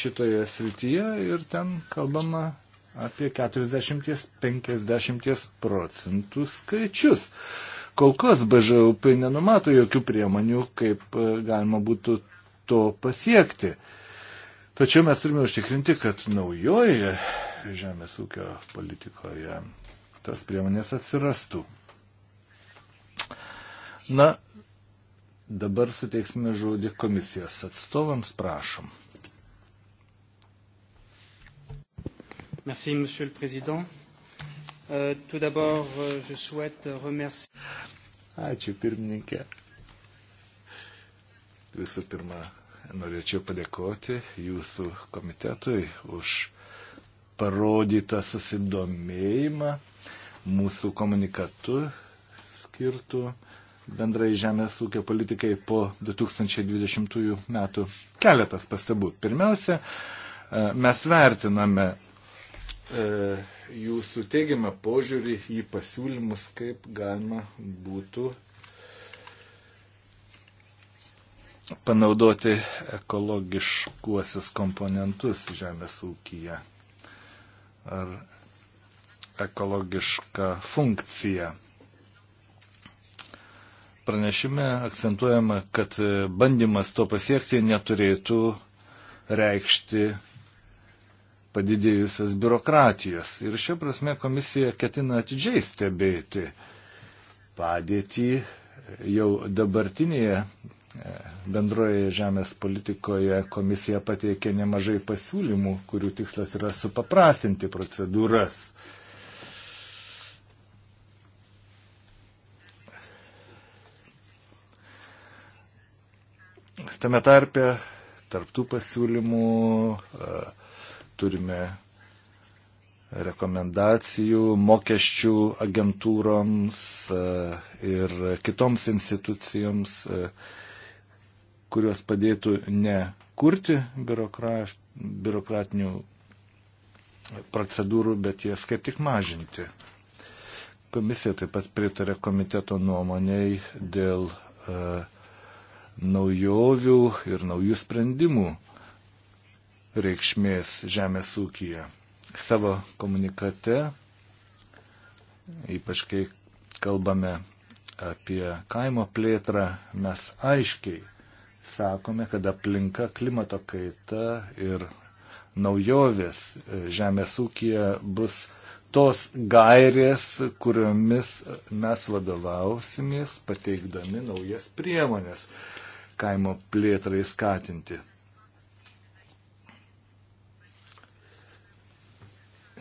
Speaker 1: šitoje srityje ir ten kalbama apie 40-50 procentų skaičius. Kol kas BŽUP nenumato jokių priemonių, kaip e, galima būtų to pasiekti. Tačiau mes turime užtikrinti, kad naujoje žemės ūkio politikoje tas priemonės atsirastų. Na, dabar suteiksime žodį komisijos atstovams, prašom.
Speaker 2: Merci, Monsieur le Président. Euh, tout d'abord, euh, je souhaite remercier.
Speaker 1: Ačiū, pirmininkė. Visų pirma, norėčiau padėkoti jūsų komitetui už parodytą susidomėjimą mūsų komunikatu skirtų bendrai žemės ūkio politikai po 2020 metų. Keletas pastabų. Pirmiausia, e, mes vertiname e, jūsų teigiamą požiūrį į pasiūlymus, kaip galima būtų panaudoti ekologiškuosius komponentus žemės ūkyje ar ekologišką funkciją. Pranešime akcentuojama, kad bandymas to pasiekti neturėtų reikšti padidėjusios biurokratijos. Ir šia prasme komisija ketina atidžiai stebėti padėtį jau dabartinėje Bendroje žemės politikoje komisija pateikė nemažai pasiūlymų, kurių tikslas yra supaprastinti procedūras. Tame tarpe tarptų pasiūlymų e, turime rekomendacijų mokesčių agentūroms e, ir kitoms institucijoms e, kurios padėtų ne kurti biurokratinių procedūrų, bet jas kaip tik mažinti. Komisija taip pat pritarė komiteto nuomonėjai dėl e, naujovių ir naujų sprendimų reikšmės žemės ūkija. Savo komunikate, ypač kai kalbame apie kaimo plėtrą, mes aiškiai sakome, kad aplinka, klimato kaita ir naujovės e, žemės ūkija bus tos gairės, kuriomis mes vadovausimės, pateikdami naujas priemonės kaimo plėtrai skatinti.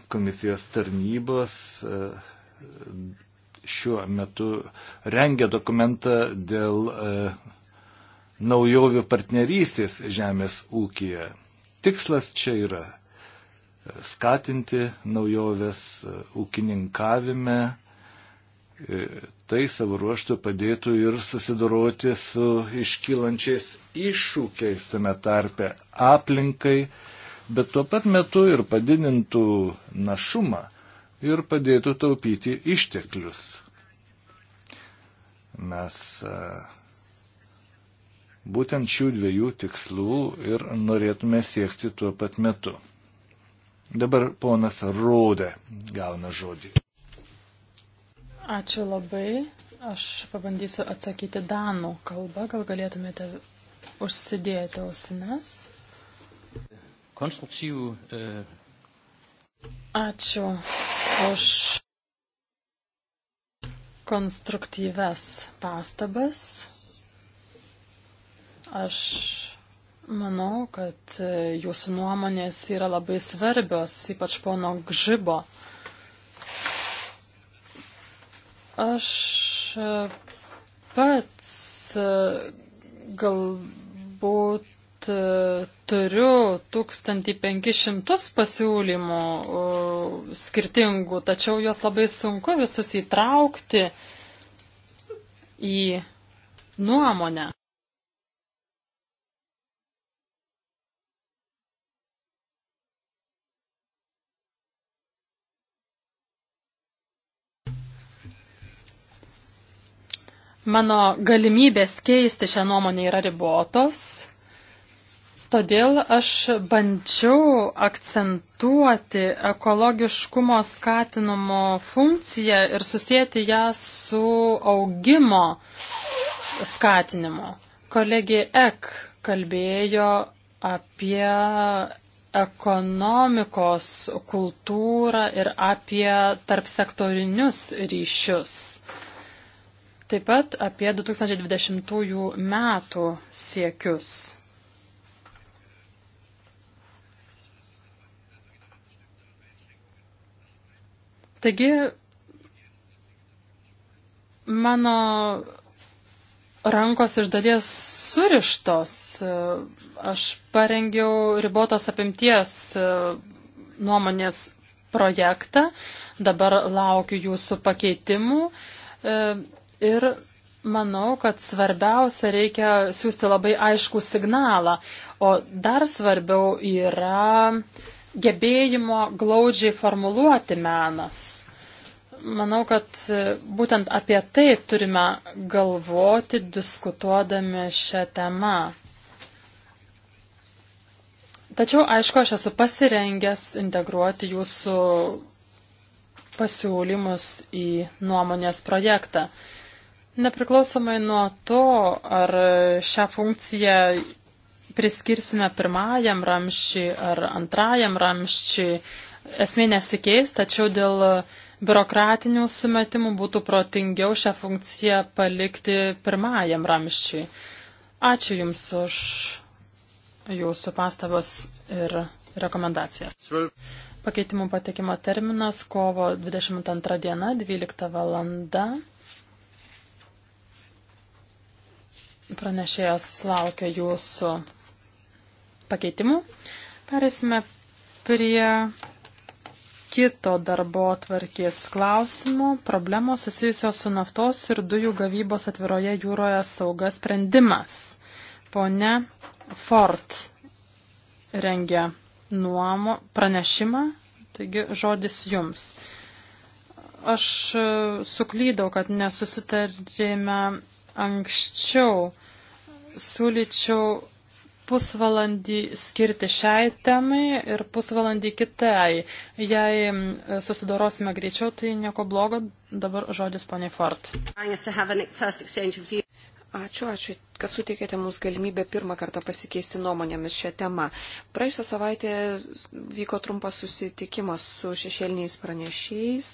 Speaker 1: Komisijos tarnybos e, šiuo metu rengia dokumentą dėl e, naujovių partnerystės žemės ūkija. Tikslas čia yra skatinti naujoves ūkininkavime, e, tai savo ruoštų padėtų ir susidoroti su iškylančiais iššūkiais tame tarpe aplinkai, bet tuo pat metu ir padidintų našumą ir padėtų taupyti išteklius. Mes e, Būtent šių dviejų tikslų ir norėtume siekti tuo pat metu. Dabar ponas Rūdė gauna žodį.
Speaker 2: Ačiū labai. Aš pabandysiu atsakyti danų kalbą. Gal galėtumėte užsidėti ausines? Konstrukcijų. E... Ačiū už konstruktyves pastabas. Aš manau, kad e, jūsų nuomonės yra labai svarbios, ypač pono Gžibo. Aš e, pats e, galbūt turiu 1500 pasiūlymų skirtingų, tačiau juos labai sunku visus įtraukti į nuomonę. Mano galimybės keisti šią nuomonę yra ribotos, todėl aš bandžiau akcentuoti ekologiškumo skatinimo funkciją ir susijęti ją su augimo skatinimu. Kolegė Ek kalbėjo apie ekonomikos kultūrą ir apie tarpsektorinius ryšius. Taip pat apie 2020 metų siekius. Taigi, mano rankos iš dalies surištos. Aš parengiau ribotos apimties nuomonės projektą, dabar laukiu jūsų pakeitimų Ir manau, kad svarbiausia reikia siūsti labai aišku signalą, o dar svarbiau yra gebėjimo glaudžiai formuluoti menas. Manau, kad būtent apie tai turime galvoti, diskutuodami šią temą. Tačiau, aišku, aš esu pasirengęs integruoti jūsų pasiūlymus į nuomonės projektą. Nepriklausomai nuo to, ar šią funkciją priskirsime pirmajam ramščiui ar antrajam ramščiui, esmė nesikeis, tačiau dėl biurokratinių sumetimų būtų protingiau šią funkciją palikti pirmajam ramščiui. Ačiū Jums už Jūsų pastabas ir rekomendacijas. Pakeitimų patekimo terminas kovo 22 diena, 12 valanda. Pranešėjas laukia jūsų pakeitimų. Perėsime prie kito darbo tvarkės klausimo - problemos susijusios su naftos ir dujų gavybos atviroje jūroje sauga sprendimas. Pone Ford rengia nuomo pranešimą, taigi žodis jums. Aš suklydau, kad nesusitarėme anksčiau. Siūlyčiau pusvalandį skirti šiai temai ir pusvalandį kitai. Jei susidorosime greičiau, tai nieko blogo. Dabar žodis poniai Fort.
Speaker 3: Ačiū, ačiū, kad suteikėte mums galimybę pirmą kartą pasikeisti nuomonėmis šią temą. Praėjusią savaitę vyko trumpas susitikimas su šešėliniais pranešėjais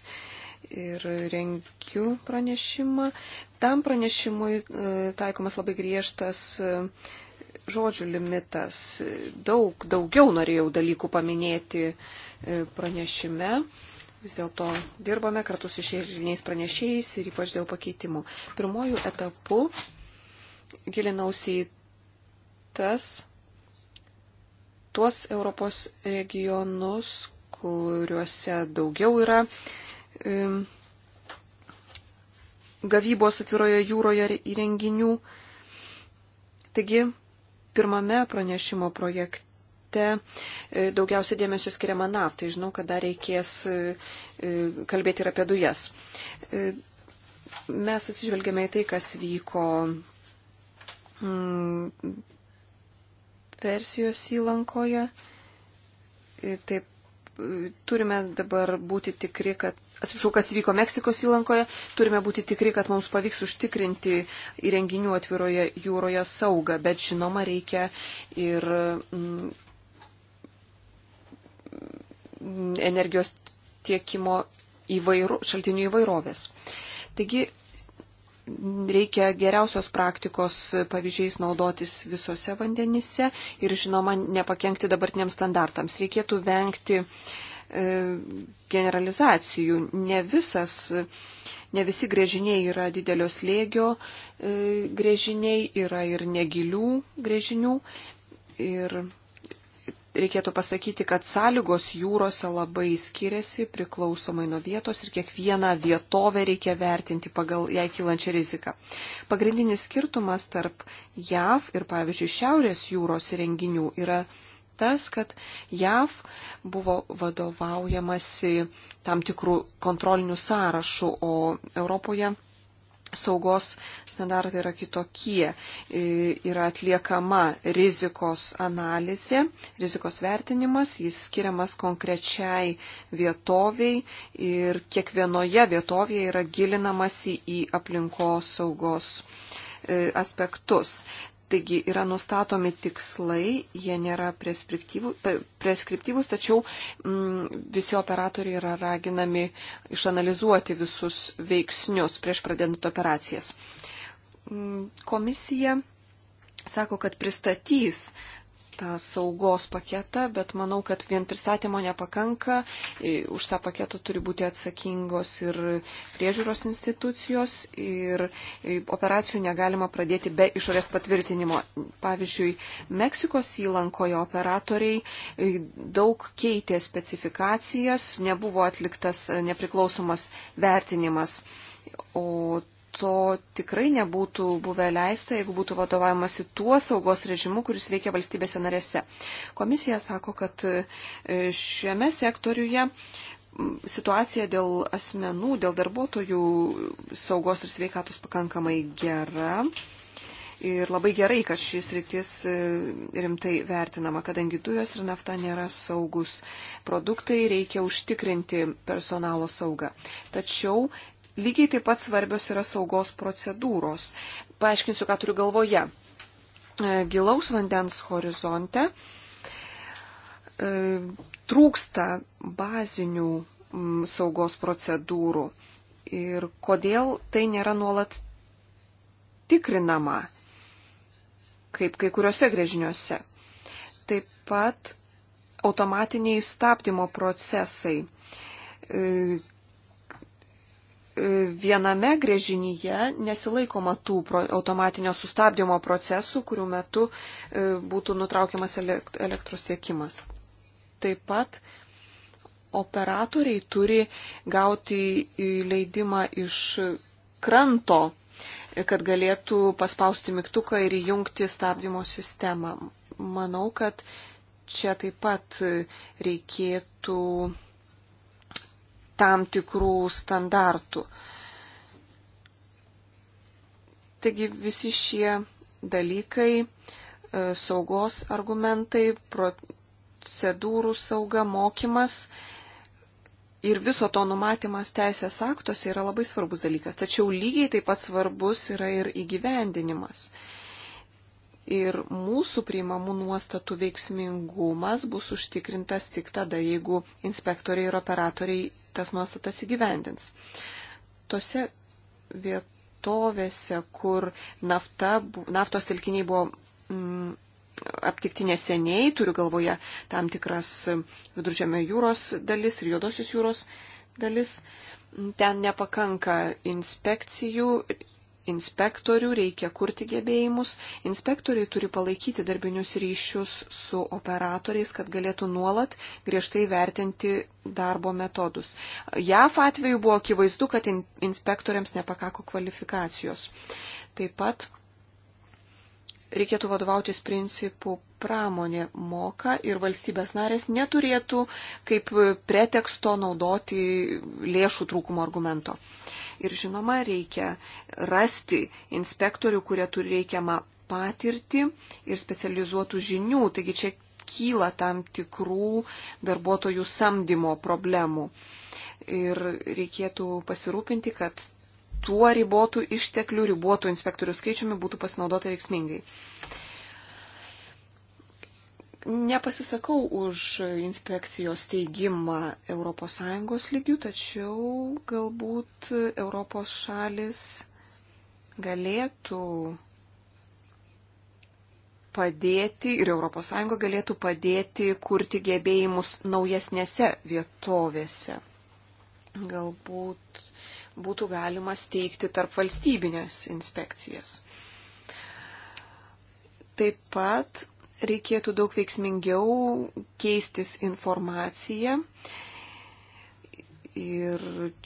Speaker 3: ir renkiu pranešimą. Tam pranešimui e, taikomas labai griežtas e, žodžių limitas. Daug, daugiau norėjau dalykų paminėti e, pranešime. Vis dėlto dirbame kartu su šešėliniais pranešėjais ir ypač dėl pakeitimų. Pirmojų etapų gilinausi į tas, tuos Europos regionus, kuriuose daugiau yra uh, gavybos atviroje jūroje įrenginių. Taigi, pirmame pranešimo projekte projekte daugiausia dėmesio skiriama naftai. Žinau, kad dar reikės e, e, kalbėti ir apie dujas. E, mes atsižvelgėme į tai, kas vyko mm, Persijos įlankoje. Taip, turime dabar būti tikri, kad atsiprašau, kas vyko Meksikos įlankoje, turime būti tikri, kad mums pavyks užtikrinti įrenginių atviroje jūroje saugą, bet žinoma reikia ir mm, energijos tiekimo įvairu, šaltinių įvairovės. Taigi reikia geriausios praktikos pavyzdžiais naudotis visose vandenise ir žinoma nepakengti dabartiniams standartams. Reikėtų vengti uh, E, generalizacijų. Ne, visas, ne visi grėžiniai yra didelio slėgio e, grėžiniai, yra ir negilių grėžinių. Ir reikėtų pasakyti, kad sąlygos jūrose labai skiriasi priklausomai nuo vietos ir kiekvieną vietovę reikia vertinti pagal jai kylančią riziką. Pagrindinis skirtumas tarp JAV ir, pavyzdžiui, Šiaurės jūros renginių yra tas, kad JAV buvo vadovaujamasi tam tikrų kontrolinių sąrašų, o Europoje saugos standartai yra kitokie. Yra atliekama rizikos analizė, rizikos vertinimas, jis skiriamas konkrečiai vietoviai ir kiekvienoje vietovėje yra gilinamasi į aplinkos saugos e, aspektus. Taigi yra nustatomi tikslai, jie nėra preskriptyvūs, tačiau mm, visi operatoriai yra raginami išanalizuoti visus veiksnius prieš pradedant operacijas. Mm, komisija sako, kad pristatys tą saugos paketą, bet manau, kad vien pristatymo nepakanka. E, už tą paketą turi būti atsakingos ir priežiūros institucijos ir e, operacijų negalima pradėti be išorės patvirtinimo. Pavyzdžiui, Meksikos įlankoje operatoriai e, daug keitė specifikacijas, nebuvo atliktas nepriklausomas vertinimas. O to tikrai nebūtų buvę leista, jeigu būtų vadovaujamasi tuo saugos režimu, kuris veikia valstybėse narėse. Komisija sako, kad e, šiame sektoriuje situacija dėl asmenų, dėl darbuotojų saugos ir sveikatos pakankamai gera. Ir labai gerai, kad šis rytis e, rimtai vertinama, kadangi dujos ir nafta nėra saugus produktai, reikia užtikrinti personalo saugą. Tačiau Lygiai taip pat svarbios yra saugos procedūros. Paaiškinsiu, ką turiu galvoje. E, gilaus vandens horizonte e, trūksta bazinių mm, saugos procedūrų ir kodėl tai nėra nuolat tikrinama, kaip kai kuriuose grėžiniuose. Taip pat automatiniai stabdymo procesai e, viename grėžinyje nesilaikoma tų automatinio sustabdymo procesų, kurių metu e, būtų nutraukiamas elektros tiekimas. Taip pat operatoriai turi gauti leidimą iš kranto, kad galėtų paspausti mygtuką ir įjungti stabdymo sistemą. Manau, kad čia taip pat reikėtų tam tikrų standartų. Taigi visi šie dalykai, e, saugos argumentai, procedūrų sauga, mokymas ir viso to numatymas teisės aktuose yra labai svarbus dalykas. Tačiau lygiai taip pat svarbus yra ir įgyvendinimas ir mūsų priimamų nuostatų veiksmingumas bus užtikrintas tik tada, jeigu inspektoriai ir operatoriai tas nuostatas įgyvendins. Tose vietovėse, kur nafta, naftos telkiniai buvo mm, aptikti neseniai, turiu galvoje tam tikras viduržėmio jūros dalis ir juodosios jūros dalis, ten nepakanka inspekcijų, inspektorių, reikia kurti gebėjimus. Inspektoriai turi palaikyti darbinius ryšius su operatoriais, kad galėtų nuolat griežtai vertinti darbo metodus. JAF atveju buvo akivaizdu, kad in inspektoriams nepakako kvalifikacijos. Taip pat reikėtų vadovautis principu pramonė moka ir valstybės narės neturėtų kaip preteksto naudoti lėšų trūkumo argumento. Uh, Ir žinoma, reikia rasti inspektorių, kurie turi reikiamą patirtį ir specializuotų žinių. Taigi čia kyla tam tikrų darbuotojų samdymo problemų. Ir reikėtų pasirūpinti, kad tuo ribotų išteklių, ribotų inspektorių skaičiumi būtų pasinaudota veiksmingai. Nepasisakau už inspekcijos steigimą ES lygių, tačiau galbūt Europos šalis galėtų padėti ir ES galėtų padėti kurti gebėjimus naujesnėse vietovėse. Galbūt būtų galima steigti tarp valstybinės inspekcijas. Taip pat reikėtų daug veiksmingiau keistis informaciją. Ir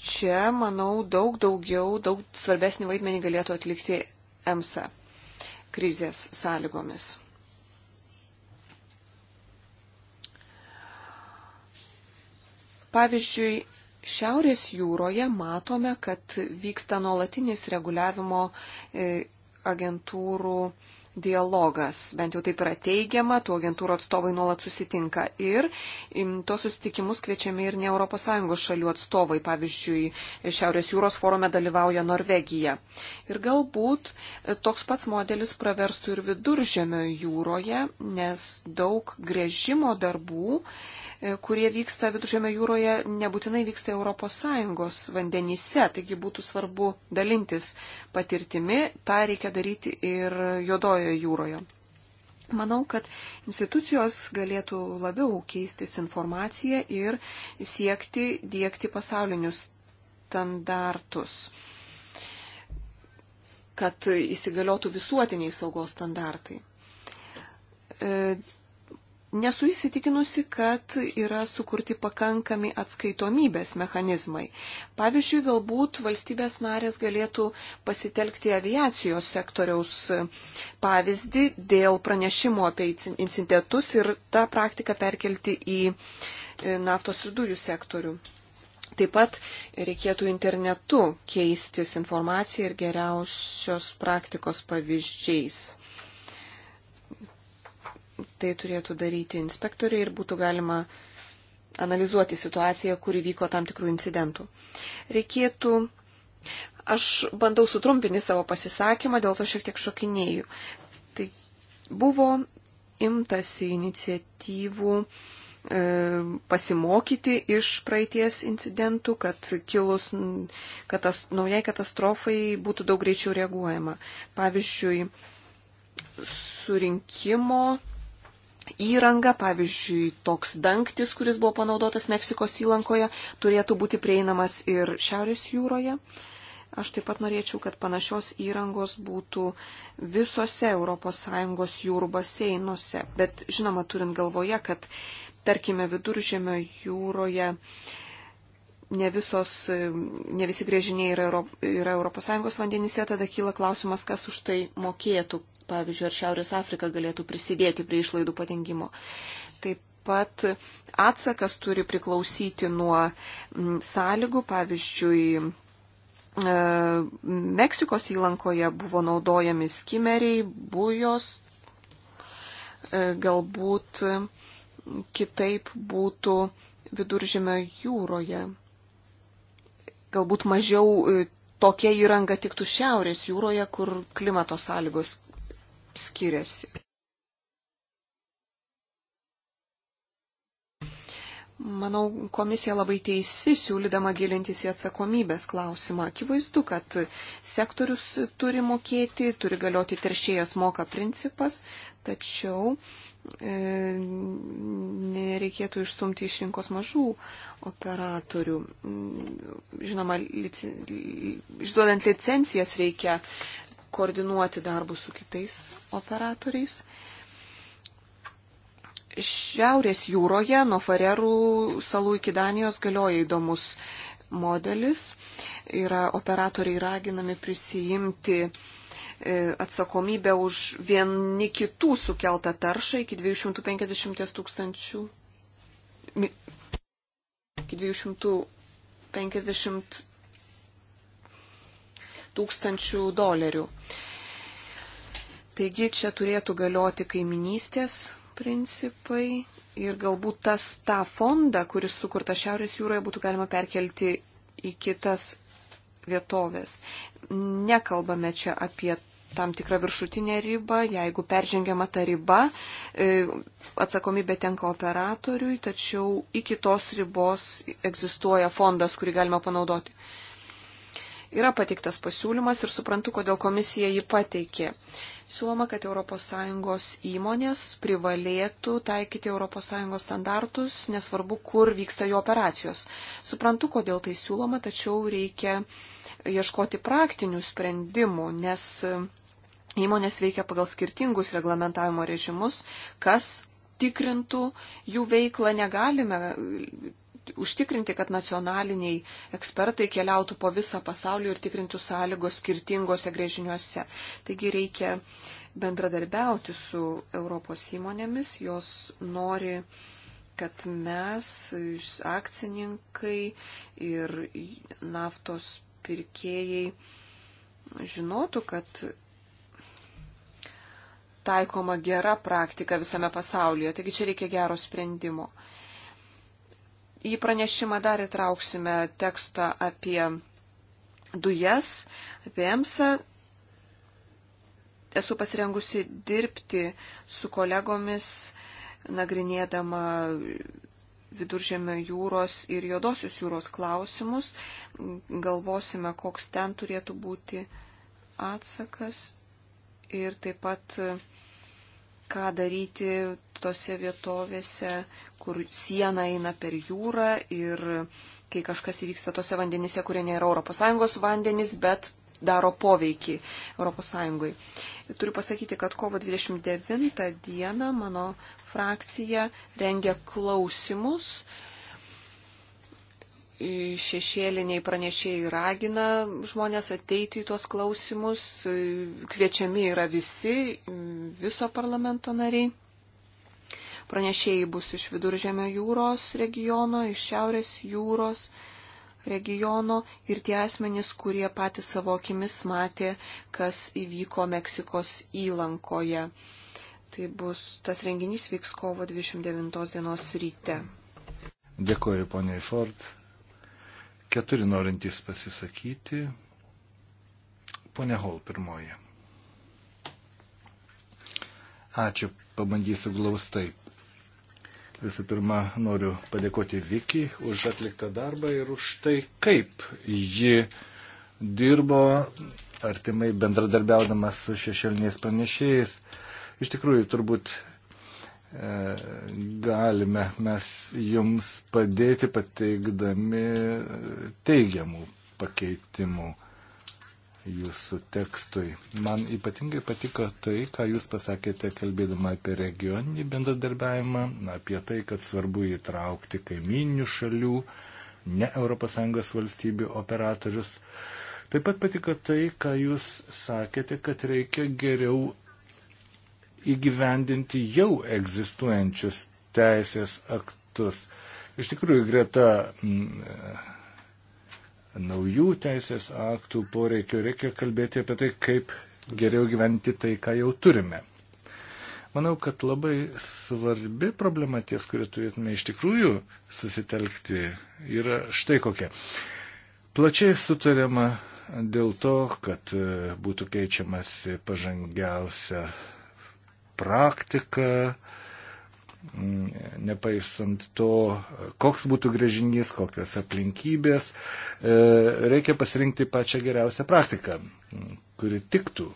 Speaker 3: čia, manau, daug daugiau, daug svarbesnį vaidmenį galėtų atlikti EMSA krizės sąlygomis. Pavyzdžiui, Šiaurės jūroje matome, kad vyksta nuolatinis reguliavimo e, agentūrų dialogas, bent jau taip yra teigiama, tų agentūrų atstovai nuolat susitinka ir to susitikimus kviečiami ir ne ES šalių atstovai, pavyzdžiui, Šiaurės jūros forume dalyvauja Norvegija. Ir galbūt e, toks pats modelis praverstų ir viduržėmio jūroje, nes daug grėžimo darbų E, kurie vyksta Viduržėme jūroje, nebūtinai vyksta ES vandenyse, taigi būtų svarbu dalintis patirtimi, tą reikia daryti ir juodojoje jūroje. Manau, kad institucijos galėtų labiau keistis informaciją ir siekti dėkti pasaulinius standartus kad įsigaliotų visuotiniai saugos standartai. E, nesu įsitikinusi, kad yra sukurti pakankami atskaitomybės mechanizmai. Pavyzdžiui, galbūt valstybės narės galėtų pasitelkti aviacijos sektoriaus pavyzdį dėl pranešimo apie incidentus ir tą praktiką perkelti į e, naftos ir dujų sektorių. Taip pat reikėtų internetu keistis informaciją ir geriausios praktikos pavyzdžiais tai turėtų daryti inspektoriai ir būtų galima analizuoti situaciją, kuri vyko tam tikrų incidentų. Reikėtų. Aš bandau sutrumpinti savo pasisakymą, dėl to šiek tiek šokinėjau. Tai buvo imtasi iniciatyvų e, pasimokyti iš praeities incidentų, kad kilus katas, naujai katastrofai būtų daug greičiau reaguojama. Pavyzdžiui, surinkimo įranga, pavyzdžiui, toks dangtis, kuris buvo panaudotas Meksikos įlankoje, turėtų būti prieinamas ir Šiaurės jūroje. Aš taip pat norėčiau, kad panašios įrangos būtų visose ES jūrų baseinuose. Bet žinoma, turint galvoje, kad tarkime viduržėmio jūroje ne, visos, ne visi grėžiniai yra, Euro, yra ES vandenyse, tada kyla klausimas, kas už tai mokėtų, pavyzdžiui, ar Šiaurės Afrika galėtų prisidėti prie išlaidų padengimo. Taip pat atsakas turi priklausyti nuo mm, sąlygų, pavyzdžiui, e, Meksikos įlankoje buvo naudojami skimeriai, bujos, e, galbūt kitaip būtų viduržėmio jūroje. Galbūt mažiau e, tokia įranga tiktų šiaurės jūroje, kur klimato sąlygos skiriasi. Manau, komisija labai teisi, siūlydama gilintis į atsakomybės klausimą. Akivaizdu, kad sektorius turi mokėti, turi galioti teršėjas moka principas, tačiau e, nereikėtų išstumti iš rinkos mažų operatorių. Žinoma, lici, išduodant licencijas reikia koordinuoti darbus su kitais operatoriais. Šiaurės jūroje nuo Farerų salų iki Danijos galioja įdomus modelis. Yra operatoriai raginami prisijimti e, atsakomybę už vieni kitų sukeltą taršą iki 250 tūkstančių. Iki 250 tūkstančių dolerių. Taigi čia turėtų galioti kaiminystės principai ir galbūt tas tą fondą, kuris sukurta Šiaurės jūroje, būtų galima perkelti į kitas vietovės. Nekalbame čia apie tam tikrą viršutinę ribą, jeigu peržengiama ta riba, e, atsakomybė tenka operatoriui, tačiau iki tos ribos egzistuoja fondas, kurį galima panaudoti. Yra pateiktas pasiūlymas ir suprantu, kodėl komisija jį pateikė. Siūloma, kad ES įmonės privalėtų taikyti ES standartus, nesvarbu, kur vyksta jo operacijos. Suprantu, kodėl tai siūloma, tačiau reikia ieškoti praktinių sprendimų, nes įmonės veikia pagal skirtingus reglamentavimo režimus, kas tikrintų jų veiklą, negalime užtikrinti, kad nacionaliniai ekspertai keliautų po visą pasaulį ir tikrintų sąlygos skirtingose grėžiniuose. Taigi reikia bendradarbiauti su Europos įmonėmis, jos nori kad mes, akcininkai ir naftos pirkėjai, žinotų, kad taikoma gera praktika visame pasaulyje. Taigi čia reikia gero sprendimo. Į pranešimą dar įtrauksime tekstą apie dujas, apie EMSA. Esu pasirengusi dirbti su kolegomis, nagrinėdama viduržėmio jūros ir juodosios jūros klausimus. Galvosime, koks ten turėtų būti atsakas ir taip pat ką daryti tose vietovėse, kur siena eina per jūrą ir kai kažkas įvyksta tose vandenise, kurie nėra ES vandenys, bet daro poveikį ES. Turiu pasakyti, kad kovo 29 dieną mano frakcija rengia klausimus šešėliniai pranešėjai ragina žmonės ateiti į tuos klausimus, kviečiami yra visi, viso parlamento nariai. Pranešėjai bus iš viduržėmio jūros regiono, iš šiaurės jūros regiono ir tie asmenys, kurie patys savo akimis matė, kas įvyko Meksikos įlankoje. Tai bus, tas renginys vyks kovo 29 dienos ryte.
Speaker 1: Dėkuoju, poniai Ford. Keturi norintys pasisakyti. Pone Hol pirmoji. Ačiū, pabandysiu glaustai. Visų pirma, noriu padėkoti Viki už atliktą darbą ir už tai, kaip ji dirbo artimai bendradarbiaudama su šešėliniais pranešėjais. Iš tikrųjų, turbūt galime mes jums padėti pateikdami teigiamų pakeitimų jūsų tekstui. Man ypatingai patiko tai, ką jūs pasakėte kalbėdama apie regioninį bendradarbiavimą, apie tai, kad svarbu įtraukti kaiminių šalių, ne ES valstybių operatorius. Taip pat patiko tai, ką jūs sakėte, kad reikia geriau įgyvendinti jau egzistuojančius teisės aktus. Iš tikrųjų, greta m, mm, naujų teisės aktų poreikio reikia kalbėti apie tai, kaip geriau gyventi tai, ką jau turime. Manau, kad labai svarbi problema ties, kurią turėtume iš tikrųjų susitelkti, yra štai kokia. Plačiai sutariama dėl to, kad e, būtų keičiamasi pažangiausia praktiką, mm, nepaisant to, koks būtų grėžinys, kokios aplinkybės, e, reikia pasirinkti pačią geriausią praktiką, mm, kuri tiktų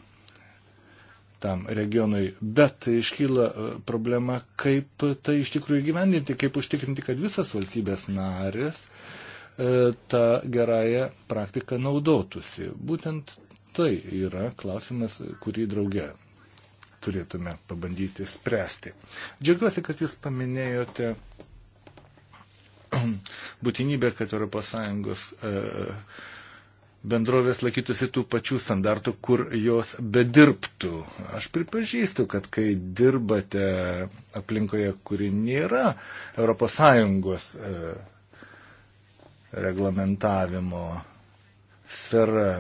Speaker 1: tam regionui. Bet iškyla e, problema, kaip tai iš tikrųjų gyvendinti, kaip užtikrinti, kad visas valstybės narės e, tą gerąją praktiką naudotųsi. Būtent tai yra klausimas, kurį draugė turėtume pabandyti spręsti. Džiaugiuosi, kad jūs paminėjote *clears throat* būtinybę, kad ES e, bendrovės laikytųsi tų pačių standartų, kur jos bedirbtų. Aš pripažįstu, kad kai dirbate aplinkoje, kuri nėra ES e, reglamentavimo sfera,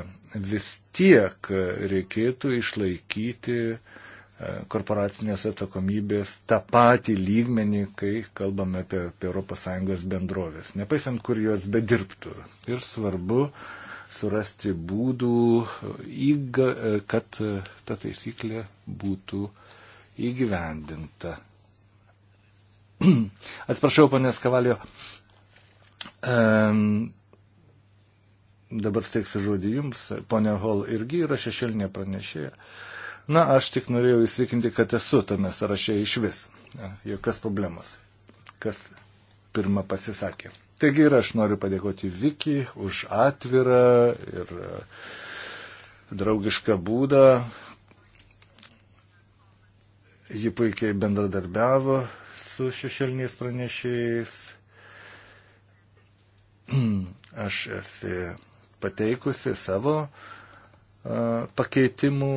Speaker 1: vis tiek reikėtų išlaikyti uh, korporacinės atsakomybės tą patį lygmenį, kai kalbame apie, apie ES bendrovės, nepaisant kur jos bedirbtų. Ir svarbu surasti būdų, įga, kad ta taisyklė būtų įgyvendinta. *clears throat* Atsiprašau, ponės Kavalio. Um, dabar steiksiu žodį jums, ponia Hol irgi yra šešėlinė pranešėja. Uh, Na, aš tik norėjau įsitikinti, kad esu tame sąraše iš vis. Jokios problemos. Kas pirmą pasisakė. Taigi ir aš noriu padėkoti Viki už atvirą ir e, draugišką būdą. Ji puikiai bendradarbiavo su šešėliniais pranešėjais. *clears throat* Aš esu pateikusi savo e, pakeitimų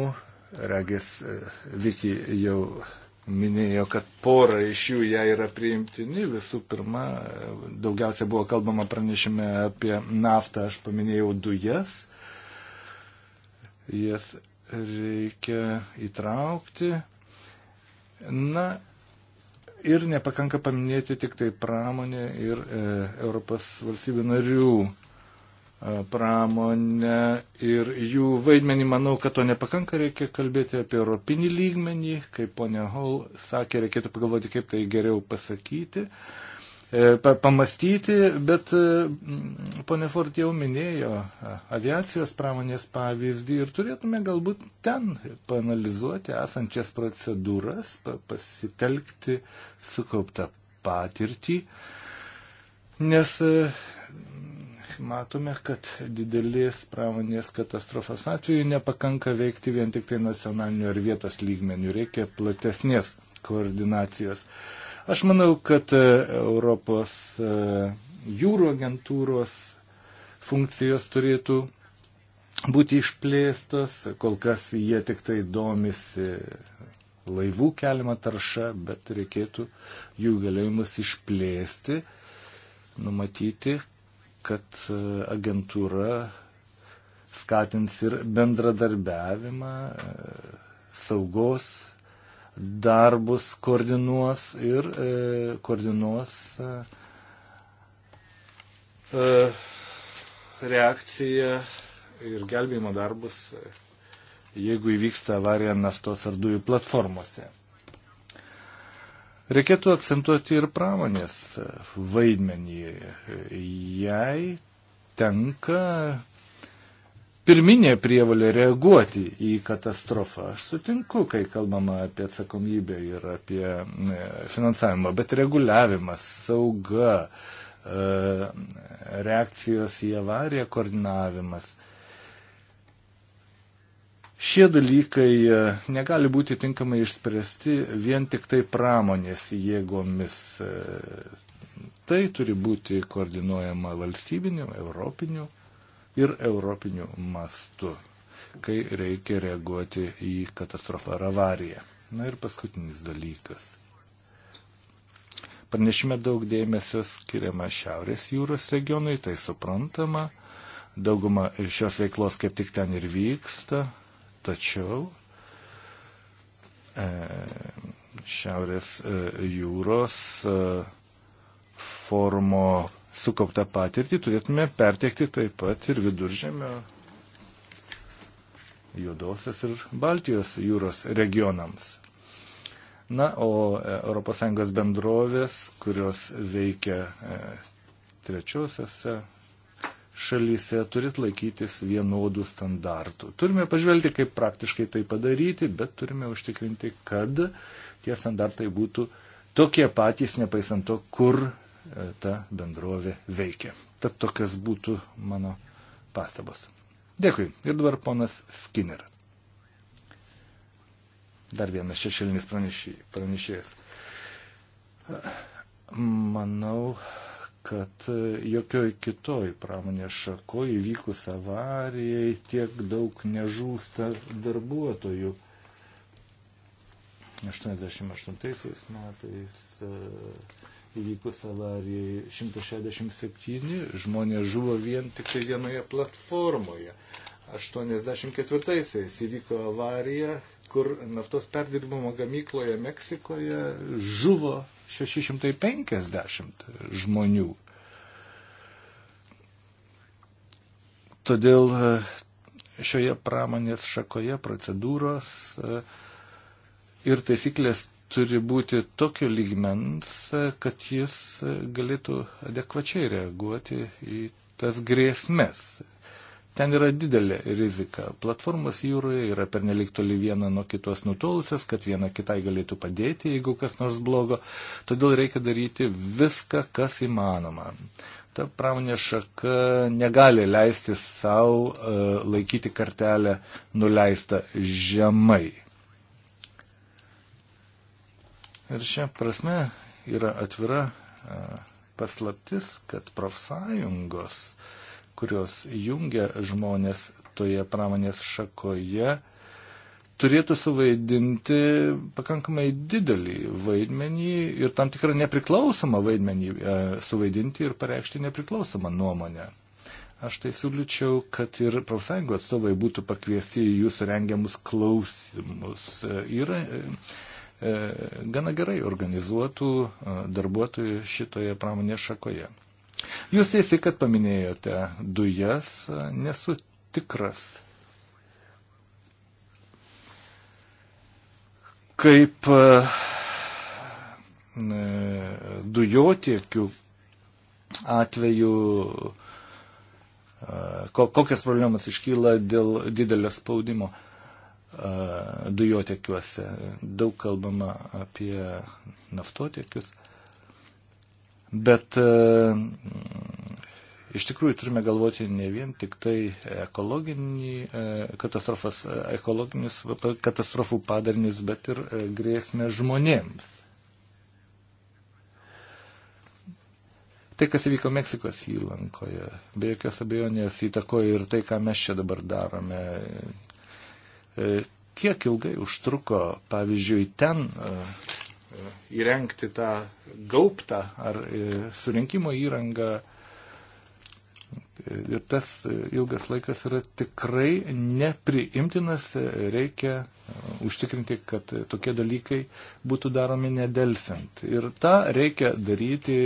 Speaker 1: Regis e, Viki jau minėjo, kad pora iš jų jai yra priimtini. Visų pirma, e, daugiausia buvo kalbama pranešime apie naftą, aš paminėjau dujas. Jas reikia įtraukti. Na ir nepakanka paminėti tik tai pramonę ir e, Europos valstybių narių pramonę ir jų vaidmenį, manau, kad to nepakanka, reikia kalbėti apie europinį lygmenį, kaip ponia Hall sakė, reikėtų pagalvoti, kaip tai geriau pasakyti, e, pamastyti, bet e, ponia Ford jau minėjo aviacijos pramonės pavyzdį ir turėtume galbūt ten panalizuoti esančias procedūras, pasitelkti sukauptą patirtį. Nes e, matome, kad didelės pramonės katastrofos atveju nepakanka veikti vien tik tai nacionaliniu ar vietos lygmeniu, reikia platesnės koordinacijos. Aš manau, kad e, Europos e, jūrų agentūros funkcijos turėtų būti išplėstos, kol kas jie tik tai domisi laivų keliamą taršą, bet reikėtų jų galėjimus išplėsti, numatyti, kad e, agentūra skatins ir bendradarbiavimą, e, saugos darbus koordinuos ir e, koordinuos reakciją ir gelbėjimo darbus, jeigu įvyksta avarija naftos ar dujų platformose. Reikėtų akcentuoti ir pramonės vaidmenį. Jai tenka pirminė prievalė reaguoti į katastrofą. Aš sutinku, kai kalbama apie atsakomybę ir apie e, finansavimą, bet reguliavimas, sauga, e, reakcijos į avariją koordinavimas Šie dalykai e, negali būti tinkamai išspręsti vien tik tai pramonės jėgomis. E, tai turi būti koordinuojama valstybiniu, europiniu ir europiniu mastu, kai reikia reaguoti į katastrofą ar avariją. Na ir paskutinis dalykas. Pranešime daug dėmesio skiriama Šiaurės jūros regionui, tai suprantama. Dauguma šios veiklos kaip tik ten ir vyksta. Tačiau e, Šiaurės e, jūros e, forumo sukauptą patirtį turėtume pertiekti taip pat ir viduržėmio Juodosios ir Baltijos jūros regionams. Na, o ES bendrovės, kurios veikia e, trečiosiose šalyse turit laikytis vienodų standartų. Turime pažvelgti, kaip praktiškai tai padaryti, bet turime užtikrinti, kad tie standartai būtų tokie patys, nepaisant to, kur e, ta bendrovė veikia. Tad tokias būtų mano pastabos. Dėkui. Ir dabar ponas Skinner. Dar vienas šešėlinis pranešėjas. Manau, kad e, jokioj kitoj pramonės šakoj įvykus avarijai tiek daug nežūsta darbuotojų. 88 metais e, įvykus avarijai 167 žmonės žuvo vien tik tai vienoje platformoje. 84-aisiais įvyko avarija, kur naftos perdirbimo gamykloje Meksikoje žuvo 650 žmonių. Todėl e, šioje pramonės šakoje procedūros e, ir taisyklės turi būti tokio lygmens, e, kad jis galėtų adekvačiai reaguoti į tas grėsmės. Ten yra didelė rizika. Platformos jūroje yra pernelik toli viena nuo kitos nutolusios, kad viena kitai galėtų padėti, jeigu kas nors blogo. Todėl reikia daryti viską, kas įmanoma. Ta pramonė šaka negali leisti savo uh, e, laikyti kartelę nuleistą žemai. Ir šią prasme yra atvira uh, paslaptis, kad profsąjungos uh, kurios jungia žmonės toje pramonės šakoje, turėtų suvaidinti pakankamai didelį vaidmenį ir tam tikrą nepriklausomą vaidmenį e, suvaidinti ir pareikšti nepriklausomą nuomonę. Aš tai siūlyčiau, kad ir profsąjungų atstovai būtų pakviesti į jūsų rengiamus klausimus. E, yra e, e, gana gerai organizuotų e, darbuotojų šitoje pramonės šakoje. Jūs teisai, kad paminėjote dujas, nesu tikras. Kaip e, dujotiekių atveju e, kokias problemas iškyla dėl didelio spaudimo e, dujotiekiuose. Daug kalbama apie naftotiekius. Bet e, iš tikrųjų turime galvoti ne vien tik tai ekologinį e, katastrofas, e, ekologinis katastrofų padarinius, bet ir grėsmę žmonėms. Tai, kas įvyko Meksikos įlankoje, be jokios abejonės įtakoja ir tai, ką mes čia dabar darome. Kiek ilgai užtruko, pavyzdžiui, ten E, įrengti tą gauptą ar e, surinkimo įrangą. Ir tas ilgas laikas yra tikrai nepriimtinas, reikia užtikrinti, kad tokie dalykai būtų daromi nedelsiant. Ir tą reikia daryti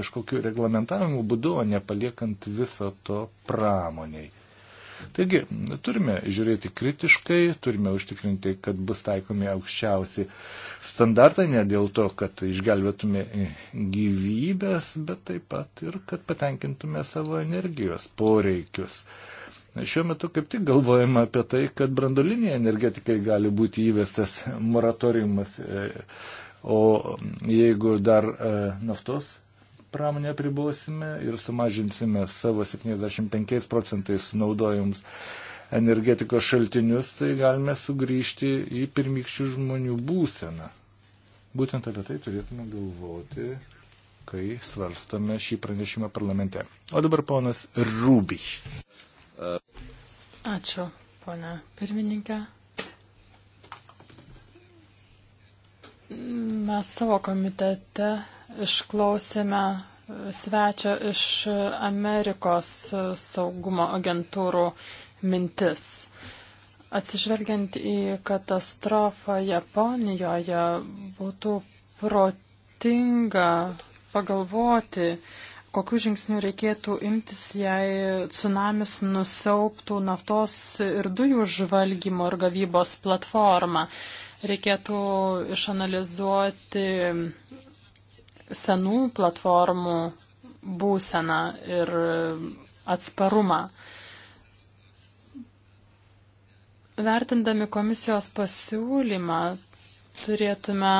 Speaker 1: kažkokiu reglamentavimu būdu, o nepaliekant viso to pramoniai. Taigi, turime žiūrėti kritiškai, turime užtikrinti, kad bus taikomi aukščiausi standartai, ne dėl to, kad išgelbėtume gyvybės, bet taip pat ir kad patenkintume savo energijos poreikius. Šiuo metu kaip tik galvojama apie tai, kad brandoliniai energetikai gali būti įvestas moratoriumas. E, o jeigu dar e, naftos pramonę pribosime ir sumažinsime savo 75 procentais naudojimus energetikos šaltinius, tai galime sugrįžti į pirmykščių žmonių būseną. Būtent apie tai turėtume galvoti, kai svarstame šį pranešimą parlamente. O dabar ponas Rūbi.
Speaker 2: Ačiū, ponia pirmininkė. Mes savo komitete Išklausėme svečio iš Amerikos saugumo agentūrų mintis. Atsižvelgiant į katastrofą Japonijoje, būtų protinga pagalvoti, kokiu žingsniu reikėtų imtis, jei tsunamis nusiauptų naftos ir dujų žvalgymo ir gavybos platformą. Reikėtų išanalizuoti senų platformų būseną ir atsparumą. Vertindami komisijos pasiūlymą, turėtume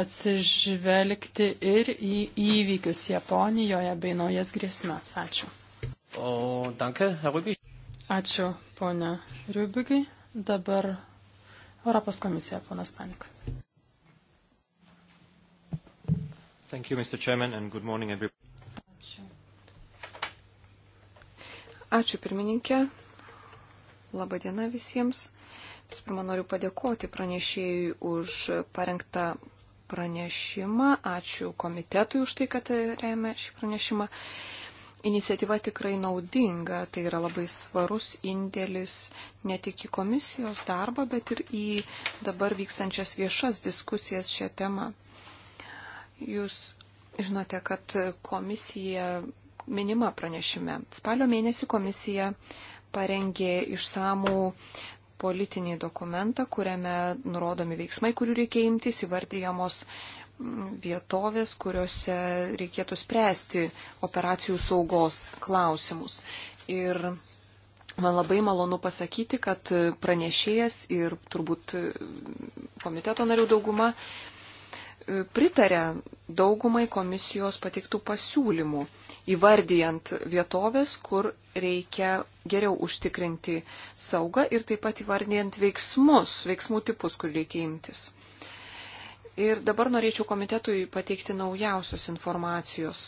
Speaker 2: atsižvelgti ir į įvykius Japonijoje bei naujas grėsmės. Ačiū. O, danke, Ačiū, ponia Rubigai. Dabar Europos komisija, ponas Panika.
Speaker 3: Thank you, Mr. Chairman, and good morning, everybody. Ačiū. Ačiū pirmininkė. Labą dieną visiems. Vis pirma, noriu padėkoti pranešėjui už parengtą pranešimą. Ačiū komitetui už tai, kad remia šį pranešimą. Iniciatyva tikrai naudinga, tai yra labai svarus indėlis ne tik į komisijos darbą, bet ir į dabar vykstančias viešas diskusijas šią temą. Jūs žinote, kad komisija minima pranešime. Spalio mėnesį komisija parengė išsamų politinį dokumentą, kuriame nurodomi veiksmai, kurių reikia imtis, įvardyjamos mm, vietovės, kuriuose reikėtų spręsti operacijų saugos klausimus. Ir man labai malonu pasakyti, kad pranešėjas ir turbūt komiteto narių dauguma pritarė daugumai komisijos pateiktų pasiūlymų, įvardyjant vietovės, kur reikia geriau užtikrinti saugą ir taip pat įvardyjant veiksmus, veiksmų tipus, kur reikia imtis. Ir dabar norėčiau komitetui pateikti naujausios informacijos.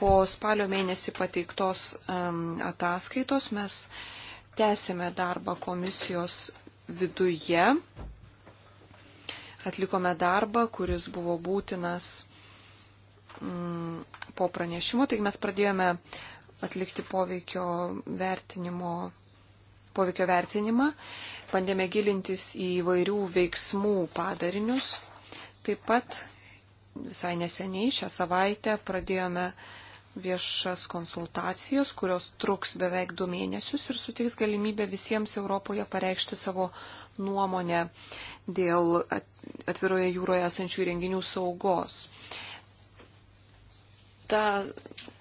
Speaker 3: Po spalio mėnesį pateiktos um, ataskaitos mes tęsėme darbą komisijos viduje atlikome darbą, kuris buvo būtinas mm, po pranešimo. Taigi mes pradėjome atlikti poveikio, vertinimo, poveikio vertinimą, bandėme gilintis į įvairių veiksmų padarinius. Taip pat visai neseniai šią savaitę pradėjome viešas konsultacijas, kurios truks beveik du mėnesius ir suteiks galimybę visiems Europoje pareikšti savo nuomonę dėl atviroje jūroje esančių įrenginių saugos. Ta,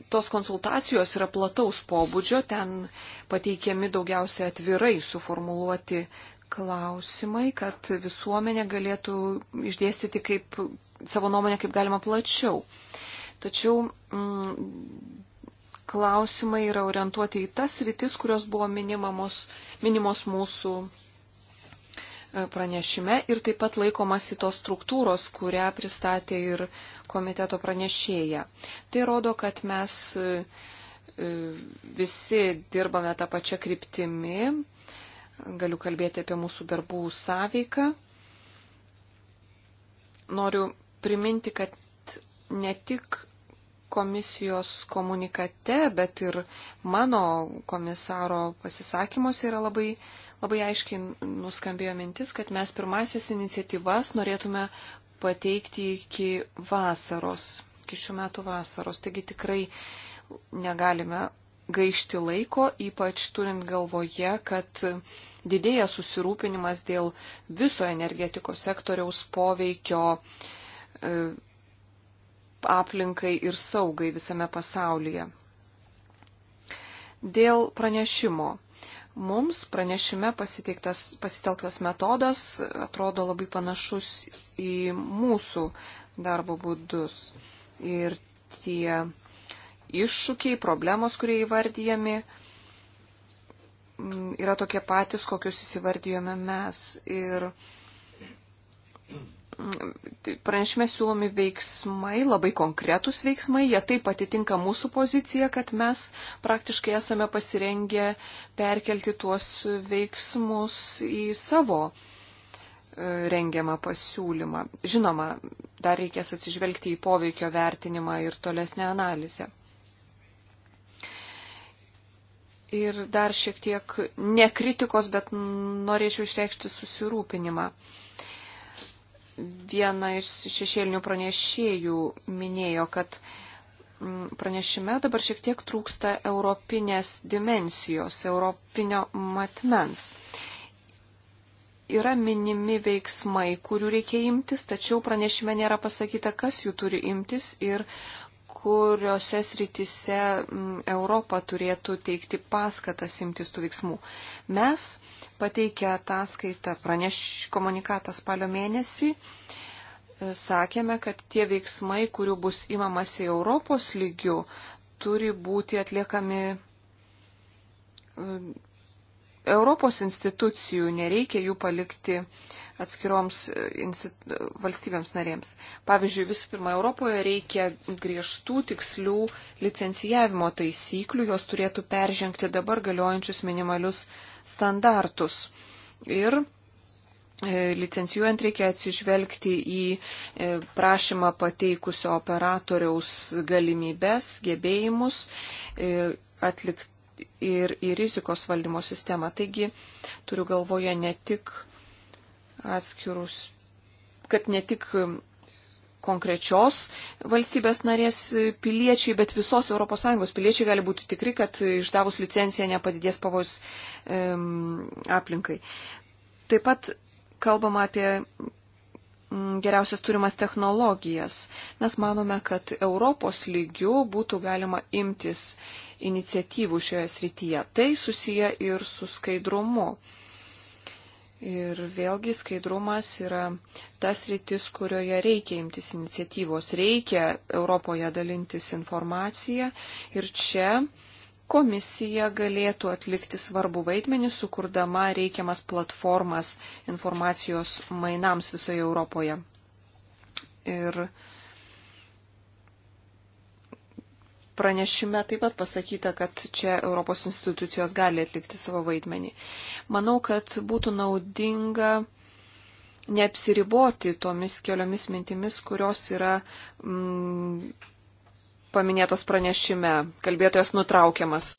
Speaker 3: tos konsultacijos yra plataus pobūdžio, ten pateikiami daugiausia atvirai suformuluoti klausimai, kad visuomenė galėtų išdėstyti kaip, savo nuomonę kaip galima plačiau. Tačiau mm, klausimai yra orientuoti į tas rytis, kurios buvo minimamos, minimos mūsų pranešime ir taip pat laikomasi tos struktūros, kurią pristatė ir komiteto pranešėja. Tai rodo, kad mes e, visi dirbame tą pačią kryptimį, galiu kalbėti apie mūsų darbų sąveiką. Noriu priminti, kad ne tik komisijos komunikate, bet ir mano komisaro pasisakymuose yra labai Labai aiškiai nuskambėjo mintis, kad mes pirmasis iniciatyvas norėtume pateikti iki vasaros, iki šių metų vasaros. Taigi tikrai negalime gaišti laiko, ypač turint galvoje, kad didėja susirūpinimas dėl viso energetikos sektoriaus poveikio e, aplinkai ir saugai visame pasaulyje. Dėl pranešimo. Mums pranešime pasitelktas metodas atrodo labai panašus į mūsų darbo būdus. Ir tie iššūkiai, problemos, kurie įvardyjami, mm, yra tokie patys, kokius įsivardijome mes. Ir pranešime siūlomi veiksmai, labai konkretūs veiksmai, jie taip atitinka mūsų poziciją, kad mes praktiškai esame pasirengę perkelti tuos veiksmus į savo e, rengiamą pasiūlymą. Žinoma, dar reikės atsižvelgti į poveikio vertinimą ir tolesnę analizę. Ir dar šiek tiek ne kritikos, bet norėčiau išreikšti susirūpinimą. Uh, viena iš šešėlinių pranešėjų minėjo, kad mm, pranešime dabar šiek tiek trūksta europinės dimensijos, europinio matmens. Yra minimi veiksmai, kurių reikia imtis, tačiau pranešime nėra pasakyta, kas jų turi imtis ir kuriuose srityse mm, Europa turėtų teikti paskatas imtis tų veiksmų. Mes pateikę ataskaitą, praneš komunikatą spalio mėnesį, e, sakėme, kad tie veiksmai, kurių bus imamasi Europos lygių, turi būti atliekami e, Europos institucijų, nereikia jų palikti atskiroms e, e, valstybėms narėms. Pavyzdžiui, visų pirma, Europoje reikia griežtų tikslių licencijavimo taisyklių, jos turėtų peržengti dabar galiojančius minimalius standartus. Ir e, licencijuojant reikia atsižvelgti į prašymą pateikusio operatoriaus galimybės, gebėjimus, atlikt, ir į rizikos valdymo sistemą. Taigi turiu galvoje ne tik atskirus, kad ne tik konkrečios valstybės narės piliečiai, bet visos ES piliečiai gali būti tikri, kad išdavus licenciją nepadidės pavojus um, aplinkai. Taip pat kalbama apie mm, geriausias turimas technologijas. Mes manome, kad Europos lygių būtų galima imtis iniciatyvų šioje srityje. Tai susiję ir su skaidrumu. Ir vėlgi skaidrumas yra tas rytis, kurioje reikia imtis iniciatyvos, reikia Europoje dalintis informaciją ir čia komisija galėtų atlikti svarbų vaidmenį, sukurdama reikiamas platformas informacijos mainams visoje Europoje. Ir pranešime taip pat pasakyta, kad čia Europos institucijos gali atlikti savo vaidmenį. Manau, kad būtų naudinga neapsiriboti tomis keliomis mintimis, kurios yra mm, paminėtos pranešime. Kalbėtojas nutraukiamas.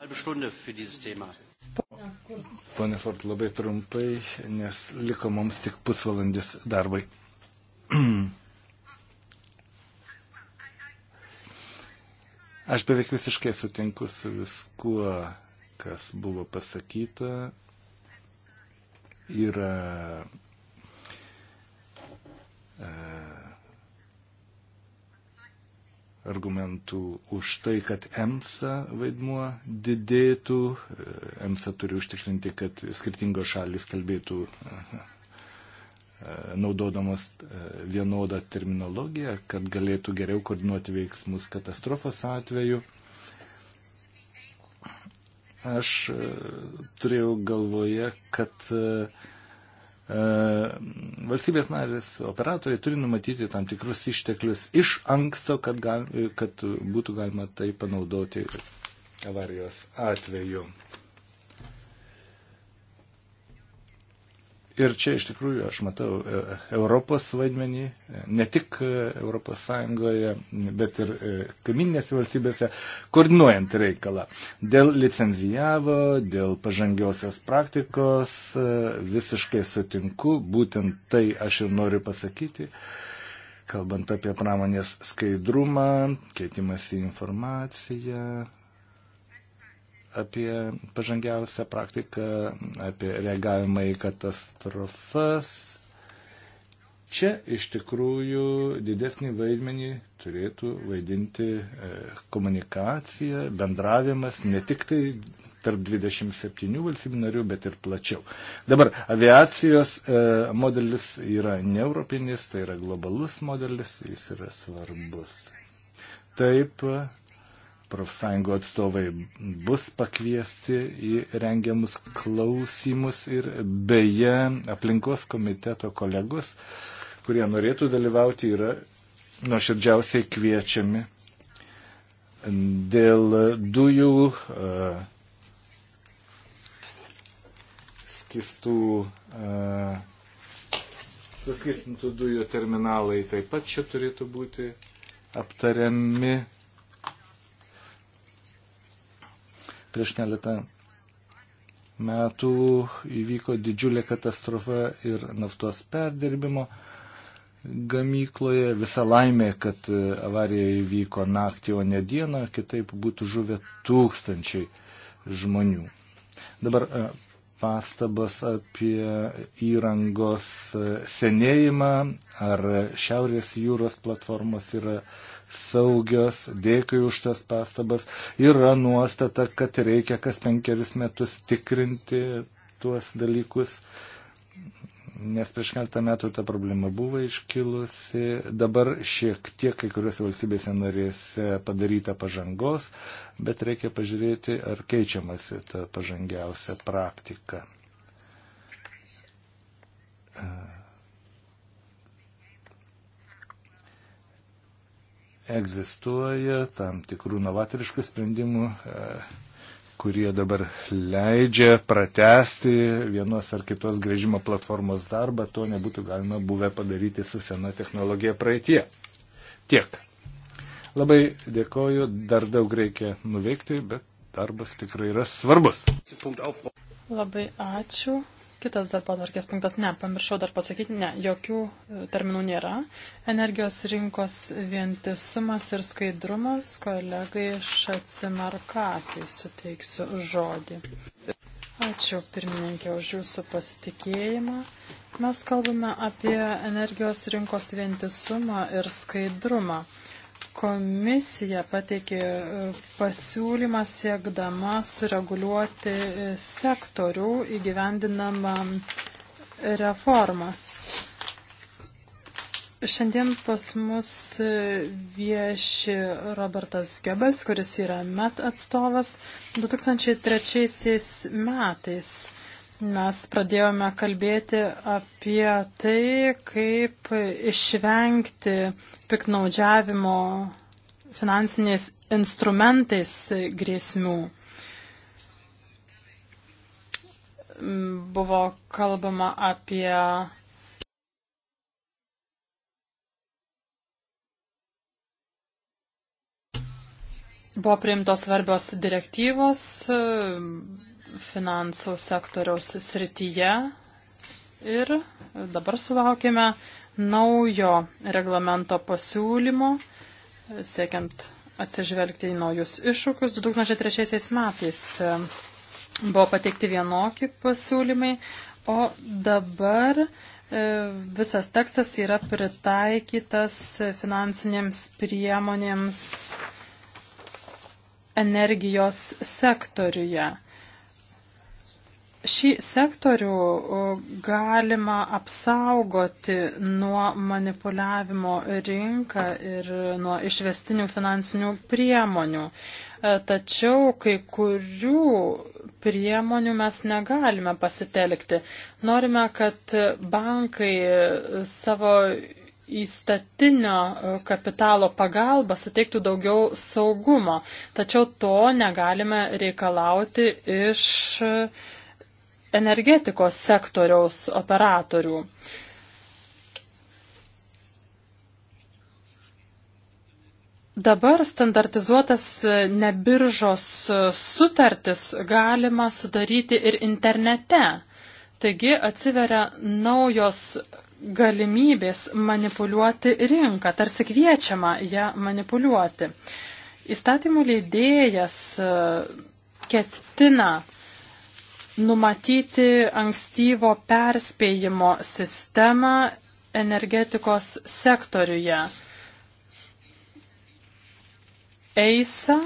Speaker 3: Pane
Speaker 1: Fort, labai trumpai, nes liko mums tik pusvalandis darbai. *clears throat* Aš beveik visiškai sutinku su viskuo, kas buvo pasakyta. Yra e, argumentų už tai, kad EMSA vaidmuo didėtų. E, EMSA turi užtikrinti, kad skirtingos šalis kalbėtų e, E, naudodamos e, vienodą terminologiją, kad galėtų geriau koordinuoti veiksmus katastrofos atveju. Aš e, turėjau galvoje, kad valstybės narės operatoriai turi numatyti tam tikrus išteklius iš anksto, kad, gal, kad būtų galima tai panaudoti avarijos atveju. Ir čia iš tikrųjų aš matau e, Europos vaidmenį, e, ne tik ES, bet ir e, kaiminėse valstybėse, koordinuojant reikalą. Dėl licenzijavo, dėl pažangiausios praktikos visiškai sutinku, būtent tai aš ir noriu pasakyti. Kalbant apie pramonės skaidrumą, keitimąsi informaciją, apie pažangiausią praktiką, apie reagavimą į katastrofas. Čia iš tikrųjų didesnį vaidmenį turėtų vaidinti e, komunikacija, bendravimas, ne tik tai tarp 27 valstybių narių, bet ir plačiau. Dabar aviacijos e, modelis yra ne europinis, tai yra globalus modelis, jis yra svarbus. Taip, profsąjungų atstovai bus pakviesti į rengiamus klausimus ir beje aplinkos komiteto kolegos, kurie norėtų dalyvauti, yra nuoširdžiausiai kviečiami dėl dujų skistų suskistintų dujų terminalai taip pat čia turėtų būti aptariami prieš keletą metų įvyko didžiulė katastrofa ir naftos perdirbimo gamykloje. Visa laimė, kad e, avarija įvyko naktį, o ne dieną, kitaip būtų žuvę tūkstančiai žmonių. Dabar e, pastabas apie įrangos e, senėjimą, ar Šiaurės jūros platformos yra saugios. Dėkui už tas pastabas. Yra nuostata, kad reikia kas penkeris metus tikrinti tuos dalykus. Nes prieš keletą metų ta problema buvo iškilusi, dabar šiek tiek kai kuriuose valstybėse norėse padaryta pažangos, bet reikia pažiūrėti, ar keičiamasi ta pažangiausia praktika. Uh egzistuoja tam tikrų novatoriškų sprendimų, e, kurie dabar leidžia pratesti vienos ar kitos grėžimo platformos darbą, to nebūtų galima buvę padaryti su sena technologija praeitie. Tiek. Labai dėkoju, dar daug reikia nuveikti, bet darbas tikrai yra svarbus.
Speaker 2: Labai ačiū. Kitas darbo atvarkės punktas, ne, pamiršau dar pasakyti, ne, jokių e, terminų nėra. Energijos rinkos vientisumas ir skaidrumas, kolegai Šacimarkatai suteiksiu žodį. Ačiū pirmininkė už jūsų pasitikėjimą. Mes kalbame apie energijos rinkos vientisumą ir skaidrumą. Komisija pateikė e, pasiūlymą siekdama sureguliuoti e, sektorių įgyvendinamą reformas. Šiandien pas mus e, vieši Robertas Gebels, kuris yra MET atstovas. 2003 metais Mes pradėjome kalbėti apie tai, kaip išvengti piknaudžiavimo finansiniais instrumentais grėsmių. Buvo kalbama apie Buvo priimtos svarbios direktyvos, finansų sektoriaus srityje ir dabar sulaukime naujo reglamento pasiūlymo, siekiant atsižvelgti į naujus iššūkius. 2003 metais e, buvo pateikti vienokie pasiūlymai, o dabar e, visas tekstas yra pritaikytas finansinėms priemonėms energijos sektoriuje šį sektorių galima apsaugoti nuo manipuliavimo rinką ir nuo išvestinių finansinių priemonių. E, tačiau kai kurių priemonių mes negalime pasitelkti. Norime, kad bankai savo įstatinio kapitalo pagalba suteiktų daugiau saugumo, tačiau to negalime reikalauti iš uh, energetikos sektoriaus operatorių. Dabar standartizuotas nebiržos sutartis galima sudaryti ir internete. Taigi atsiveria naujos galimybės manipuliuoti rinką, tarsi kviečiama ją manipuliuoti. Įstatymų leidėjas ketina numatyti ankstyvo perspėjimo sistemą energetikos sektoriuje. EISA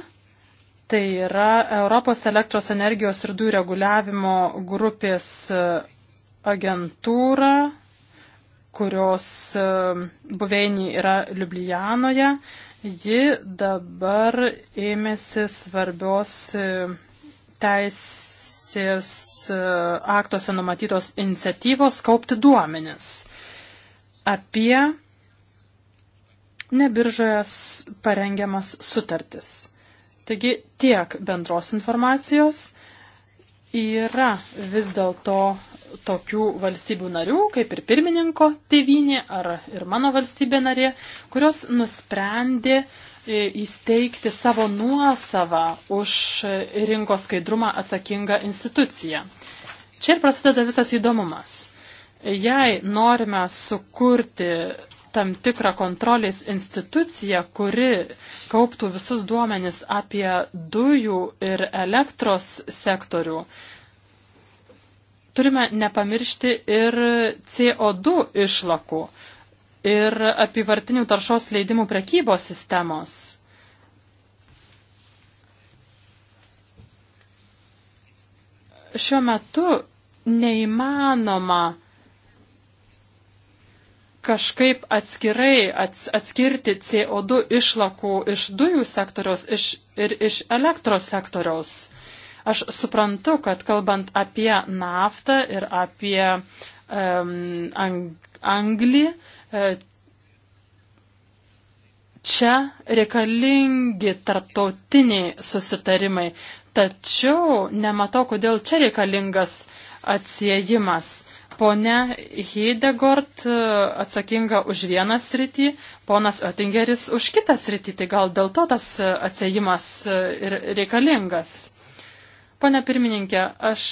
Speaker 2: tai yra Europos elektros energijos ir dujų reguliavimo grupės e, agentūra, kurios e, buveiniai yra Ljubljanoje. Ji dabar ėmėsi svarbios e, teisės teisės e, aktuose numatytos iniciatyvos kaupti duomenis apie nebiržoje parengiamas sutartis. Taigi tiek bendros informacijos yra vis dėlto tokių valstybių narių, kaip ir pirmininko tėvynė ar ir mano valstybė narė, kurios nusprendė uh, E, įsteigti savo nuosavą už rinkos skaidrumą atsakingą instituciją. Čia ir prasideda visas įdomumas. Jei norime sukurti tam tikrą kontrolės instituciją, kuri kauptų visus duomenis apie dujų ir elektros sektorių, turime nepamiršti ir CO2 išlakų ir apivartinių taršos leidimų prekybos sistemos. Šiuo metu neįmanoma kažkaip atskirai ats, atskirti CO2 išlakų iš dujų sektoriaus iš, ir iš elektros sektoriaus. Aš suprantu, kad kalbant apie naftą ir apie um, ang, anglį, uh, E, čia reikalingi tarptautiniai susitarimai, tačiau nematau, kodėl čia reikalingas atsiejimas. Pone Hidegort e, atsakinga už vieną sritį, ponas Oettingeris už kitą sritį, tai gal dėl to tas e, atsiejimas ir reikalingas. Pone pirmininkė, aš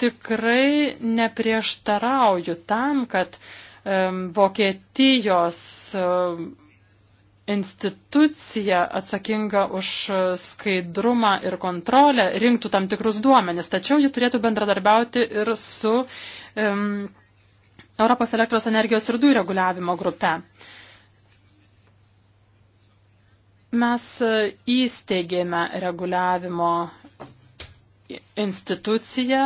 Speaker 2: tikrai neprieštarauju tam, kad uh, Vokietijos e, institucija atsakinga už skaidrumą ir kontrolę rinktų tam tikrus duomenis, tačiau ji turėtų bendradarbiauti ir su um, Europos elektros energijos ir dujų reguliavimo grupe. Mes įsteigėme reguliavimo instituciją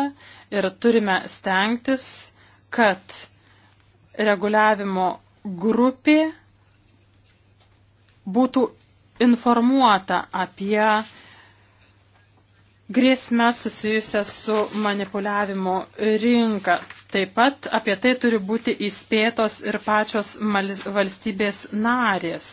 Speaker 2: ir turime stengtis, kad reguliavimo grupė būtų informuota apie grėsmės susijusias su manipuliavimo rinka. Taip pat apie tai turi būti įspėtos ir pačios valstybės narės.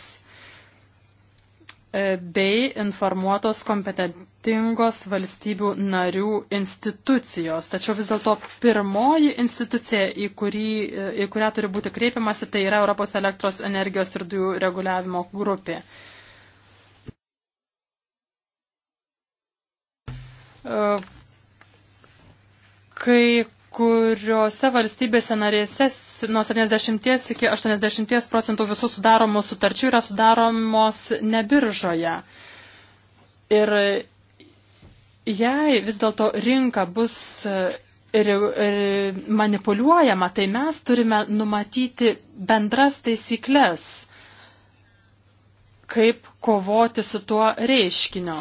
Speaker 2: E, bei informuotos kompetentingos valstybių narių institucijos. Tačiau vis dėlto pirmoji institucija, į, kurį, e, į kurią turi būti kreipiamasi, tai yra Europos elektros energijos ir dujų reguliavimo grupė. E, kai kuriuose valstybėse narėse nuo 70 iki 80 procentų visų sudaromų sutarčių yra sudaromos ne biržoje. Ir jei vis dėlto rinka bus e, ir, ir manipuliuojama, tai mes turime numatyti bendras taisyklės, kaip kovoti su tuo reiškiniu.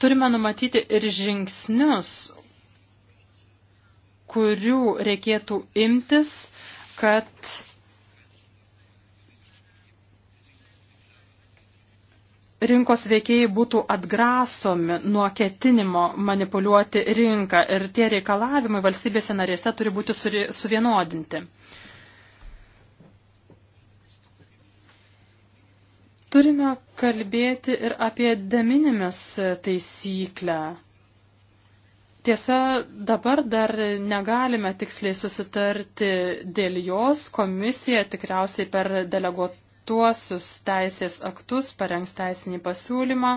Speaker 2: Turime numatyti ir žingsnius, kurių reikėtų imtis, kad rinkos veikėjai būtų atgrasomi nuo ketinimo manipuliuoti rinką ir tie reikalavimai valstybėse narėse turi būti suvienodinti. Turime kalbėti ir apie deminimis taisyklę. Tiesa, dabar dar negalime tiksliai susitarti dėl jos. Komisija tikriausiai per deleguotuosius teisės aktus parengs teisinį pasiūlymą.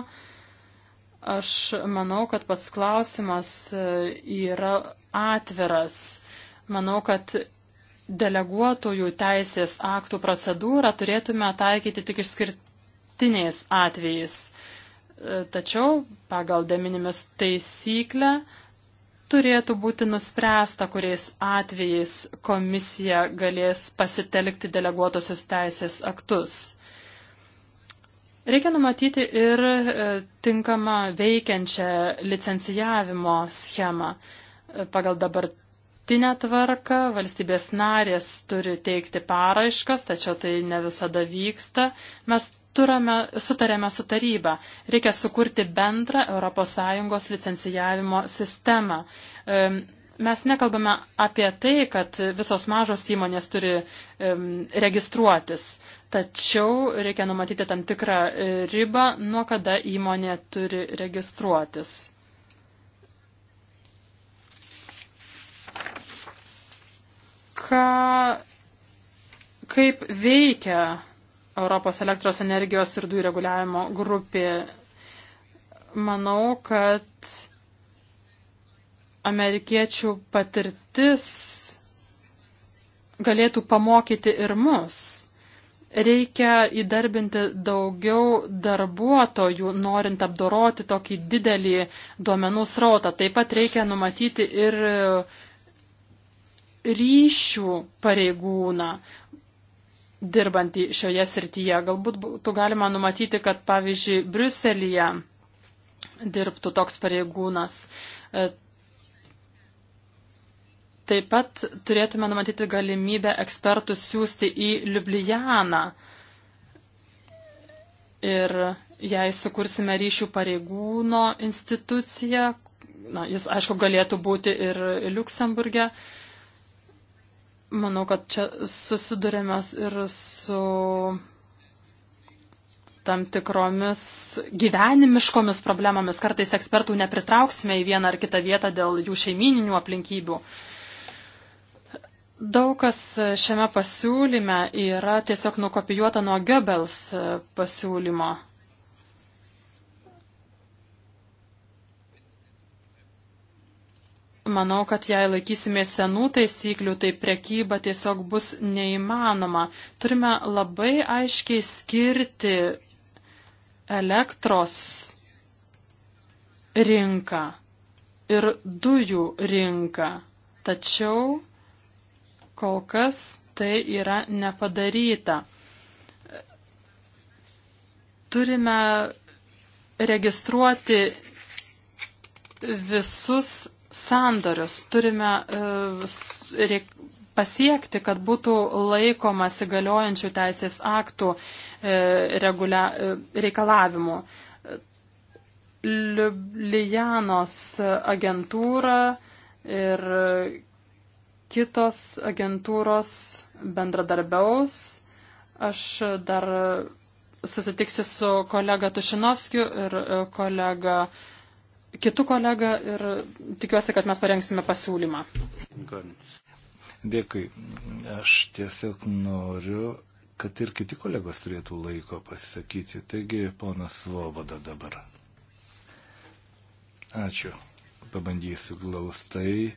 Speaker 2: Aš manau, kad pats klausimas e, yra atviras. Manau, kad deleguotojų teisės aktų procedūrą turėtume taikyti tik išskirtiniais atvejais. E, tačiau pagal deminimis taisyklę turėtų būti nuspręsta, kuriais atvejais komisija galės pasitelkti deleguotosios teisės aktus. Reikia numatyti ir e, tinkamą veikiančią licencijavimo schemą. E, pagal dabartinę tvarką valstybės narės turi teikti paraiškas, tačiau tai ne visada vyksta. Mes turame, sutarėme su taryba. Reikia sukurti bendrą ES licencijavimo sistemą. Mes nekalbame apie tai, kad visos mažos įmonės turi um, registruotis, tačiau reikia numatyti tam tikrą e, ribą, nuo kada įmonė turi registruotis. Ką, kaip veikia Europos elektros energijos ir dujų reguliavimo grupė. Manau, kad amerikiečių patirtis galėtų pamokyti ir mus. Reikia įdarbinti daugiau darbuotojų, norint apdoroti tokį didelį duomenų srautą. Taip pat reikia numatyti ir ryšių pareigūną dirbantį šioje srityje. Galbūt būtų galima numatyti, kad pavyzdžiui, Bruselėje dirbtų toks pareigūnas. E, taip pat turėtume numatyti galimybę ekspertus siūsti į Liublianą. Ir jei sukursime ryšių pareigūno instituciją, na, jis aišku galėtų būti ir Luksemburgė, uh, Manau, kad čia susidurėme ir su tam tikromis gyvenimiškomis problemomis. Kartais ekspertų nepritrauksime į vieną ar kitą vietą dėl jų šeimininių aplinkybių. Daug kas šiame pasiūlyme yra tiesiog nukopijuota nuo Goebbels pasiūlymo. Manau, kad jei laikysime senų taisyklių, tai prekyba tiesiog bus neįmanoma. Turime labai aiškiai skirti elektros rinką ir dujų rinką. Tačiau kol kas tai yra nepadaryta. Turime registruoti visus sandorius. Turime e, pasiekti, kad būtų laikomasi galiojančių teisės aktų e, regulia, e, reikalavimų. Liublianos agentūra ir kitos agentūros bendradarbiaus. Aš dar susitiksiu su kolega Tušinovskiu ir kolega uh, kitų kolegą ir tikiuosi, kad mes parengsime pasiūlymą.
Speaker 1: Dėkui. Aš tiesiog noriu, kad ir kiti kolegos turėtų laiko pasisakyti. Taigi, ponas Svoboda dabar. Ačiū. Pabandysiu glaustai.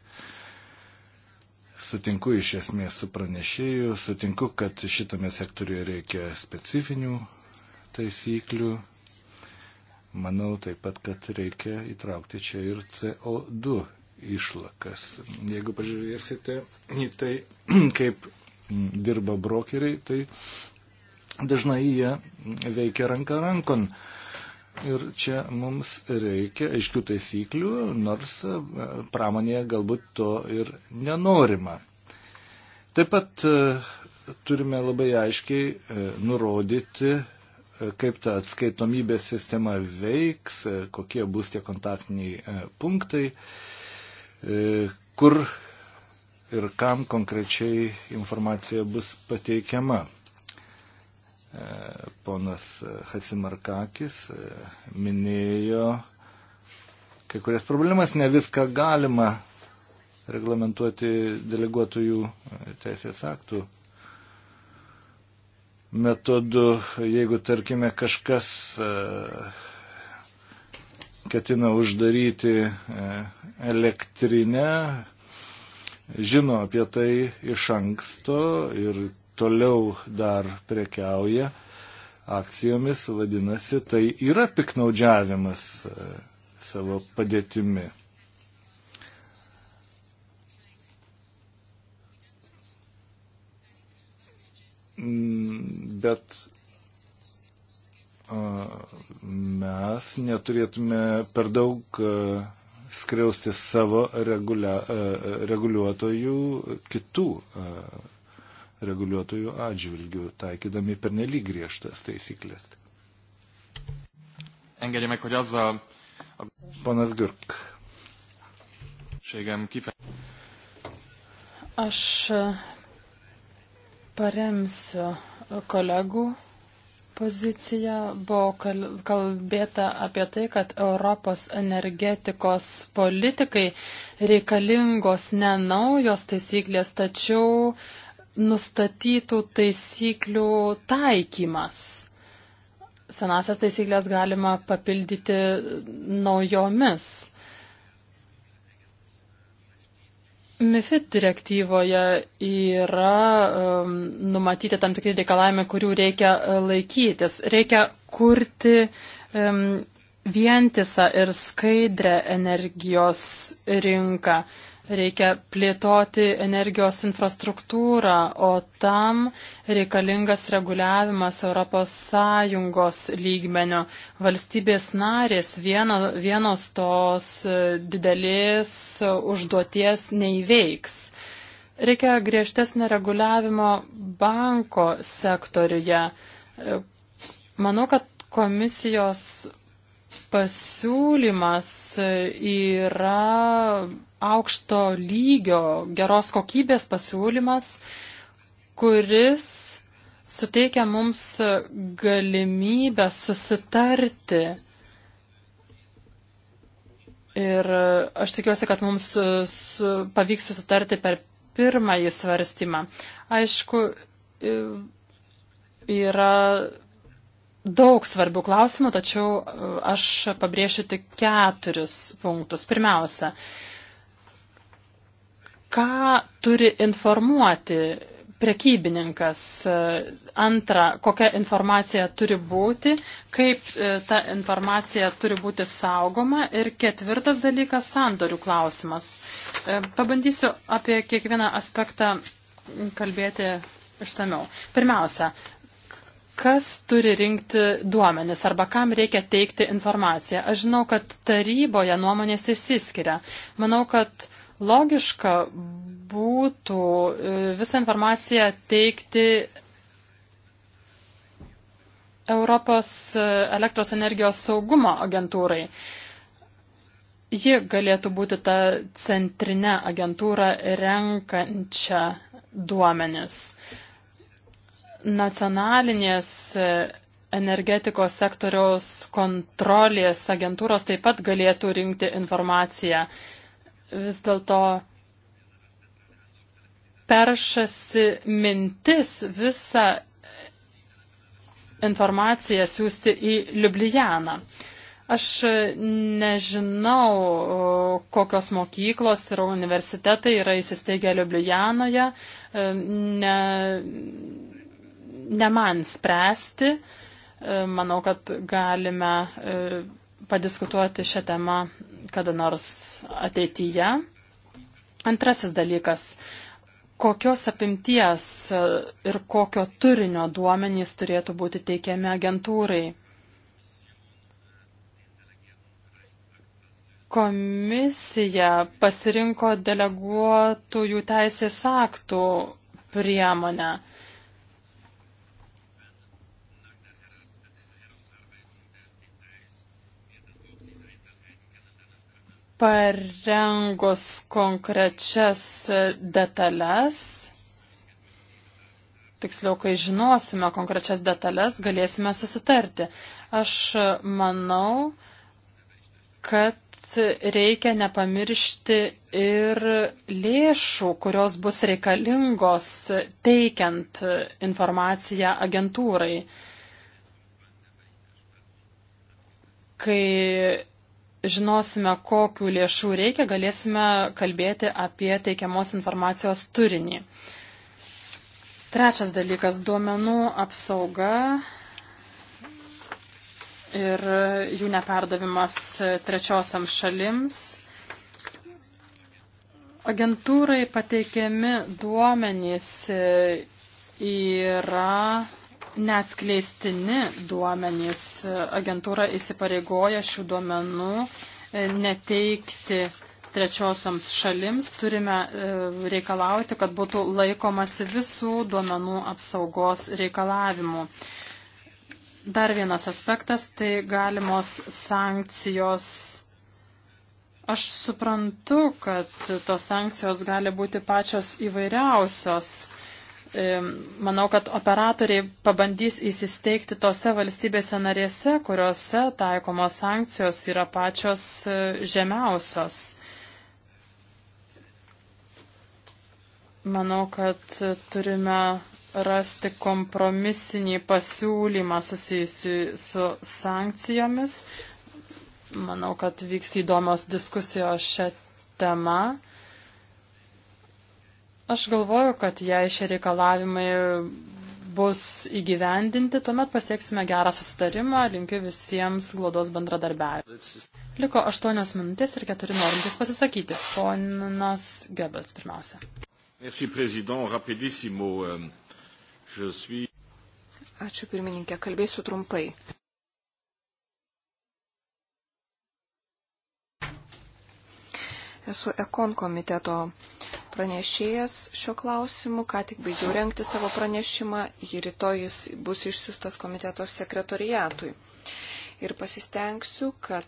Speaker 1: Sutinku iš esmės su pranešėju, sutinku, kad šitame sektoriuje reikia specifinių taisyklių, Manau taip pat, kad reikia įtraukti čia ir CO2 išlakas. Jeigu pažiūrėsite į tai, *clears throat* kaip dirba brokeriai, tai dažnai jie veikia ranka rankon. Ir čia mums reikia aiškių taisyklių, nors e, pramonėje galbūt to ir nenorima. Taip pat e, turime labai aiškiai e, nurodyti kaip ta atskaitomybės sistema veiks, e, kokie bus tie kontaktiniai e, punktai, e, kur ir kam konkrečiai informacija bus pateikiama. Ponas Hatsimarkakis minėjo kai kurias problemas, ne viską galima reglamentuoti deleguotojų teisės aktų metodu, jeigu tarkime kažkas e, ketina uždaryti e, elektrinę, žino apie tai iš anksto ir toliau dar prekiauja akcijomis, vadinasi, tai yra piknaudžiavimas e, savo padėtimi. Mm, bet mes neturėtume per daug skriausti savo regulia, reguliuotojų kitų reguliuotojų atžvilgių, taikydami per nelyg griežtas taisyklės. Engedje meg, hogy azzal... Panas Gürk. Ségem kife...
Speaker 2: Aš paremsiu kolegų poziciją. Buvo kalbėta apie tai, kad Europos energetikos politikai reikalingos ne naujos taisyklės, tačiau nustatytų taisyklių taikymas. Senasias taisyklės galima papildyti naujomis. MIFID direktyvoje yra um, numatyti tam tikri reikalavimai, kurių reikia uh, laikytis. Reikia kurti um, vientisą ir skaidrę energijos rinką. Uh, Reikia plėtoti energijos infrastruktūrą, o tam reikalingas reguliavimas ES lygmenio. Valstybės narės vieno, vienos tos e, didelės užduoties neįveiks. Reikia griežtesnio reguliavimo banko sektoriuje. E, manau, kad komisijos pasiūlymas yra aukšto lygio, geros kokybės pasiūlymas, kuris suteikia mums galimybę susitarti. Ir aš tikiuosi, kad mums su, pavyks susitarti per pirmąjį svarstymą. Aišku, yra daug svarbių klausimų, tačiau e, aš pabrėšiu tik keturis punktus. Pirmiausia, ką turi informuoti prekybininkas, e, antra, kokia informacija turi būti, kaip e, ta informacija turi būti saugoma ir ketvirtas dalykas - sandorių klausimas. Pabandysiu apie kiekvieną aspektą kalbėti išsameu. Pirmiausia, kas turi rinkti duomenis arba kam reikia teikti informaciją. Aš žinau, kad taryboje nuomonės išsiskiria. Manau, kad logiška būtų e, visą informaciją teikti Europos e, elektros energijos saugumo agentūrai. Ji galėtų būti ta centrinė agentūra renkančia duomenis. Uh, nacionalinės e, energetikos sektoriaus kontrolės agentūros taip pat galėtų rinkti informaciją. Vis dėlto peršasi mintis visą informaciją siūsti į Liublianą. Aš nežinau, kokios mokyklos ir universitetai yra įsisteigę Liublijanoje. E, ne, ne man spręsti. E, manau, kad galime e, padiskutuoti šią temą kada nors ateityje. Antrasis dalykas kokios apimties e, ir kokio turinio duomenys turėtų būti teikiami agentūrai. Komisija pasirinko deleguotųjų teisės aktų priemonę. parengus konkrečias detalės, tiksliau, kai žinosime konkrečias detalės, galėsime susitarti. Aš manau, kad reikia nepamiršti ir lėšų, kurios bus reikalingos teikiant informaciją agentūrai. Kai žinosime, kokiu lėšų reikia, galėsime kalbėti apie teikiamos informacijos turinį. Trečias dalykas - duomenų apsauga ir jų neperdavimas trečiosiam šalims. Agentūrai pateikiami duomenys yra neatskleistini duomenys. Agentūra įsipareigoja šių duomenų e, neteikti trečiosioms šalims. Turime e, reikalauti, kad būtų laikomasi visų duomenų apsaugos reikalavimų. Dar vienas aspektas - tai galimos sankcijos. Aš suprantu, kad tos sankcijos gali būti pačios įvairiausios E, manau, kad operatoriai pabandys įsisteigti tose valstybėse narėse, kuriuose taikomos sankcijos yra pačios e, žemiausios. Manau, kad turime rasti kompromisinį pasiūlymą susijusi su sankcijomis. Manau, kad vyks įdomios diskusijos šią temą. Aš galvoju, kad jei šie reikalavimai bus įgyvendinti, tuomet pasieksime gerą susitarimą, linkiu visiems glodos bendradarbiavimo. Liko 8 minutės ir 4 norintys pasisakyti. Ponas Goebbels pirmiausia.
Speaker 1: Merci, prezident. Rapidissimo. Euh, je suis...
Speaker 3: Ačiū pirmininkė, kalbėsiu trumpai. Esu Ekon komiteto pranešėjas šio klausimu, ką tik baigiau renkti savo pranešimą, jį rytoj jis bus išsiųstas komiteto sekretoriatui. Ir pasistengsiu, kad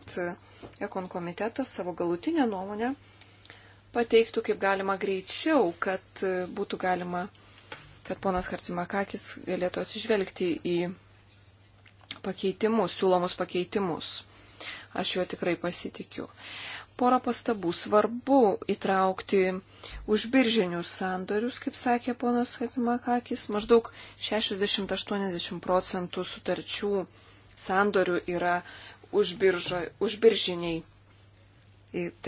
Speaker 3: Ekon komitetas savo galutinę nuomonę pateiktų kaip galima greičiau, kad būtų galima, kad ponas Harcimakakis galėtų atsižvelgti į pakeitimus, siūlomus pakeitimus. Aš juo tikrai pasitikiu. Porą pastabų svarbu įtraukti užbiržinius sandorius, kaip sakė ponas Hatsimakakis, maždaug 60-80 procentų sutarčių sandorių yra užbiržo, užbiržiniai.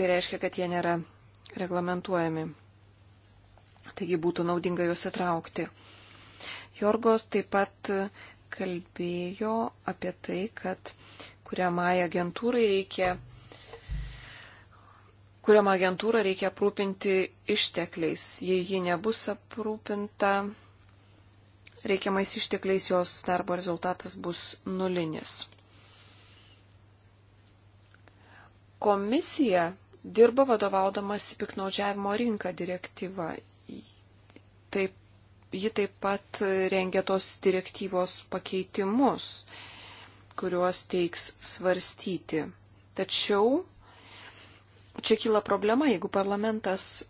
Speaker 3: Tai reiškia, kad jie nėra reglamentuojami. Taigi būtų naudinga juos įtraukti. Jorgos taip pat kalbėjo apie tai, kad kuriamai agentūrai reikia kuriam agentūrą reikia aprūpinti ištekliais. Jei ji nebus aprūpinta reikiamais ištekliais, jos darbo rezultatas bus nulinis. Komisija dirba vadovaudamas piknaudžiavimo rinką direktyvą. Taip, ji taip pat rengia tos direktyvos pakeitimus, kuriuos teiks svarstyti. Tačiau čia kyla problema, jeigu parlamentas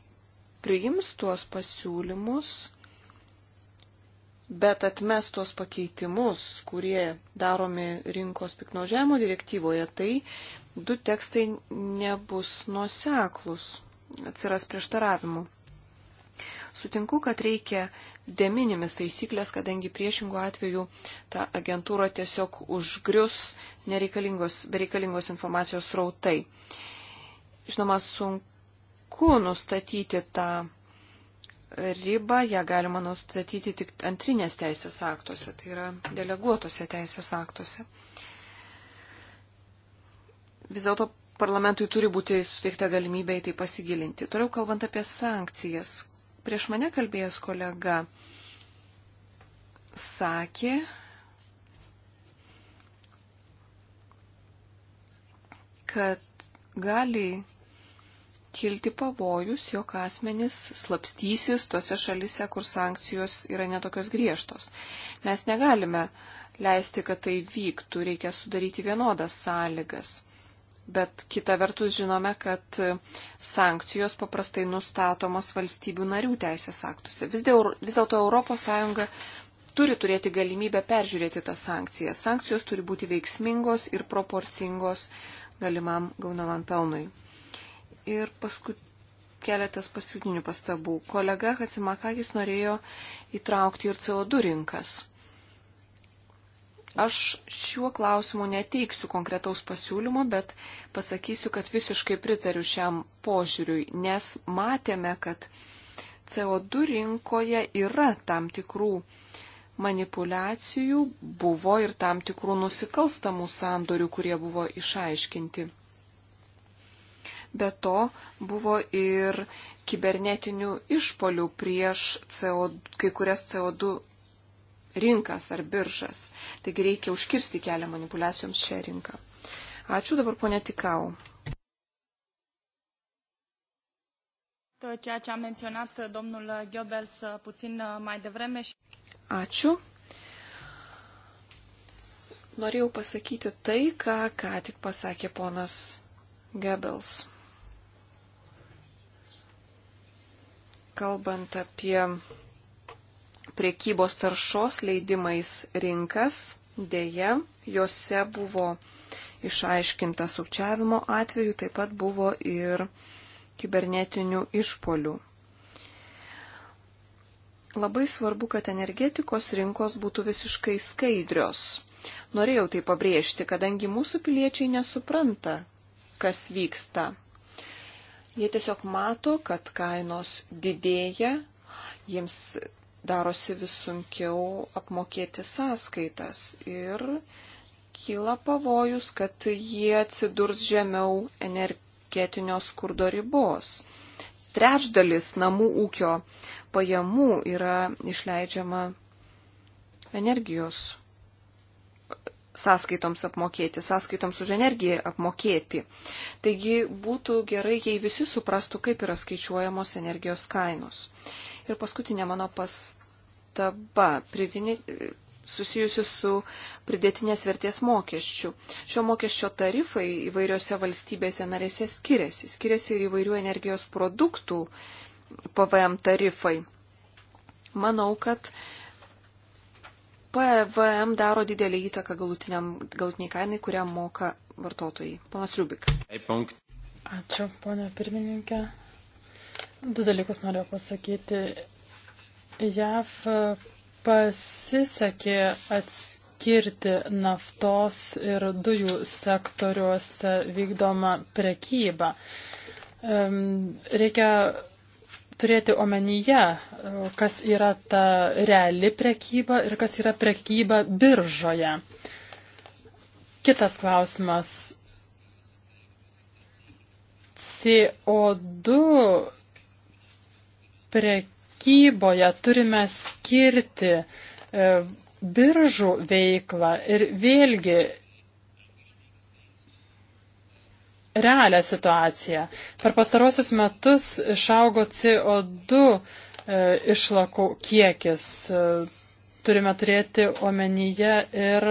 Speaker 3: priims tuos pasiūlymus, bet atmes tuos pakeitimus, kurie daromi rinkos piknožemo direktyvoje, tai du tekstai nebus nuoseklus, atsiras prieštaravimų. Sutinku, kad reikia deminimis taisyklės, kadangi priešingų atveju ta agentūra tiesiog užgrius bereikalingos informacijos rautai. Žinoma, sunku nustatyti tą ribą, ją galima nustatyti tik antrinės teisės aktuose, tai yra deleguotose teisės aktuose. Vis dėlto parlamentui turi būti suteikta galimybė į tai pasigilinti. Toliau kalbant apie sankcijas. Prieš mane kalbėjęs kolega sakė, kad gali kilti pavojus, jog asmenys slapstysis tose šalise, kur sankcijos yra netokios griežtos. Mes negalime leisti, kad tai vyktų, reikia sudaryti vienodas sąlygas. Bet kita vertus žinome, kad sankcijos paprastai nustatomos valstybių narių teisės aktuose. Vis dėlto ES turi turėti galimybę peržiūrėti tą sankciją. Sankcijos turi būti veiksmingos ir proporcingos galimam gaunamam pelnui. Ir paskui keletas paskutinių pastabų. Kolega Hatsimakakis norėjo įtraukti ir CO2 rinkas. Aš šiuo klausimu neteiksiu konkretaus pasiūlymo, bet pasakysiu, kad visiškai pritariu šiam požiūriui, nes matėme, kad CO2 rinkoje yra tam tikrų manipulacijų, buvo ir tam tikrų nusikalstamų sandorių, kurie buvo išaiškinti. Be to buvo ir kibernetinių išpolių prieš CO, kai kurias CO2 rinkas ar biržas. Taigi reikia užkirsti kelią manipulacijoms šią rinką. Ačiū dabar ponė Tikau.
Speaker 2: ceea ce a menționat domnul Goebbels uh, puțin uh, mai devreme. Și...
Speaker 3: Ačiū. Norėjau pasakyti tai, ką ką tik pasakė ponas Goebbels. kalbant apie priekybos taršos leidimais rinkas, dėje juose buvo išaiškinta sukčiavimo atveju, taip pat buvo ir kibernetinių išpolių. Labai svarbu, kad energetikos rinkos būtų visiškai skaidrios. Norėjau tai pabrėžti, kadangi mūsų piliečiai nesupranta, kas vyksta Jie tiesiog mato, kad kainos didėja, jiems darosi vis sunkiau apmokėti sąskaitas ir kyla pavojus, kad jie atsidurs žemiau energetinio skurdo ribos. Trečdalis namų ūkio pajamų yra išleidžiama energijos sąskaitoms apmokėti, sąskaitoms už energiją apmokėti. Taigi būtų gerai, jei visi suprastų, kaip yra skaičiuojamos energijos kainos. Ir paskutinė mano pastaba pridinė, susijusi su pridėtinės vertės mokesčiu. Šio mokesčio tarifai įvairiose valstybėse narėse skiriasi. Skiriasi ir įvairių energijos produktų PVM tarifai. Manau, kad PVM daro didelį įtaką galutiniai kainai, kurią moka vartotojai. Ponas Rubik. Ačiū, ponė pirmininkė. Du dalykus noriu pasakyti.
Speaker 2: JAV pasisekė atskirti naftos ir dujų sektoriuose vykdomą prekybą. Reikia turėti omenyje, e, kas yra ta reali prekyba ir kas yra prekyba biržoje. Kitas klausimas. CO2 prekyboje turime skirti e, biržų veiklą ir vėlgi realią situaciją. Per pastarosius metus išaugo CO2 e, išlakų kiekis. E, turime turėti omenyje ir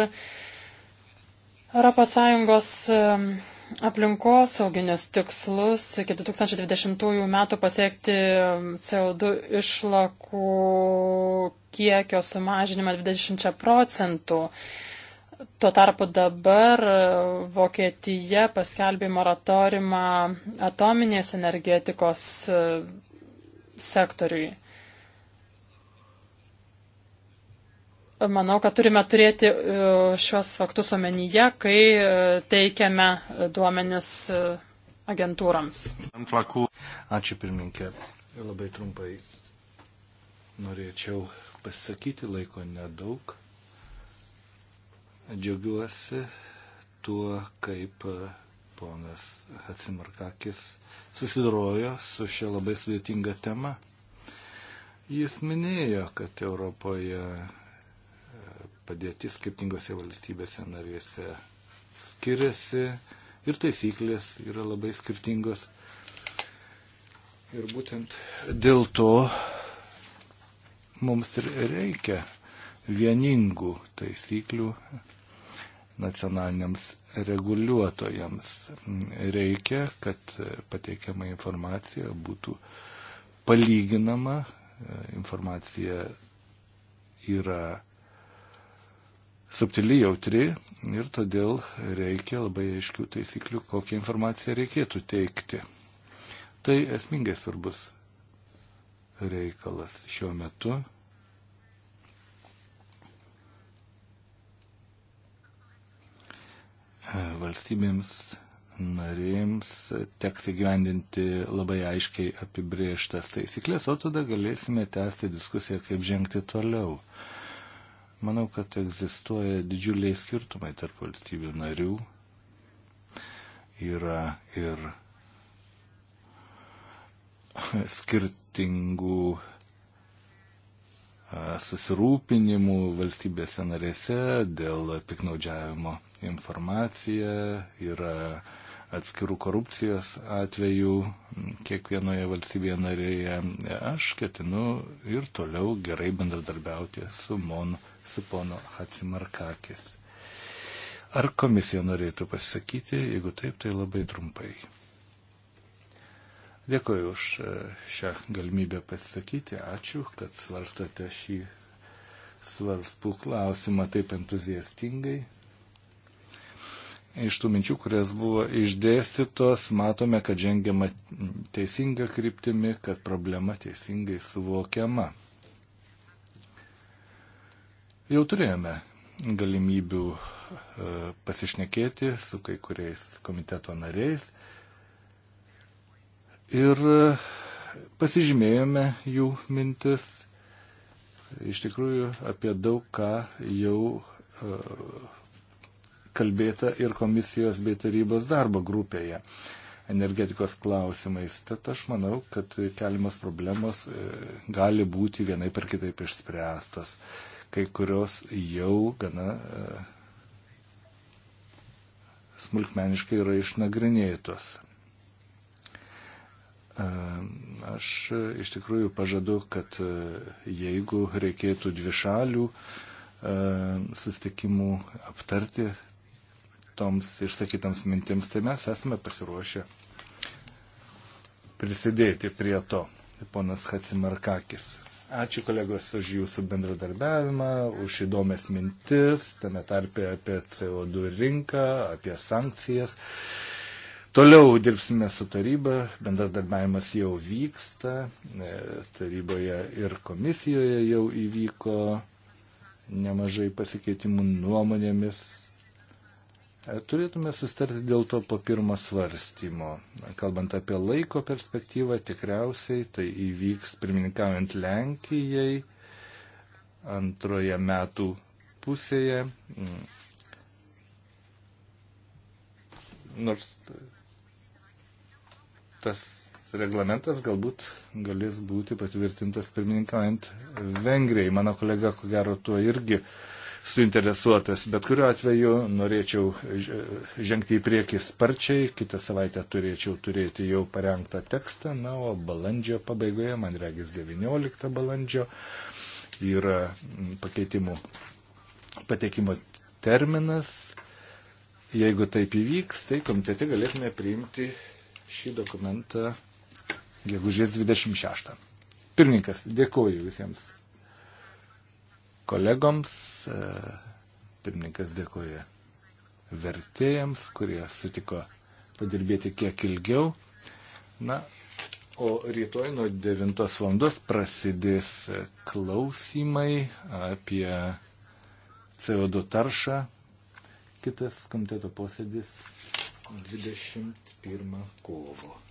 Speaker 2: ES e, aplinkosauginius tikslus iki 2020 metų pasiekti CO2 išlakų kiekio sumažinimą 20 procentų. Tuo tarpu dabar e, Vokietija paskelbė moratoriumą atominės energetikos e, sektoriui. Manau, kad turime turėti e, šios faktus omenyje, kai teikiame duomenis agentūrams.
Speaker 1: Ačiū pirmininkė. Labai trumpai norėčiau pasakyti, laiko nedaug. Džiaugiuosi tuo, kaip e, ponas Hatsimarkakis susidorojo su šia labai sudėtinga tema. Jis minėjo, kad Europoje e, padėtis skirtingose valstybėse narėse skiriasi ir taisyklės yra labai skirtingos. Ir būtent dėl to mums ir reikia vieningų taisyklių nacionaliniams reguliuotojams. Reikia, kad pateikiama informacija būtų palyginama, informacija yra subtili jautri ir todėl reikia labai aiškių taisyklių, kokią informaciją reikėtų teikti. Tai esmingai svarbus reikalas šiuo metu valstybėms narėms teks įgyvendinti labai aiškiai apibrieštas taisyklės, o tada galėsime tęsti diskusiją, kaip žengti toliau. Manau, kad egzistuoja didžiuliai skirtumai tarp valstybių narių. Yra ir skirtingų E, susirūpinimų valstybėse narėse dėl piknaudžiavimo informacija, yra atskirų korupcijos atvejų kiekvienoje valstybėje narėje. Aš ketinu ir toliau gerai bendradarbiauti su, mon, su pono Hatsimarkakis. Ar komisija norėtų pasakyti, jeigu taip, tai labai trumpai. Dėkuoju už e, šią galimybę pasisakyti. Ačiū, kad svarstote šį svarspų klausimą taip entuziastingai. Iš tų minčių, kurias buvo išdėstytos, matome, kad žengiama teisinga kryptimi, kad problema teisingai suvokiama. Jau turėjome galimybių e, pasišnekėti su kai kuriais komiteto nariais. Ir e, pasižymėjome jų mintis. Iš tikrųjų, apie daug ką jau e, kalbėta ir komisijos bei tarybos darbo grupėje energetikos klausimais. Tad aš manau, kad keliamos problemos e, gali būti vienai per kitaip išspręstos. Kai kurios jau gana smulkmeniškai yra išnagrinėtos. Ehm, aš e, iš tikrųjų pažadu, kad e, jeigu reikėtų dvišalių ehm, sustikimų aptarti toms išsakytams mintims, tai mes esame pasiruošę prisidėti prie to, ponas Hatsimarkakis. Ačiū kolegos už jūsų bendradarbiavimą, už įdomias mintis, tame tarpe apie CO2 rinką, apie sankcijas. Uh, Toliau dirbsime su taryba, bendradarbiavimas jau vyksta, e, taryboje ir komisijoje jau įvyko nemažai pasikeitimų nuomonėmis. E, turėtume sustarti dėl to po pirmo svarstymo. Kalbant apie laiko perspektyvą, tikriausiai tai įvyks pirmininkaujant Lenkijai antroje metų pusėje. Mm. Nors tas reglamentas galbūt galės būti patvirtintas pirmininkaujant Vengrijai. Mano kolega, ko gero, tuo irgi suinteresuotas. Bet kuriuo atveju norėčiau žengti į priekį sparčiai. Kitą savaitę turėčiau turėti jau parengtą tekstą. Na, o balandžio pabaigoje, man regis 19 balandžio, yra pakeitimų patekimo terminas. Jeigu taip įvyks, tai komitete galėtume priimti šį dokumentą gegužės 26. Pirmininkas, dėkoju visiems kolegoms, e, pirmininkas dėkoja vertėjams, kurie sutiko padirbėti kiek ilgiau. Na, o rytoj nuo 9 val. prasidės klausimai apie CO2 taršą. Kitas komiteto posėdis 20. 21 kovo.